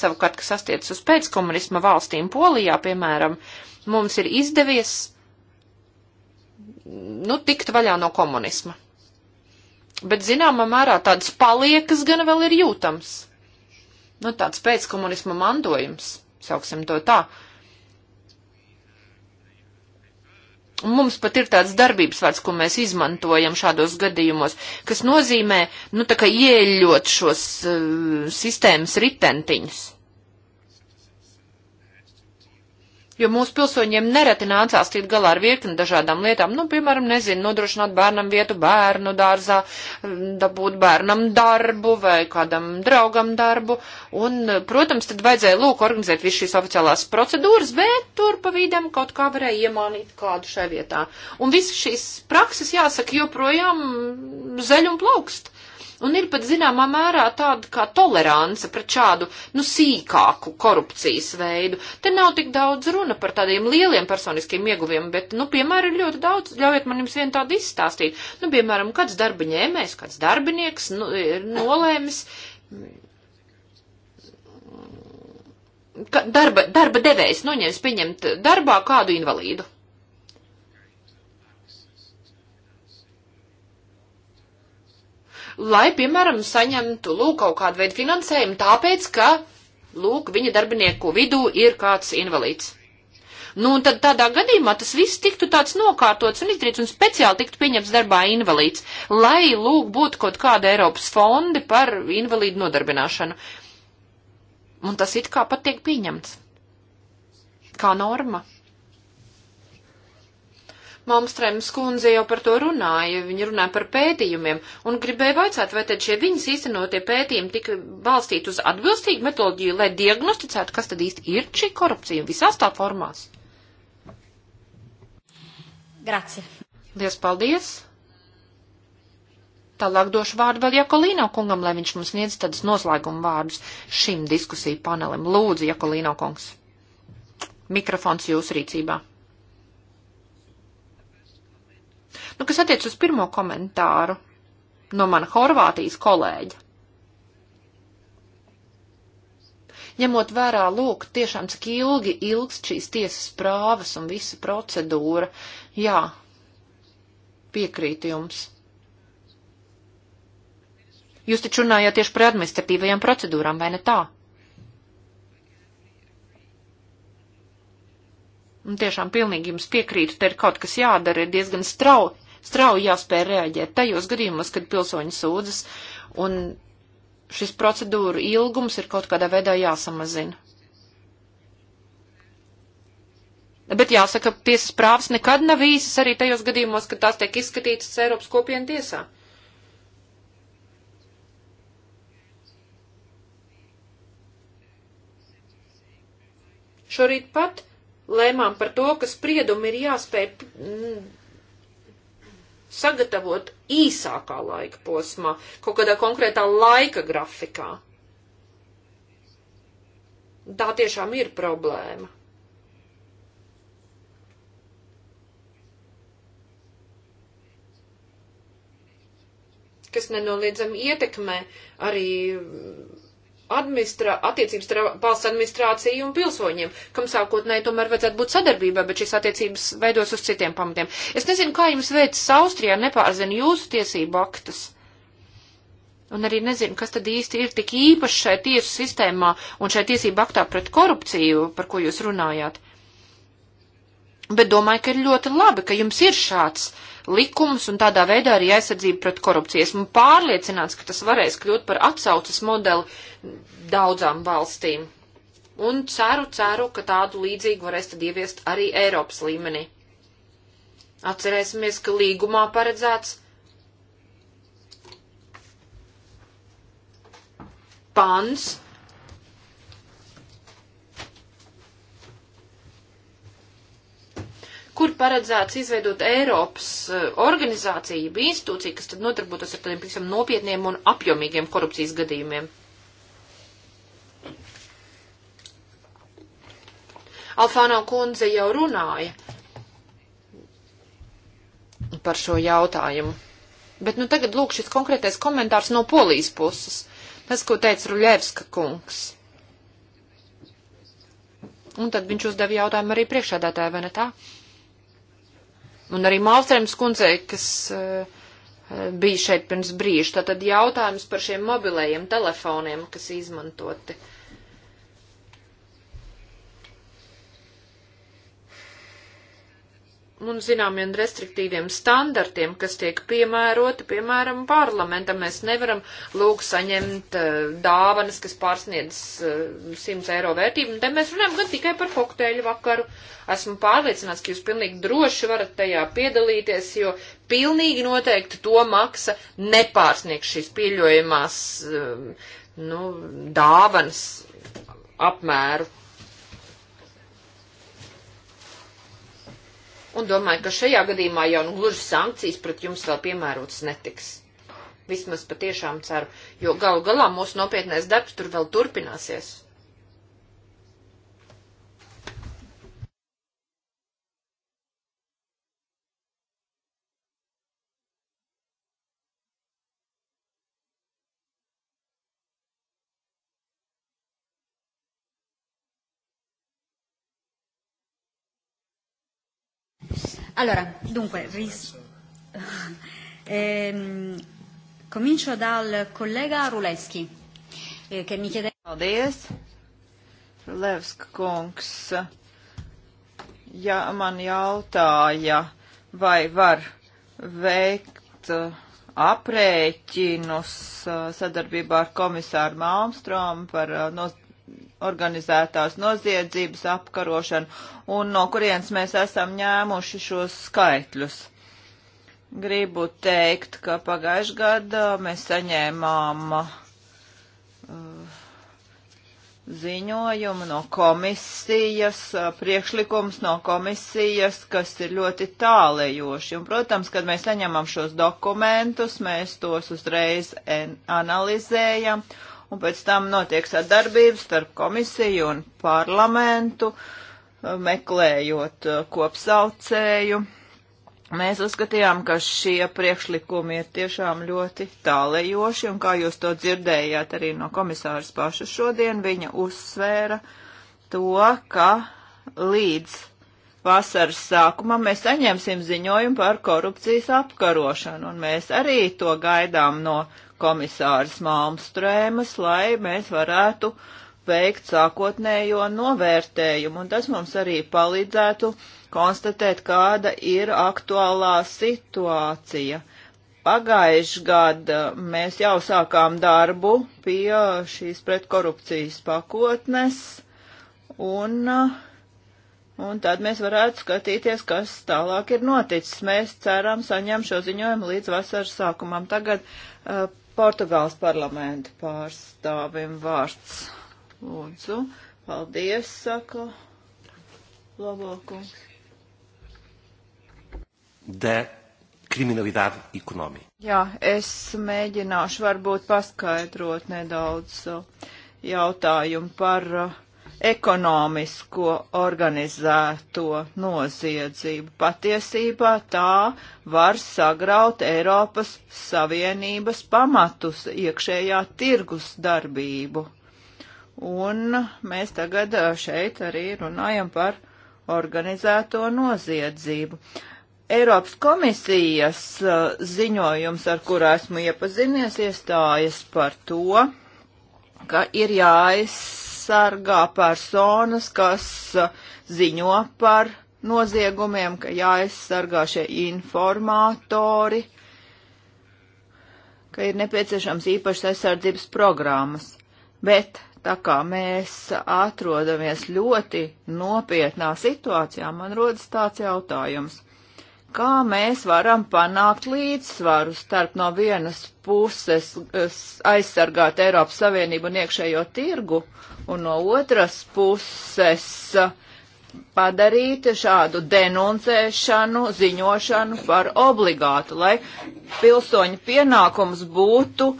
Savukārt, kas astiec uz pēckomunisma valstīm Polijā, piemēram, uh, mums ir izdevies, nu, tikt vaļā no komunisma. Bet, zināmā mērā, tādas paliekas gan vēl ir jūtams. Nu, tāds pēckomunisma mantojums, sauksim to tā. Un mums pat ir tāds darbības vārds, ko mēs izmantojam šādos gadījumos, kas nozīmē, nu, tā kā ieļot šos uh, sistēmas ritentiņus. jo mūsu pilsoņiem nereti nācās tikt galā ar virkni dažādām lietām. Nu, piemēram, nezinu, nodrošināt bērnam vietu bērnu dārzā, dabūt bērnam darbu vai kādam draugam darbu. Un, protams, tad vajadzēja lūk organizēt visu šīs oficiālās procedūras, bet tur pa vidam kaut kā varēja iemānīt kādu šai vietā. Un visas šīs prakses, jāsaka, joprojām zeļ un plaukst. Un ir pat zināmā mērā tāda kā tolerance pret šādu, nu, sīkāku korupcijas veidu. Te nav tik daudz runa par tādiem lieliem personiskiem ieguviem, bet, nu, piemēram, ir ļoti daudz, ļaujiet man jums vienu tādu izstāstīt. Nu, piemēram, kāds darba ņēmējs, kāds darbinieks nu, ir nolēmis darba, darba devējs noņems pieņemt darbā kādu invalīdu. lai, piemēram, saņemtu, lūk, kaut kādu veidu finansējumu, tāpēc, ka, lūk, viņa darbinieku vidū ir kāds invalīds. Nu, un tad tādā gadījumā tas viss tiktu tāds nokārtots un izdarīts un speciāli tiktu pieņemts darbā invalīds, lai, lūk, būtu kaut kāda Eiropas fondi par invalīdu nodarbināšanu. Un tas it kā pat tiek pieņemts. Kā norma. Malmstrēmas kundze jau par to runāja, viņa runāja par pētījumiem, un gribēja vaicāt, vai tad šie viņas īstenotie pētījumi tika balstīti uz atbilstīgu metodoloģiju, lai diagnosticētu, kas tad īsti ir šī korupcija visās tā formās. Grazie. Lies paldies. Tālāk došu vārdu vēl Jakolīno kungam, lai viņš mums sniedz tādus noslēguma vārdus šim diskusiju panelim. Lūdzu, Jakolīno kungs. Mikrofons jūsu rīcībā. Nu, kas attiec uz pirmo komentāru no mana Horvātijas kolēģa. Ņemot vērā, lūk, tiešām cik ilgi ilgs šīs tiesas prāvas un visa procedūra, jā, piekrītu jums. Jūs taču runājāt tieši par administratīvajām procedūrām, vai ne tā? Un tiešām pilnīgi jums piekrītu, te ir kaut kas jādara, ir diezgan strauji, strauji jāspēj reaģēt tajos gadījumos, kad pilsoņi sūdzas, un šis procedūra ilgums ir kaut kādā veidā jāsamazina. Bet jāsaka, tiesas prāvas nekad nav īsas arī tajos gadījumos, kad tās tiek izskatītas Eiropas kopienu tiesā. Šorīt pat lēmām par to, ka spriedumi ir jāspēj mm, sagatavot īsākā laika posmā, kaut kādā konkrētā laika grafikā. Tā tiešām ir problēma. kas nenoliedzami ietekmē arī administra, attiecības starp valsts administrāciju un pilsoņiem, kam sākotnēji tomēr vajadzētu būt sadarbībā, bet šīs attiecības veidos uz citiem pamatiem. Es nezinu, kā jums veicas Austrijā, nepārzinu jūsu tiesību aktus. Un arī nezinu, kas tad īsti ir tik īpašs šai tiesu sistēmā un šai tiesību aktā pret korupciju, par ko jūs runājāt. Bet domāju, ka ir ļoti labi, ka jums ir šāds likums un tādā veidā arī aizsardzība pret korupciju. Esmu pārliecināts, ka tas varēs kļūt par atsaucas modeli daudzām valstīm. Un ceru, ceru, ka tādu līdzīgu varēs tad ieviest arī Eiropas līmenī. Atcerēsimies, ka līgumā paredzēts pants kur paredzēts izveidot Eiropas eh, organizāciju, institūciju, kas tad notarbotos ar tādiem, piemēram, nopietniem un apjomīgiem korupcijas gadījumiem. Alfāno kundze jau runāja par šo jautājumu. Bet nu tagad lūk šis konkrētais komentārs no polijas puses. Tas, ko teica Ruļevska kungs. Un tad viņš uzdeva jautājumu arī priekšādātāju, vai ne tā? Uh, un arī Malstrēms kundzei, kas eh, bija šeit pirms brīža. Tātad jautājums par šiem mobilējiem telefoniem, kas izmantoti. Uh, un zināmiem restriktīviem standartiem, kas tiek piemēroti, piemēram, parlamentam. Mēs nevaram lūgt saņemt uh, dāvanas, kas pārsniedz uh, eh, 100 eiro vērtību, un te mēs runājam gan tikai par kokteļu vakaru. Esmu pārliecināts, ka jūs pilnīgi droši varat tajā piedalīties, jo pilnīgi noteikti to maksa nepārsniegs šīs pieļojamās, uh, eh, nu, dāvanas apmēru. un domāju, ka šajā gadījumā jau nu gluži sankcijas pret jums vēl piemērotas netiks. Vismaz patiešām ceru, jo galu galā mūsu nopietnais darbs tur vēl turpināsies. Allora, dunque, ris- ehm, comincio dal collega Ruleschi, eh, che mi chiede... Paldies, Rulevska kungs. Ja man jautāja, vai var veikt uh, aprēķinus uh, sadarbībā ar komisāru Malmstromu par uh, nos organizētās noziedzības apkarošanu un no kurienes mēs esam ņēmuši šos skaitļus. Gribu teikt, ka pagājušajā gadā mēs saņēmām uh, ziņojumu no komisijas, uh, priekšlikums no komisijas, kas ir ļoti tālējoši. Un, protams, kad mēs saņemam šos dokumentus, mēs tos uzreiz analizējam. Uh, un pēc tam notiek sadarbības starp komisiju un parlamentu, meklējot uh, kopsaucēju. Mēs uzskatījām, ka šie priekšlikumi ir tiešām ļoti tālējoši, un kā jūs to dzirdējāt arī no komisāras paša šodien, viņa uzsvēra to, ka līdz vasaras sākumā mēs saņemsim ziņojumu par korupcijas apkarošanu, un mēs arī to gaidām no komisāras Malmstrēmas, lai mēs varētu veikt sākotnējo novērtējumu, un tas mums arī palīdzētu konstatēt, kāda ir aktuālā situācija. Pagājuši gada mēs jau sākām darbu pie šīs pretkorupcijas pakotnes, un, un tad mēs varētu skatīties, kas tālāk ir noticis. Mēs ceram saņemt šo ziņojumu līdz vasaras sākumam. Tagad uh, Portugāles parlamenta pārstāvim vārds. Lūdzu, paldies, saka Labokums. De kriminalitāte ekonomija. Jā, es mēģināšu varbūt paskaidrot nedaudz uh, jautājumu par uh, ekonomisko organizēto noziedzību. Patiesībā tā var sagraut Eiropas Savienības pamatus iekšējā tirgus darbību. Un mēs tagad šeit arī runājam par organizēto noziedzību. Eiropas komisijas ziņojums, ar kuru esmu iepazinies, iestājas par to, ka ir jāiz jāaizsargā personas, kas uh, ziņo par noziegumiem, ka jāaizsargā šie informatori, ka ir nepieciešams īpašas aizsardzības programmas. Bet tā kā mēs atrodamies ļoti nopietnā situācijā, man rodas tāds jautājums kā mēs varam panākt līdzsvaru starp no vienas puses aizsargāt Eiropas Savienību un iekšējo tirgu, un no otras puses padarīt šādu denuncēšanu, ziņošanu par obligātu, lai pilsoņu pienākums būtu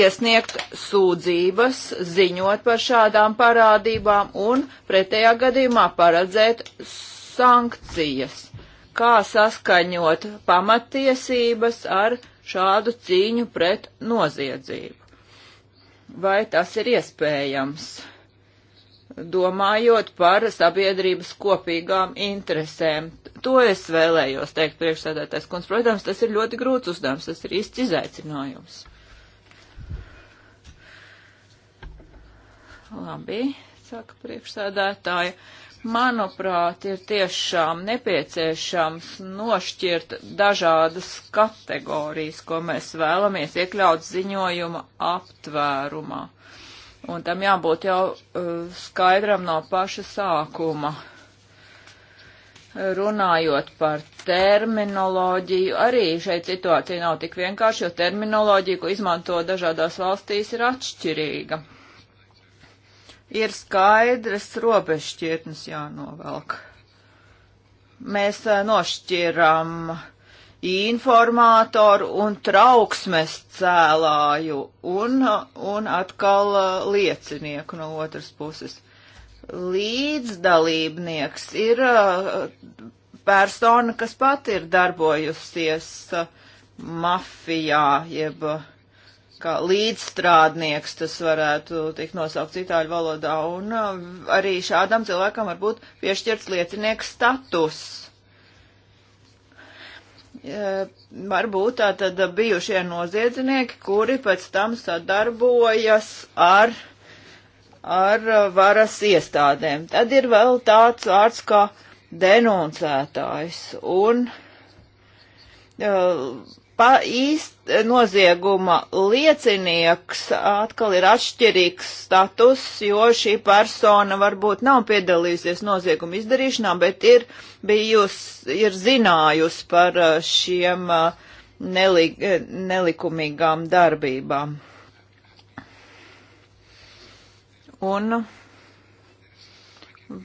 iesniegt sūdzības, ziņot par šādām parādībām un pretējā gadījumā paredzēt sankcijas kā saskaņot pamatiesības ar šādu cīņu pret noziedzību. Vai tas ir iespējams? Domājot par sabiedrības kopīgām interesēm, to es vēlējos teikt priekšsēdētājs kundze. Protams, tas ir ļoti grūts uzdevums, tas ir īsts izaicinājums. Labi, saka priekšsēdētāja. Uh, manuprāt, ir tiešām nepieciešams nošķirt dažādas kategorijas, ko mēs vēlamies iekļaut ziņojuma aptvērumā. Un tam jābūt jau uh, skaidram no paša sākuma. Runājot par terminoloģiju, arī šeit situācija nav tik vienkārša, jo terminoloģija, ko izmanto dažādās valstīs, ir atšķirīga. Ir skaidras robežšķietnes jānovelk. Mēs eh, nošķiram informātoru un trauksmes cēlāju un, un atkal eh, liecinieku no otras puses. Līdzdalībnieks ir eh, persona, kas pati ir darbojusies mafijā jeb uh, kā līdzstrādnieks, tas varētu tikt nosaukt itāļu valodā, un uh, arī šādam cilvēkam var būt piešķirts liecinieku status. Varbūt tā tad bijušie noziedznieki, kuri pēc tam sadarbojas ar, ar varas iestādēm. Tad ir vēl tāds vārds kā denoncētājs, un uh, pa īst eh, nozieguma liecinieks atkal ir atšķirīgs status, jo šī persona varbūt nav piedalījusies nozieguma izdarīšanā, bet ir bijusi, ir zinājusi par eh, šiem eh, neli, nelikumīgām darbībām. Un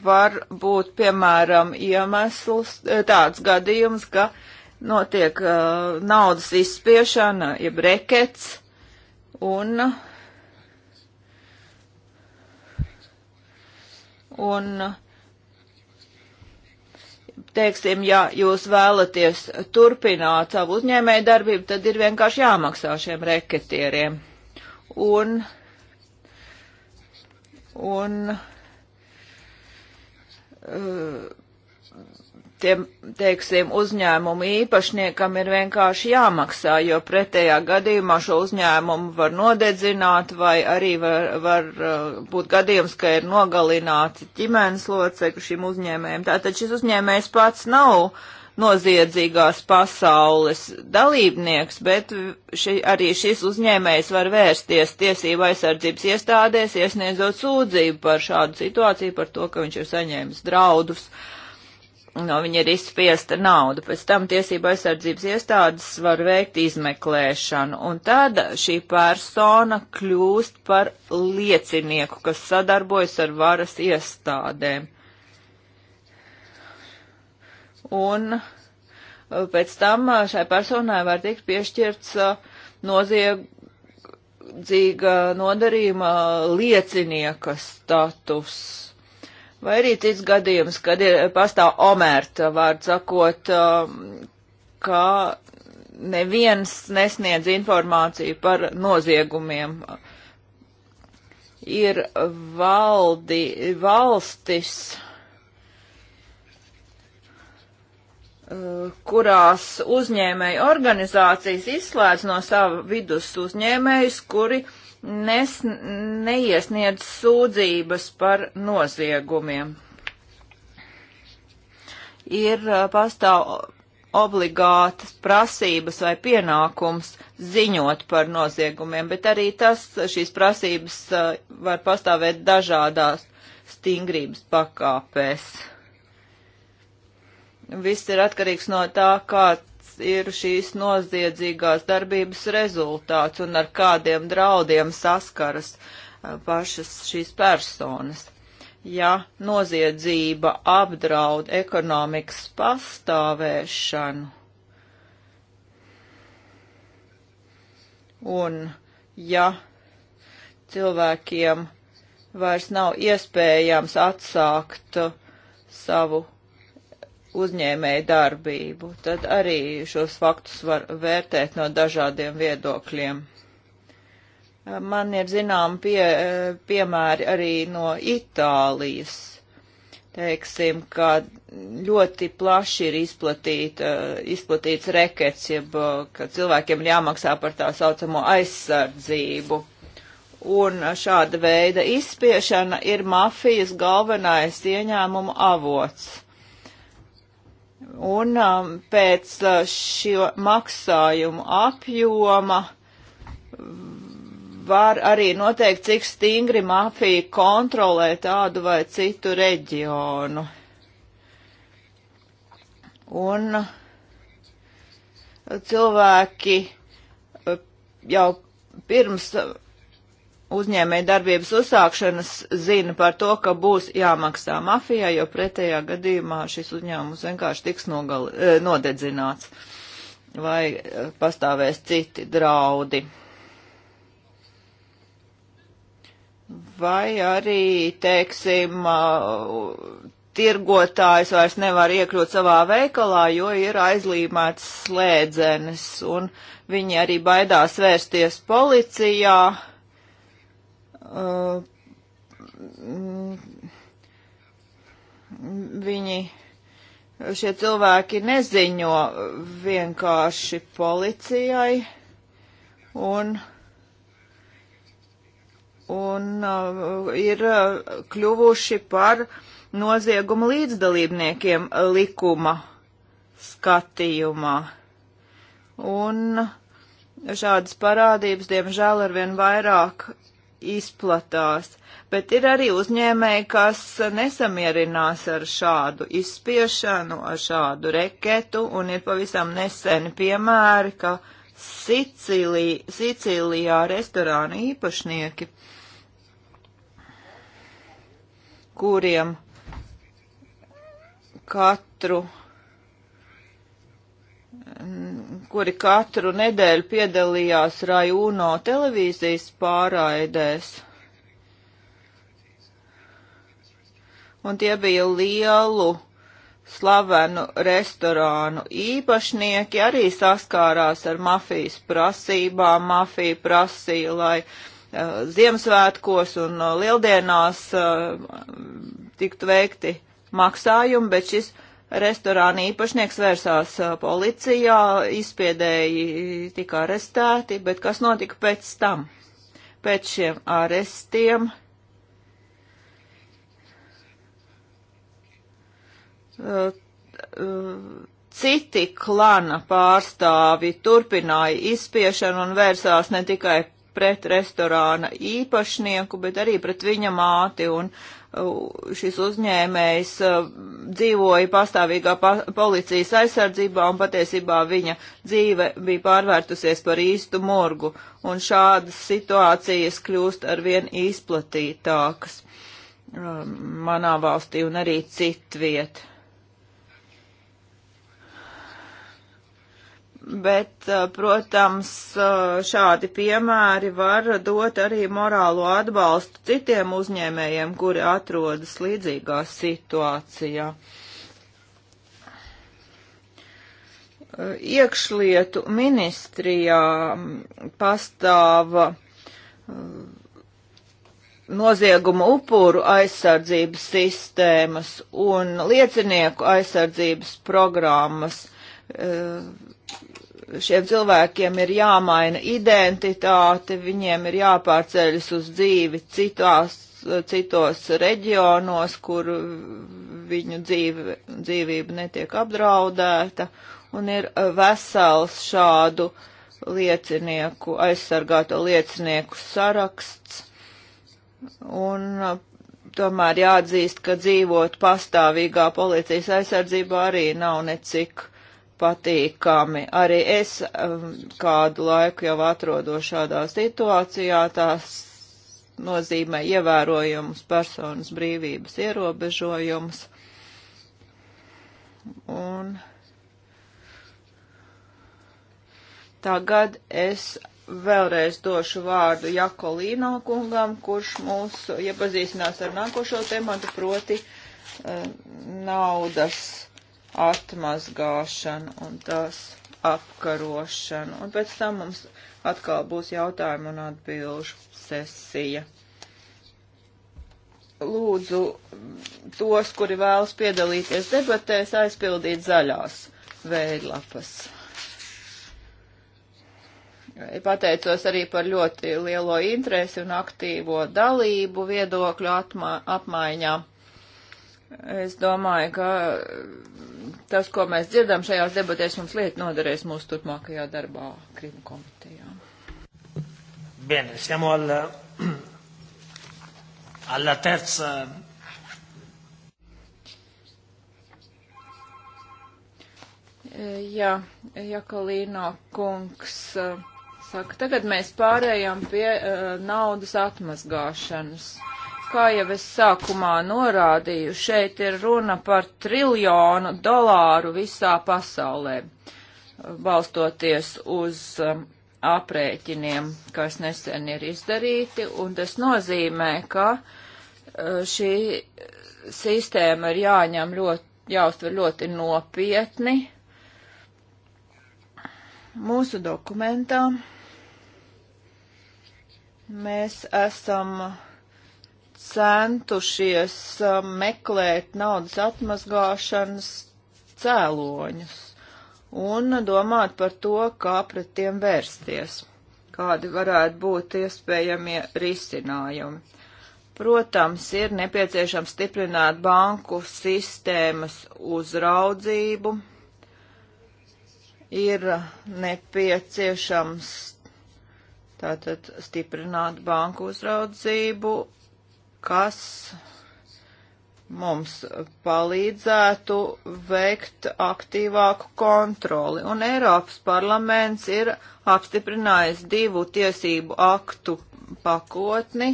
var būt, piemēram, iemesls tāds gadījums, ka uh, notiek uh, naudas izspiešana, jeb rekets, un, un, teiksim, ja jūs vēlaties turpināt savu uzņēmēju darbību, tad ir vienkārši jāmaksā šiem reketieriem. Un, un, uh, tiem, teiksim, uzņēmumu īpašniekam ir vienkārši jāmaksā, jo pretējā gadījumā šo uzņēmumu var nodedzināt vai arī var, var uh, būt gadījums, ka ir nogalināti ģimenes locekļi šim uzņēmējiem. Tātad šis uzņēmējs pats nav noziedzīgās pasaules dalībnieks, bet ši, arī šis uzņēmējs var vērsties tiesību aizsardzības iestādēs, iesniedzot sūdzību par šādu situāciju, par to, ka viņš ir saņēmis draudus. Uh, no viņa ir izspiesta nauda. Pēc tam tiesība aizsardzības iestādes var veikt izmeklēšanu, un tad šī persona kļūst par liecinieku, kas sadarbojas ar varas iestādēm. Un uh, pēc tam uh, šai personai var tikt piešķirts uh, noziedzīga nodarījuma liecinieka status Vai arī cits gadījums, kad ir pastāv omērta, vārds sakot, um, ka neviens nesniedz informāciju par noziegumiem. Ir valdi, valstis, uh, kurās uzņēmēju organizācijas izslēdz no sava vidus uzņēmējus, kuri uh, nes, neiesniedz sūdzības par noziegumiem. Ir pastāv obligātas prasības vai pienākums ziņot par noziegumiem, bet arī tas, šīs prasības var pastāvēt dažādās stingrības pakāpēs. Viss ir atkarīgs no tā, kāds ir šīs noziedzīgās darbības rezultāts un ar kādiem draudiem saskaras pašas šīs personas. Ja noziedzība apdraud ekonomikas pastāvēšanu un ja cilvēkiem vairs nav iespējams atsākt savu uzņēmēju darbību, tad arī šos faktus var vērtēt no dažādiem viedokļiem. Man ir zinām pie, piemēri arī no Itālijas. Teiksim, ka ļoti plaši ir izplatīt, izplatīts rekets, jeb ka cilvēkiem ir jāmaksā par tā saucamo aizsardzību. Un šāda veida izspiešana ir mafijas galvenais ieņēmuma avots Un um, pēc uh, šo maksājumu apjoma var arī noteikt, cik stingri mafija kontrolē tādu vai citu reģionu. Un uh, cilvēki uh, jau pirms uzņēmēja darbības uzsākšanas zina par to, ka būs jāmaksā mafijā, jo pretējā gadījumā šis uzņēmums vienkārši tiks nogali, eh, nodedzināts vai eh, pastāvēs citi draudi. Vai arī, teiksim, eh, tirgotājs vairs nevar iekļūt savā veikalā, jo ir aizlīmēts slēdzenes, un viņi arī baidās vērsties policijā, Uh, viņi, šie cilvēki neziņo vienkārši policijai un, un uh, ir uh, kļuvuši par noziegumu līdzdalībniekiem likuma skatījumā. Un šādas parādības, diemžēl, arvien vairāk izplatās, bet ir arī uzņēmēji, kas nesamierinās ar šādu izspiešanu, ar šādu reketu, un ir pavisam neseni piemēri, ka Sicilī, Sicilijā restorānu īpašnieki, kuriem katru Mm, kuri katru nedēļu piedalījās Rajūno televīzijas pārraidēs. Un tie bija lielu slavenu restorānu īpašnieki, arī saskārās ar mafijas prasībām. Mafija prasīja, lai uh, Ziemassvētkos un uh, Lieldienās uh, tiktu veikti maksājumi, bet šis uh, restorāna īpašnieks vērsās policijā, izspiedēji tika arestēti, bet kas notika pēc tam? Pēc šiem arestiem citi klana pārstāvi turpināja izspiešanu un vērsās ne tikai pret restorāna īpašnieku, bet arī pret viņa māti un uh, šis uzņēmējs uh, dzīvoja pastāvīgā pa policijas aizsardzībā un patiesībā viņa dzīve bija pārvērtusies par īstu murgu, un šādas situācijas kļūst arvien izplatītākas um, manā valstī un arī citviet. Bet, eh, protams, eh, šādi piemēri var dot arī morālo atbalstu citiem uzņēmējiem, kuri atrodas līdzīgā situācijā. Eh, iekšlietu ministrijā mm, pastāva nozieguma upuru aizsardzības sistēmas un liecinieku aizsardzības programmas šiem cilvēkiem ir jāmaina identitāte, viņiem ir jāpārceļas uz dzīvi citās, citos reģionos, kur viņu dzīve, dzīvība netiek apdraudēta, un ir vesels šādu liecinieku, aizsargāto liecinieku saraksts. Un tomēr jāatzīst, ka dzīvot pastāvīgā policijas aizsardzībā arī nav necik uh, patīkami. Arī es um, kādu laiku jau atrodos šādā situācijā, tās nozīmē ievērojumus personas brīvības ierobežojumus. Un tagad es vēlreiz došu vārdu Jakolīno kungam, kurš mūs iepazīstinās ar nākošo tematu, proti eh, naudas atmazgāšanu un tās apkarošanu. Un pēc tam mums atkal būs jautājumu un atbilžu sesija. Lūdzu tos, kuri vēlas piedalīties debatēs, aizpildīt zaļās veidlapas. Pateicos arī par ļoti lielo interesi un aktīvo dalību viedokļu apmaiņā. Es domāju, ka tas, ko mēs dzirdam šajās debatēs, mums lieta noderēs mūsu turpmākajā darbā Krimu komitejā. Bene, siamo alla, alla terza. Jā, Jakalīno kungs eh, saka, tagad mēs pārējām pie uh, naudas atmazgāšanas. Uh, kā jau es sākumā norādīju, šeit ir runa par triljonu dolāru visā pasaulē, balstoties uz um, aprēķiniem, kas nesen ir izdarīti, un tas nozīmē, ka uh, šī sistēma ir jāņem ļoti, jāuztver ļoti nopietni mūsu dokumentā. Mēs esam uh, centušies um, meklēt naudas atmazgāšanas cēloņus un domāt par to, kā pret tiem vērsties, kādi varētu būt iespējamie risinājumi. Protams, ir nepieciešams stiprināt banku sistēmas uzraudzību, ir nepieciešams tātad stiprināt banku uzraudzību kas mums palīdzētu veikt aktīvāku kontroli. Un Eiropas parlaments ir apstiprinājis divu tiesību aktu pakotni,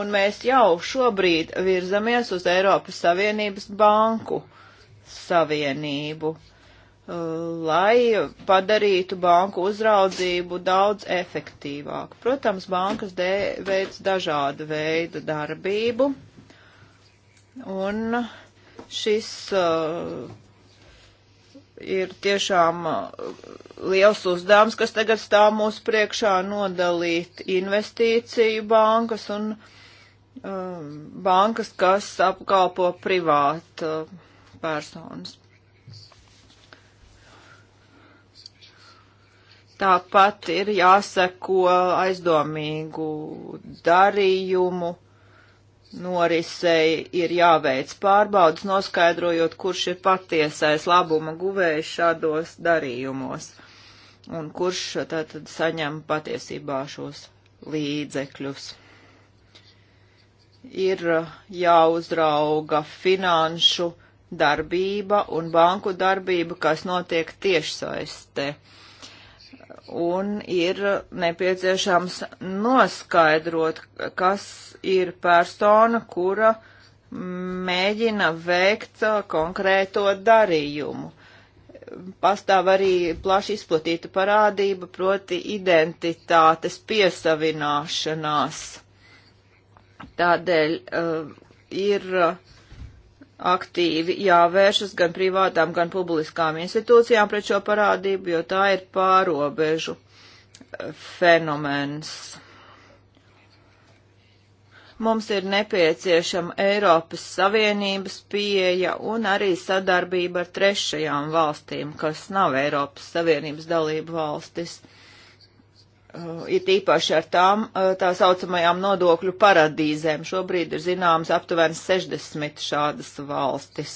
un mēs jau šobrīd virzamies uz Eiropas Savienības banku savienību. Uh, lai padarītu banku uzraudzību daudz efektīvāku. Protams, bankas veic dažādu veidu darbību, un šis uh, ir tiešām uh, liels uzdevums, kas tagad stāv mūsu priekšā nodalīt investīciju bankas un um, bankas, kas apkalpo privātu uh, personas. Tāpat ir jāseko aizdomīgu darījumu norisei ir jāveic pārbaudas, noskaidrojot, kurš ir patiesais labuma guvējs šādos darījumos un kurš tātad saņem patiesībā šos līdzekļus. Ir jāuzrauga finanšu darbība un banku darbība, kas notiek tiešsaistē un ir nepieciešams noskaidrot, kas ir persona, kura mēģina veikt konkrēto darījumu. Pastāv arī plaši izplatīta parādība, proti identitātes piesavināšanās. Tādēļ uh, ir uh, aktīvi jāvēršas gan privātām, gan publiskām institūcijām pret šo parādību, jo tā ir pārobežu eh, fenomens. Mums ir nepieciešama Eiropas Savienības pieeja un arī sadarbība ar trešajām valstīm, kas nav Eiropas Savienības dalību valstis. Uh, Uh, ir tīpaši ar tām uh, tā saucamajām nodokļu paradīzēm. Šobrīd ir zināms aptuveni 60 šādas valstis.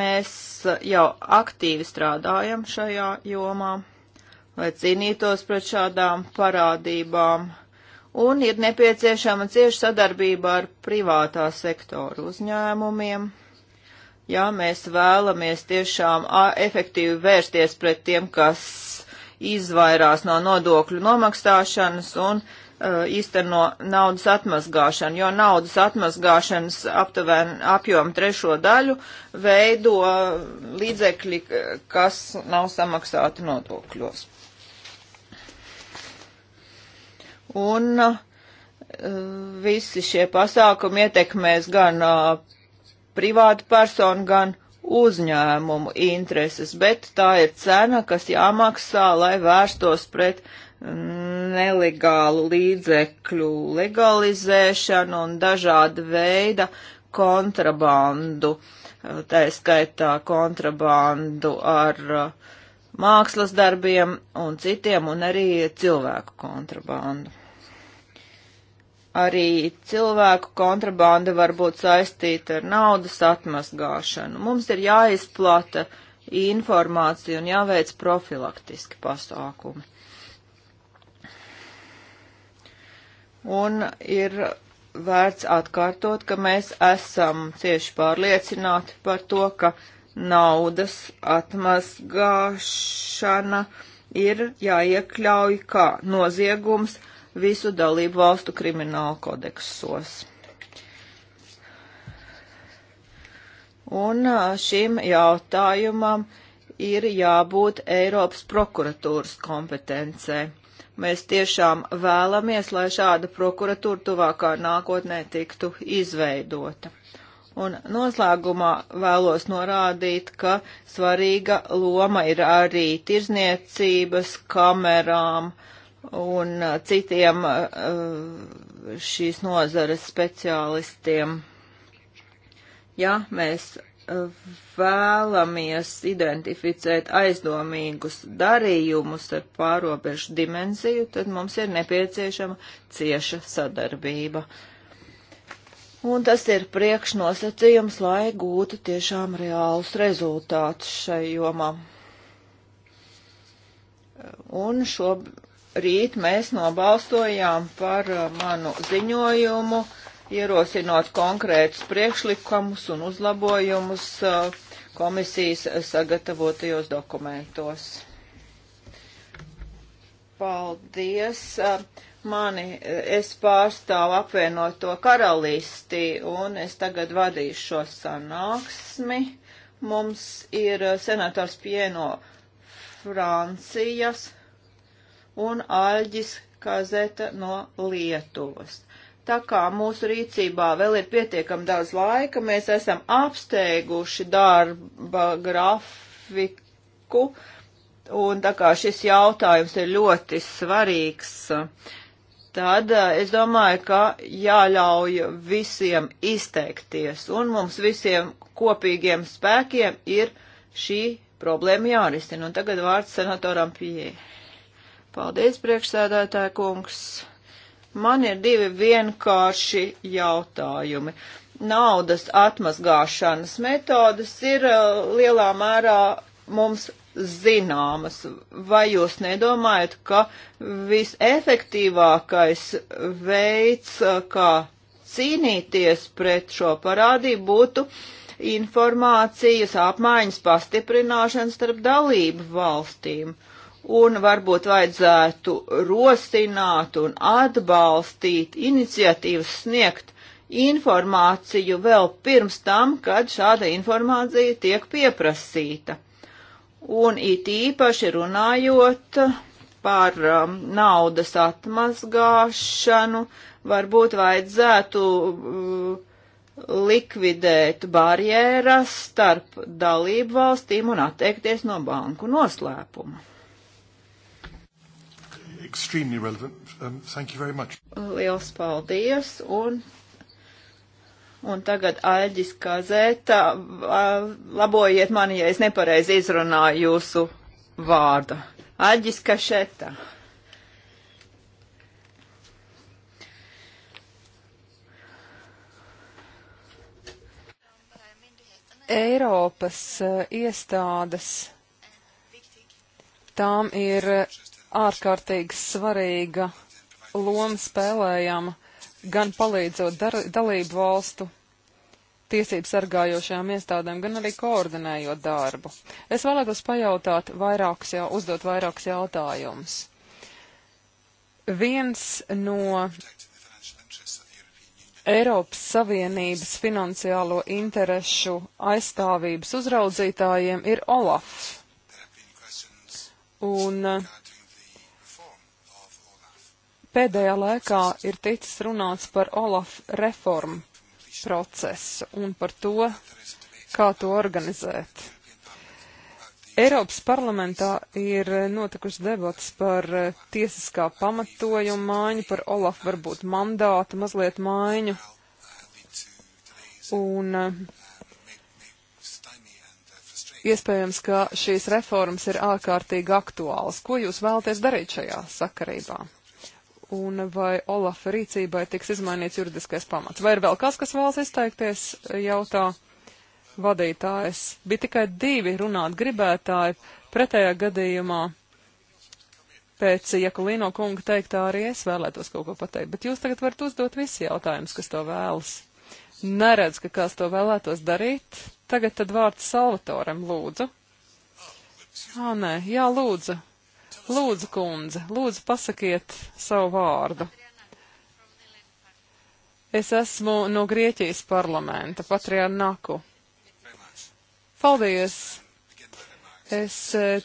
Mēs uh, jau aktīvi strādājam šajā jomā, lai cīnītos pret šādām parādībām, un ir nepieciešama cieša sadarbība ar privātā sektora uzņēmumiem ja mēs vēlamies tiešām efektīvi vērsties pret tiem, kas izvairās no nodokļu nomaksāšanas un uh, īsteno naudas atmazgāšanu, jo naudas atmazgāšanas aptuveni apjomu trešo daļu veido līdzekļi, kas nav samaksāti nodokļos. Un uh, visi šie pasākumi ietekmēs gan uh, privātu personu, gan uzņēmumu intereses, bet tā ir cena, kas jāmaksā, lai vērstos pret mm, nelegālu līdzekļu legalizēšanu un dažāda veida kontrabandu, tā skaitā kontrabandu ar uh, mākslas darbiem un citiem, un arī cilvēku kontrabandu. Arī cilvēku kontrabanda var būt saistīta ar naudas atmazgāšanu. Mums ir jāizplata informācija un jāveic profilaktiski pasākumi. Un ir vērts atkārtot, ka mēs esam cieši pārliecināti par to, ka naudas atmazgāšana ir jāiekļauj kā noziegums visu dalību valstu kriminālu kodeksos. Un šim jautājumam ir jābūt Eiropas prokuratūras kompetencē. Mēs tiešām vēlamies, lai šāda prokuratūra tuvākā nākotnē tiktu izveidota. Un noslēgumā vēlos norādīt, ka svarīga loma ir arī tirzniecības kamerām, uh, un uh, citiem uh, šīs nozares speciālistiem. Ja mēs uh, vēlamies identificēt aizdomīgus darījumus ar pārobežu dimenziju, tad mums ir nepieciešama cieša sadarbība. Un tas ir priekšnosacījums, lai gūtu tiešām reālus rezultātus šai jomā. Un šo rīt mēs nobalstojām par uh, manu ziņojumu, ierosinot konkrētus priekšlikumus un uzlabojumus uh, komisijas sagatavotajos dokumentos. Paldies! Uh, mani, es pārstāvu apvienoto karalisti un es tagad vadīšu šo sanāksmi. Mums ir senators Pieno Francijas un Aļģis Kazeta no Lietuvas. Tā kā mūsu rīcībā vēl ir pietiekami daudz laika, mēs esam apsteiguši darba grafiku, un tā kā šis jautājums ir ļoti svarīgs, tad eh, es domāju, ka jāļauj visiem izteikties, un mums visiem kopīgiem spēkiem ir šī problēma jārisina. Un tagad vārds senatoram Pieeja. Paldies, priekšsēdētāja kungs. Man ir divi vienkārši jautājumi. Naudas atmazgāšanas metodas ir uh, lielā mērā mums zināmas. Vai jūs nedomājat, ka visefektīvākais veids, uh, kā cīnīties pret šo parādību, būtu informācijas apmaiņas pastiprināšana starp dalību valstīm? Uh, un varbūt vajadzētu rosināt un atbalstīt iniciatīvas sniegt informāciju vēl pirms tam, kad šāda informācija tiek pieprasīta. Un it īpaši runājot par um, naudas atmazgāšanu, varbūt vajadzētu um, likvidēt barjeras starp dalību valstīm un atteikties no banku noslēpuma extremely relevant. Um, thank you very much. Liels paldies. Un, un tagad Aļģis Kazēta. Labojiet mani, ja es nepareizi izrunāju jūsu vārdu. Aļģis Kašeta. Eiropas uh, iestādes, tām ir ārkārtīgi svarīga loma spēlējama gan palīdzot dar, dalību valstu tiesību sargājošajām iestādēm, gan arī koordinējot darbu. Es vēlētos pajautāt vairākus, jau, uzdot vairākus jautājumus. Viens no Eiropas Savienības finansiālo interešu aizstāvības uzraudzītājiem ir Olaf. Un uh, Pēdējā laikā ir ticis runāts par Olaf reformu procesu un par to, kā to organizēt. Eiropas parlamentā ir notikušas debats par eh, tiesiskā pamatojuma maiņu, par Olaf varbūt mandātu mazliet maiņu. Un eh, iespējams, ka šīs reformas ir ārkārtīgi aktuālas. Ko jūs vēlaties darīt šajā sakarībā? un vai Olafa rīcībai tiks izmainīts juridiskais pamats. Vai ir vēl kas, kas vēlas izteikties, jautā vadītājs. Bija tikai divi runāt gribētāji, pretējā gadījumā pēc Jakulīno kunga teiktā arī es vēlētos kaut ko pateikt, bet jūs tagad varat uzdot visi jautājumus, kas to vēlas. Neredz, ka kāds to vēlētos darīt. Tagad tad vārds Salvatoram lūdzu. Ā, nē, jā, lūdzu. Lūdzu, kundze, lūdzu pasakiet savu vārdu. Es esmu no Grieķijas parlamenta, Patrijā Naku. Paldies! Es eh,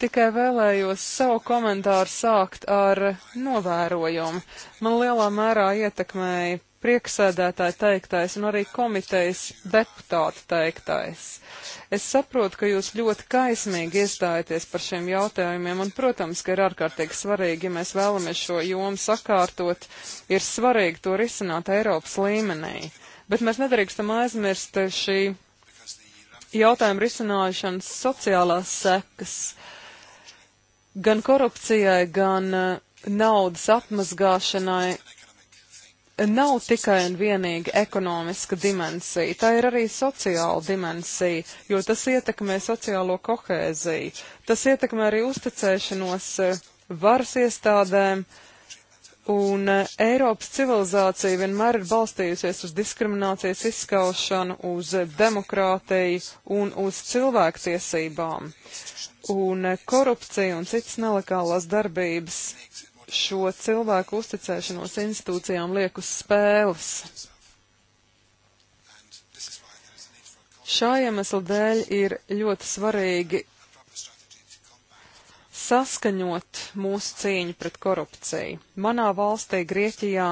tikai vēlējos savu komentāru sākt ar novērojumu. Man lielā mērā ietekmēja prieksēdētāja teiktais un arī komitejas deputāta teiktais. Es saprotu, ka jūs ļoti kaismīgi iestājaties par šiem jautājumiem, un, protams, ka ir ārkārtīgi svarīgi, ja mēs vēlamies šo jomu sakārtot, ir svarīgi to risināt Eiropas līmenī. Bet mēs nedrīkstam aizmirst šī jautājuma risināšanas sociālās sekas gan korupcijai, gan eh, naudas atmazgāšanai nav tikai un vienīgi ekonomiska dimensija, tā ir arī sociāla dimensija, jo tas ietekmē sociālo kohēziju. Tas ietekmē arī uzticēšanos e, varas iestādēm, un e, Eiropas civilizācija vienmēr ir balstījusies uz diskriminācijas izskaušanu, uz e, demokrātiju un uz cilvēktiesībām. Un korupcija un citas nelegālās darbības šo cilvēku uzticēšanos institūcijām liek uz spēles. Šā iemesla dēļ ir ļoti svarīgi saskaņot mūsu cīņu pret korupciju. Manā valstī, Grieķijā,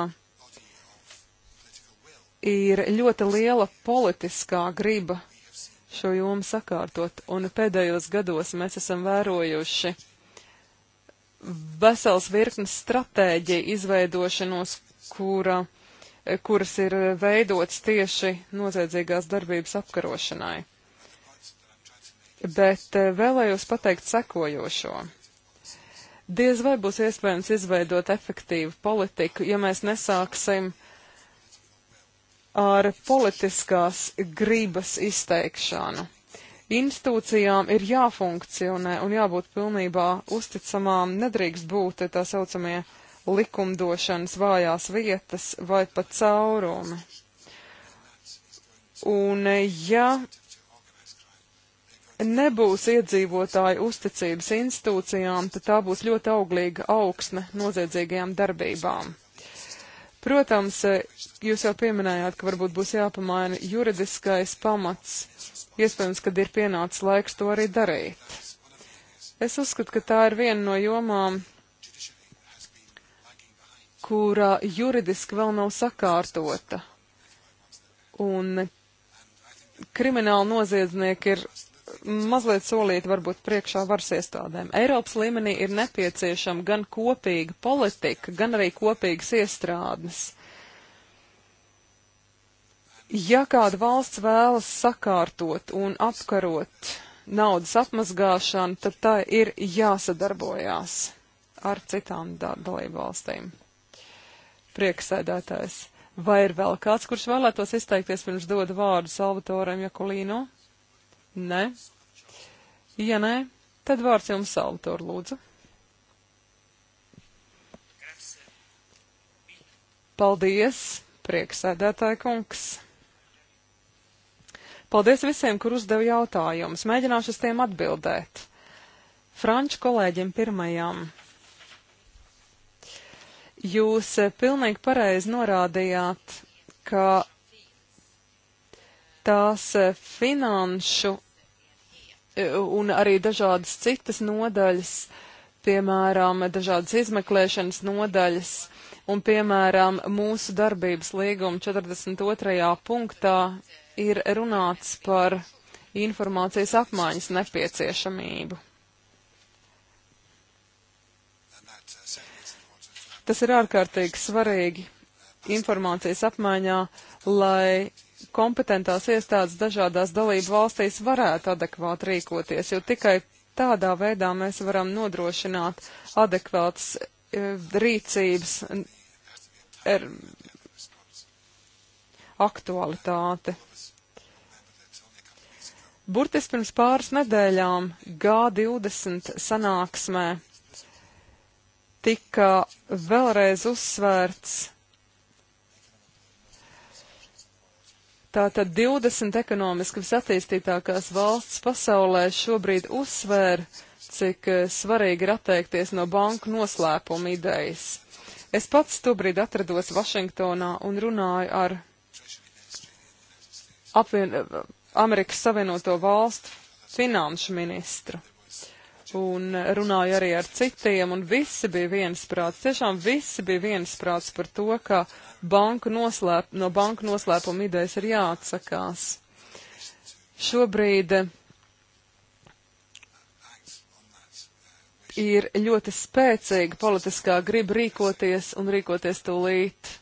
ir ļoti liela politiskā griba šo jomu sakārtot, un pēdējos gados mēs esam vērojuši vesels virknes stratēģija izveidošanos, kura, kuras ir veidotas tieši noziedzīgās darbības apkarošanai. Bet eh, vēlējos pateikt sekojošo. Diez vai būs iespējams izveidot efektīvu politiku, ja mēs nesāksim ar politiskās gribas izteikšanu. Institūcijām ir jāfunkcionē un jābūt pilnībā uzticamām, nedrīkst būt tā saucamie likumdošanas vājās vietas vai pat caurumi. Un ja nebūs iedzīvotāju uzticības institūcijām, tad tā būs ļoti auglīga augsne noziedzīgajām darbībām. Protams, eh, jūs jau pieminējāt, ka varbūt būs jāpamaina juridiskais pamats. Iespējams, kad ir pienācis laiks to arī darīt. Es uzskatu, ka tā ir viena no jomām, kurā juridiski vēl nav sakārtota. Un krimināli noziedznieki ir mazliet solīt varbūt priekšā varas iestādēm. Eiropas līmenī ir nepieciešama gan kopīga politika, gan arī kopīgas iestrādnes. Ja kāda valsts vēlas sakārtot un apkarot naudas apmazgāšanu, tad tā ir jāsadarbojās ar citām dalību valstīm. Prieksēdētājs. Vai ir vēl kāds, kurš vēlētos izteikties pirms dodu vārdu Salvatoram Jakulīnu? Nē? Ja nē, tad vārds jums autor, lūdzu. Paldies, prieksēdētāja kungs. Paldies visiem, kur uzdeva jautājumus. Mēģināšu uz tiem atbildēt. Franču kolēģim pirmajam. Jūs eh, pilnīgi pareizi norādījāt, ka tās eh, finanšu eh, un arī dažādas citas nodaļas, piemēram, dažādas izmeklēšanas nodaļas, un, piemēram, mūsu darbības līguma 42. punktā ir runāts par informācijas apmaiņas nepieciešamību. Tas ir ārkārtīgi svarīgi informācijas apmaiņā, lai kompetentās iestādes dažādās dalību valstīs varētu adekvāti rīkoties, jo tikai tādā veidā mēs varam nodrošināt adekvātas e, rīcības er, aktualitāti. Burtiski pirms pāris nedēļām G20 sanāksmē tika vēlreiz uzsvērts Tātad 20 ekonomiski visattīstītākās valsts pasaulē šobrīd uzsver, cik eh, svarīgi ir atteikties no banku noslēpuma idejas. Es pats tobrīd atrados Vašingtonā un runāju ar apvien, Amerikas Savienoto Valstu finanšu ministru un runāju arī ar citiem, un visi bija viensprāts. Tiešām visi bija viensprāts par to, ka banku noslēp, no banku noslēpuma idejas ir jāatsakās. Šobrīd ir ļoti spēcīga politiskā griba rīkoties un rīkoties tūlīt.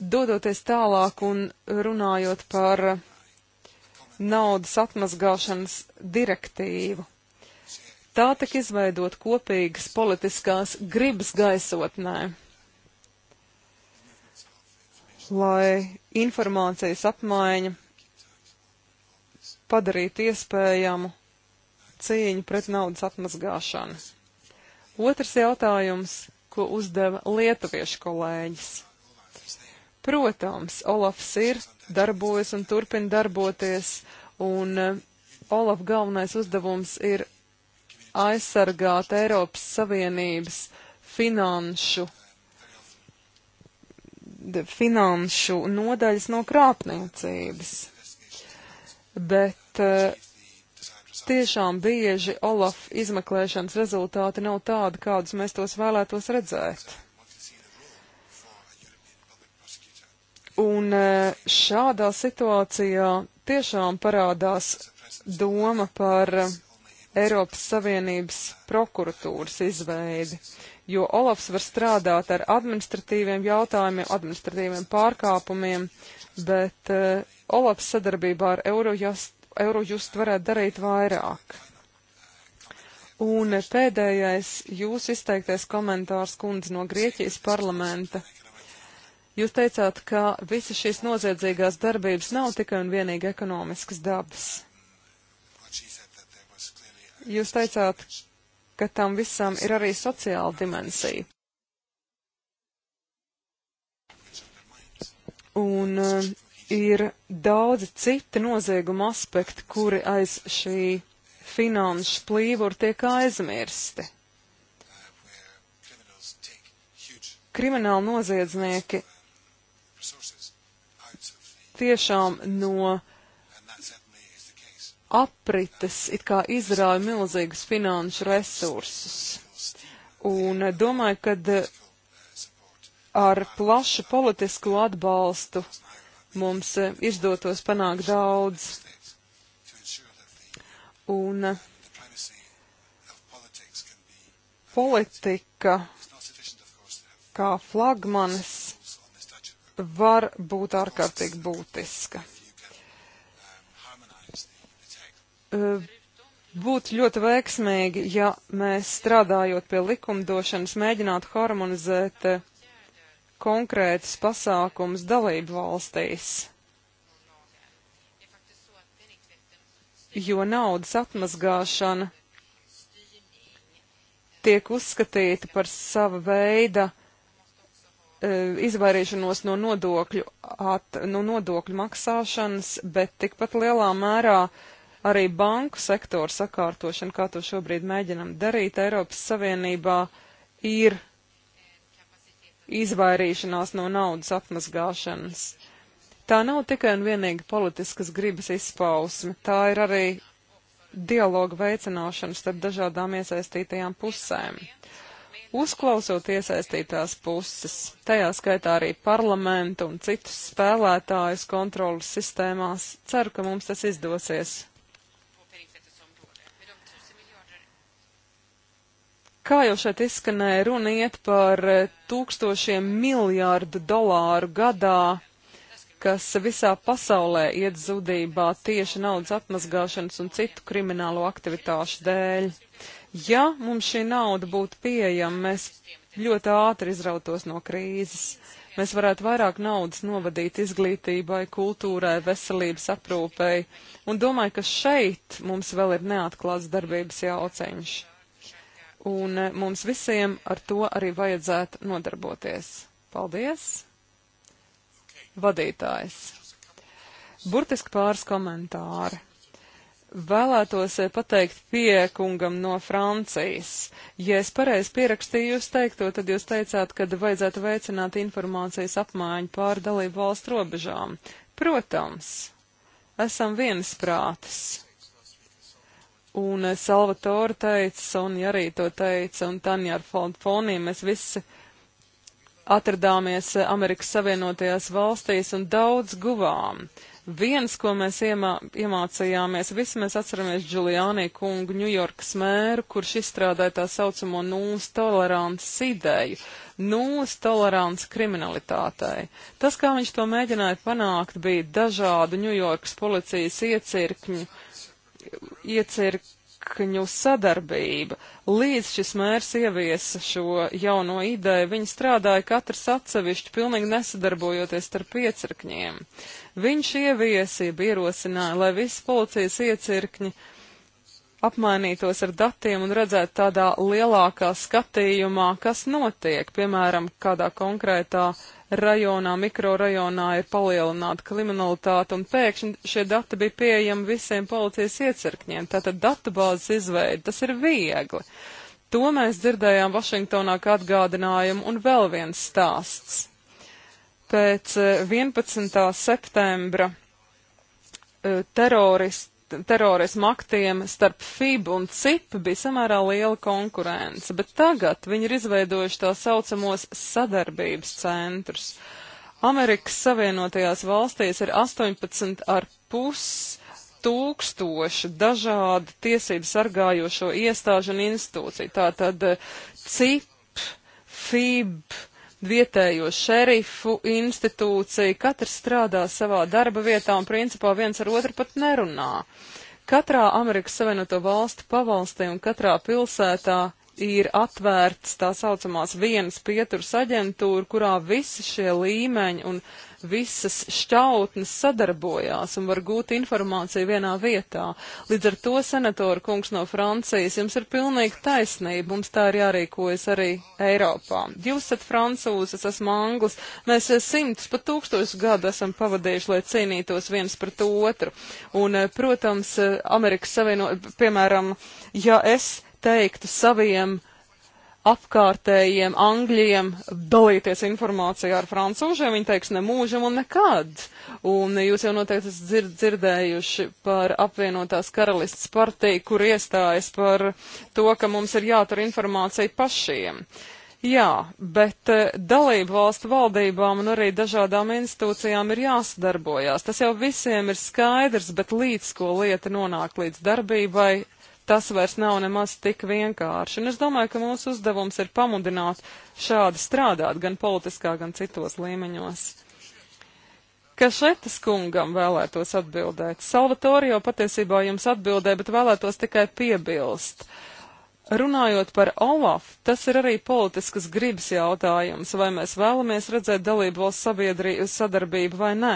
Dodoties tālāk un runājot par naudas atmazgāšanas direktīvu. Tā tik izveidot kopīgas politiskās gribas gaisotnē, lai informācijas apmaiņa padarītu iespējamu cīņu pret naudas atmazgāšanu. Otrs jautājums, ko uzdeva lietuviešu kolēģis. Protams, Olafs ir darbojas un turpina darboties, un eh, Olafa galvenais uzdevums ir aizsargāt Eiropas Savienības finanšu, finanšu nodaļas no krāpniecības. Bet eh, tiešām bieži Olaf izmeklēšanas rezultāti nav tādi, kādus mēs tos vēlētos redzēt. Un e, šādā situācijā tiešām parādās doma par e, Eiropas Savienības prokuratūras izveidi, jo Olafs var strādāt ar administratīviem jautājumiem, administratīviem pārkāpumiem, bet uh, Olafs sadarbībā ar Eurojust, Eurojust varētu darīt vairāk. Un pēdējais jūsu izteiktais komentārs kundze no Grieķijas parlamenta Jūs teicāt, ka visas šīs noziedzīgās darbības nav tikai un vienīgi ekonomiskas dabas. Jūs teicāt, ka tam visam ir arī sociāla dimensija. Un uh, ir daudzi citi nozieguma aspekti, kuri aiz šī finanšu plīvura tiek aizmirsti. Krimināli noziedznieki tiešām no aprites it kā izrāja milzīgus finanšu resursus. Un eh, domāju, ka eh, ar plašu politisku atbalstu mums eh, izdotos panākt daudz. Un politika kā flagmanis var būt ārkārtīgi būtiska. Būtu ļoti veiksmīgi, ja mēs strādājot pie likumdošanas mēģinātu harmonizēt konkrētus pasākumus dalību valstīs. Jo naudas atmazgāšana tiek uzskatīta par sava veida E, izvairīšanos no nodokļu, at, no nodokļu maksāšanas, bet tikpat lielā mērā arī banku sektoru sakārtošana, kā to šobrīd mēģinam darīt Eiropas Savienībā, ir izvairīšanās no naudas atmazgāšanas. Tā nav tikai un vienīgi politiskas gribas izpausme, tā ir arī dialoga veicināšana starp dažādām iesaistītajām pusēm. Uh, uzklausot iesaistītās puses, tajā skaitā arī parlamentu un citus spēlētājus kontrolas sistēmās. Ceru, ka mums tas izdosies. Kā jau šeit izskanēja, runa iet par eh, tūkstošiem miljārdu dolāru gadā, kas visā pasaulē iet zudībā tieši naudas apmazgāšanas un citu kriminālo aktivitāšu dēļ. Ja mums šī nauda būtu pieejama, mēs ļoti ātri izrautos no krīzes. Mēs varētu vairāk naudas novadīt izglītībai, kultūrai, veselības aprūpei, un domāju, ka šeit mums vēl ir neatklāts darbības jauceņš. Un eh, mums visiem ar to arī vajadzētu nodarboties. Paldies! Vadītājs. Burtiski pāris komentāri. Vēlētos eh, pateikt piekungam no Francijas. Ja es pareizi pierakstīju jūs teikto, tad jūs teicāt, ka vajadzētu veicināt informācijas apmaiņu pār dalību valstu robežām. Protams, esam viensprātis. Un eh, Salvatore teica, un arī to teica, un Tanja ar foniem mēs visi atradāmies eh, Amerikas Savienotajās valstīs un daudz guvām. Uh, Viens, ko mēs iemā, iemācījāmies, visi mēs atceramies Giuliani kungu, Ņujorkas mēru, kurš izstrādāja tā saucamo nulles tolerants ideju, nulles tolerants kriminalitātei. Tas, kā viņš to mēģināja panākt, bija dažādu Ņujorkas policijas iecirkņu, iecirkņu līdzekļu sadarbība. Līdz šis mērs ieviesa šo jauno ideju, viņi strādāja katrs atsevišķi, pilnīgi nesadarbojoties ar piecirkņiem. Viņš ieviesība ierosināja, lai visi policijas iecirkņi apmainītos ar datiem un redzētu tādā lielākā skatījumā, kas notiek, piemēram, kādā konkrētā uh, rajonā, mikrorajonā ir palielināta kriminalitāte, un pēkšņi šie dati bija pieejami visiem policijas iecirkņiem. Tātad datubāzes izveida, tas ir viegli. To mēs dzirdējām Vašingtonā kā atgādinājumu, un vēl viens stāsts. Pēc 11. Eh, septembra eh, teroristu terorismu aktiem starp FIB un CIP bija samērā liela konkurence, bet tagad viņi ir izveidojuši tā saucamos sadarbības centrus. Amerikas Savienotajās valstīs ir 18,5 tūkstoši dažādu tiesību sargājošo iestāžu un institūciju. Tātad CIP, FIB, vietējo šerifu institūciju, katrs strādā savā darba vietā un principā viens ar otru pat nerunā. Katrā Amerikas Savienoto valstu pavalstī un katrā pilsētā ir atvērts tā saucamās vienas pieturas aģentūra, kurā visi šie līmeņi un visas šķautnes sadarbojās un var gūt informāciju vienā vietā. Līdz ar to, senatora kungs no Francijas, jums ir pilnīgi taisnība, mums tā ir jārīkojas arī Eiropā. Jūs esat francūzs, es esmu anglis, mēs simtus pat tūkstošus gadu esam pavadījuši, lai cīnītos viens pret otru. Un, eh, protams, eh, Amerikas Savienot, piemēram, ja es teiktu saviem apkārtējiem angļiem dalīties informācijā ar francūžiem, viņi teiks ne mūžam un nekad. Un jūs jau noteikti esat dzird, dzirdējuši par apvienotās karalists partiju, kur iestājas par to, ka mums ir jātur informācija pašiem. Jā, bet eh, dalību valstu valdībām un arī dažādām institūcijām ir jāsadarbojās. Tas jau visiem ir skaidrs, bet līdz ko lieta nonāk līdz darbībai, tas vairs nav nemaz tik vienkārši. Un es domāju, ka mūsu uzdevums ir pamudināt šādi strādāt gan politiskā, gan citos līmeņos. Kašetas kungam vēlētos atbildēt. Salvatori jau patiesībā jums atbildē, bet vēlētos tikai piebilst. Runājot par Olaf, tas ir arī politiskas gribas jautājums, vai mēs vēlamies redzēt dalību valsts sabiedrību sadarbību vai nē.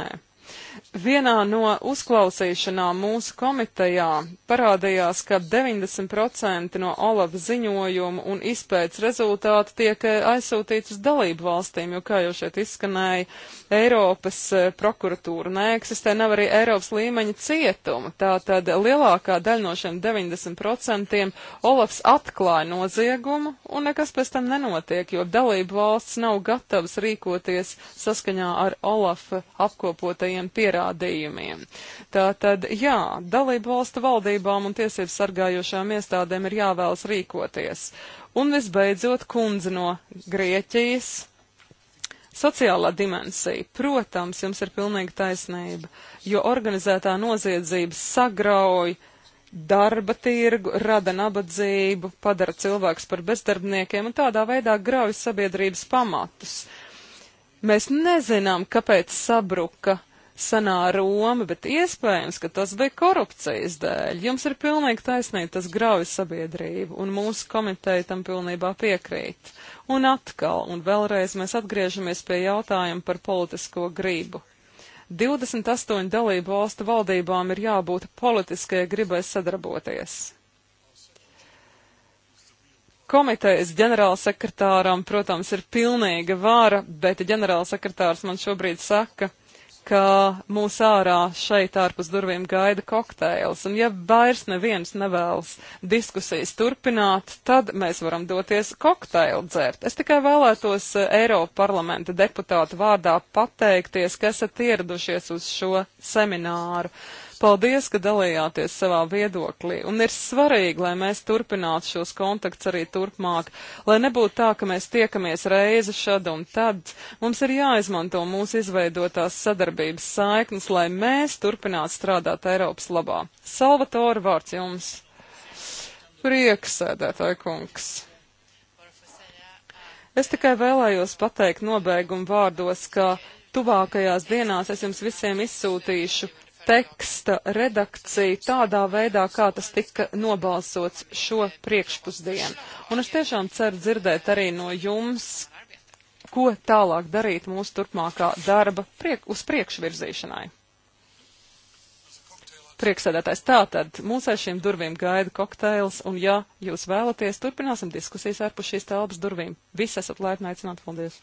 Vienā no uzklausīšanām mūsu komitejā parādījās, ka 90% no Olafa ziņojumu un izpētes rezultātu tiek eh, aizsūtīts uz dalību valstīm, jo, kā jau šeit izskanēja, Eiropas eh, prokuratūra neeksistē, nav arī Eiropas līmeņa cietuma. Tātad lielākā daļa no šiem 90% Olafs atklāja noziegumu un nekas pēc tam nenotiek, jo dalību valsts nav gatavas rīkoties saskaņā ar Olafa apkopotajiem pieeja pierādījumiem. Tātad, jā, dalību valstu valdībām un tiesību sargājošām iestādēm ir jāvēlas rīkoties. Un visbeidzot, kundze no Grieķijas. Sociālā dimensija. Protams, jums ir pilnīga taisnība, jo organizētā noziedzība sagrauj darba tirgu, rada nabadzību, padara cilvēkus par bezdarbniekiem un tādā veidā grauj sabiedrības pamatus. Mēs nezinām, kāpēc sabruka senā Roma, bet iespējams, ka tas bija korupcijas dēļ. Jums ir pilnīgi taisnība, tas grauj sabiedrību, un mūsu komiteja tam pilnībā piekrīt. Un atkal, un vēlreiz mēs atgriežamies pie jautājuma par politisko gribu. 28 dalību valstu valdībām ir jābūt politiskajai gribai sadarboties. Komitejas ģenerālsekretāram, protams, ir pilnīga vāra, bet ģenerālsekretārs man šobrīd saka, ka mūs ārā šeit ārpus durvīm gaida kokteils, un ja vairs neviens nevēlas diskusijas turpināt, tad mēs varam doties kokteilu dzert. Es tikai vēlētos eh, Eiropa parlamenta deputātu vārdā pateikties, ka esat ieradušies uz šo semināru. Uh, Paldies, ka dalījāties savā viedoklī, un ir svarīgi, lai mēs turpinātu šos kontakts arī turpmāk, lai nebūtu tā, ka mēs tiekamies reizi šad un tad. Mums ir jāizmanto mūsu izveidotās sadarbības saiknes, lai mēs turpinātu strādāt Eiropas labā. Salvatore, vārds jums! Prieksēdētāji kungs! Es tikai vēlējos pateikt nobeigumu vārdos, ka tuvākajās dienās es jums visiem izsūtīšu teksta redakciju tādā veidā, kā tas tika nobalsots šo priekšpusdienu. Un es tiešām ceru dzirdēt arī no jums, ko tālāk darīt mūsu turpmākā darba priek uz priekšvirzīšanai. Prieksēdētājs tātad mūs aiz šīm durvīm gaida kokteils, un ja jūs vēlaties, turpināsim diskusijas ārpus šīs telpas durvīm. Visi esat laipni aicināti, paldies!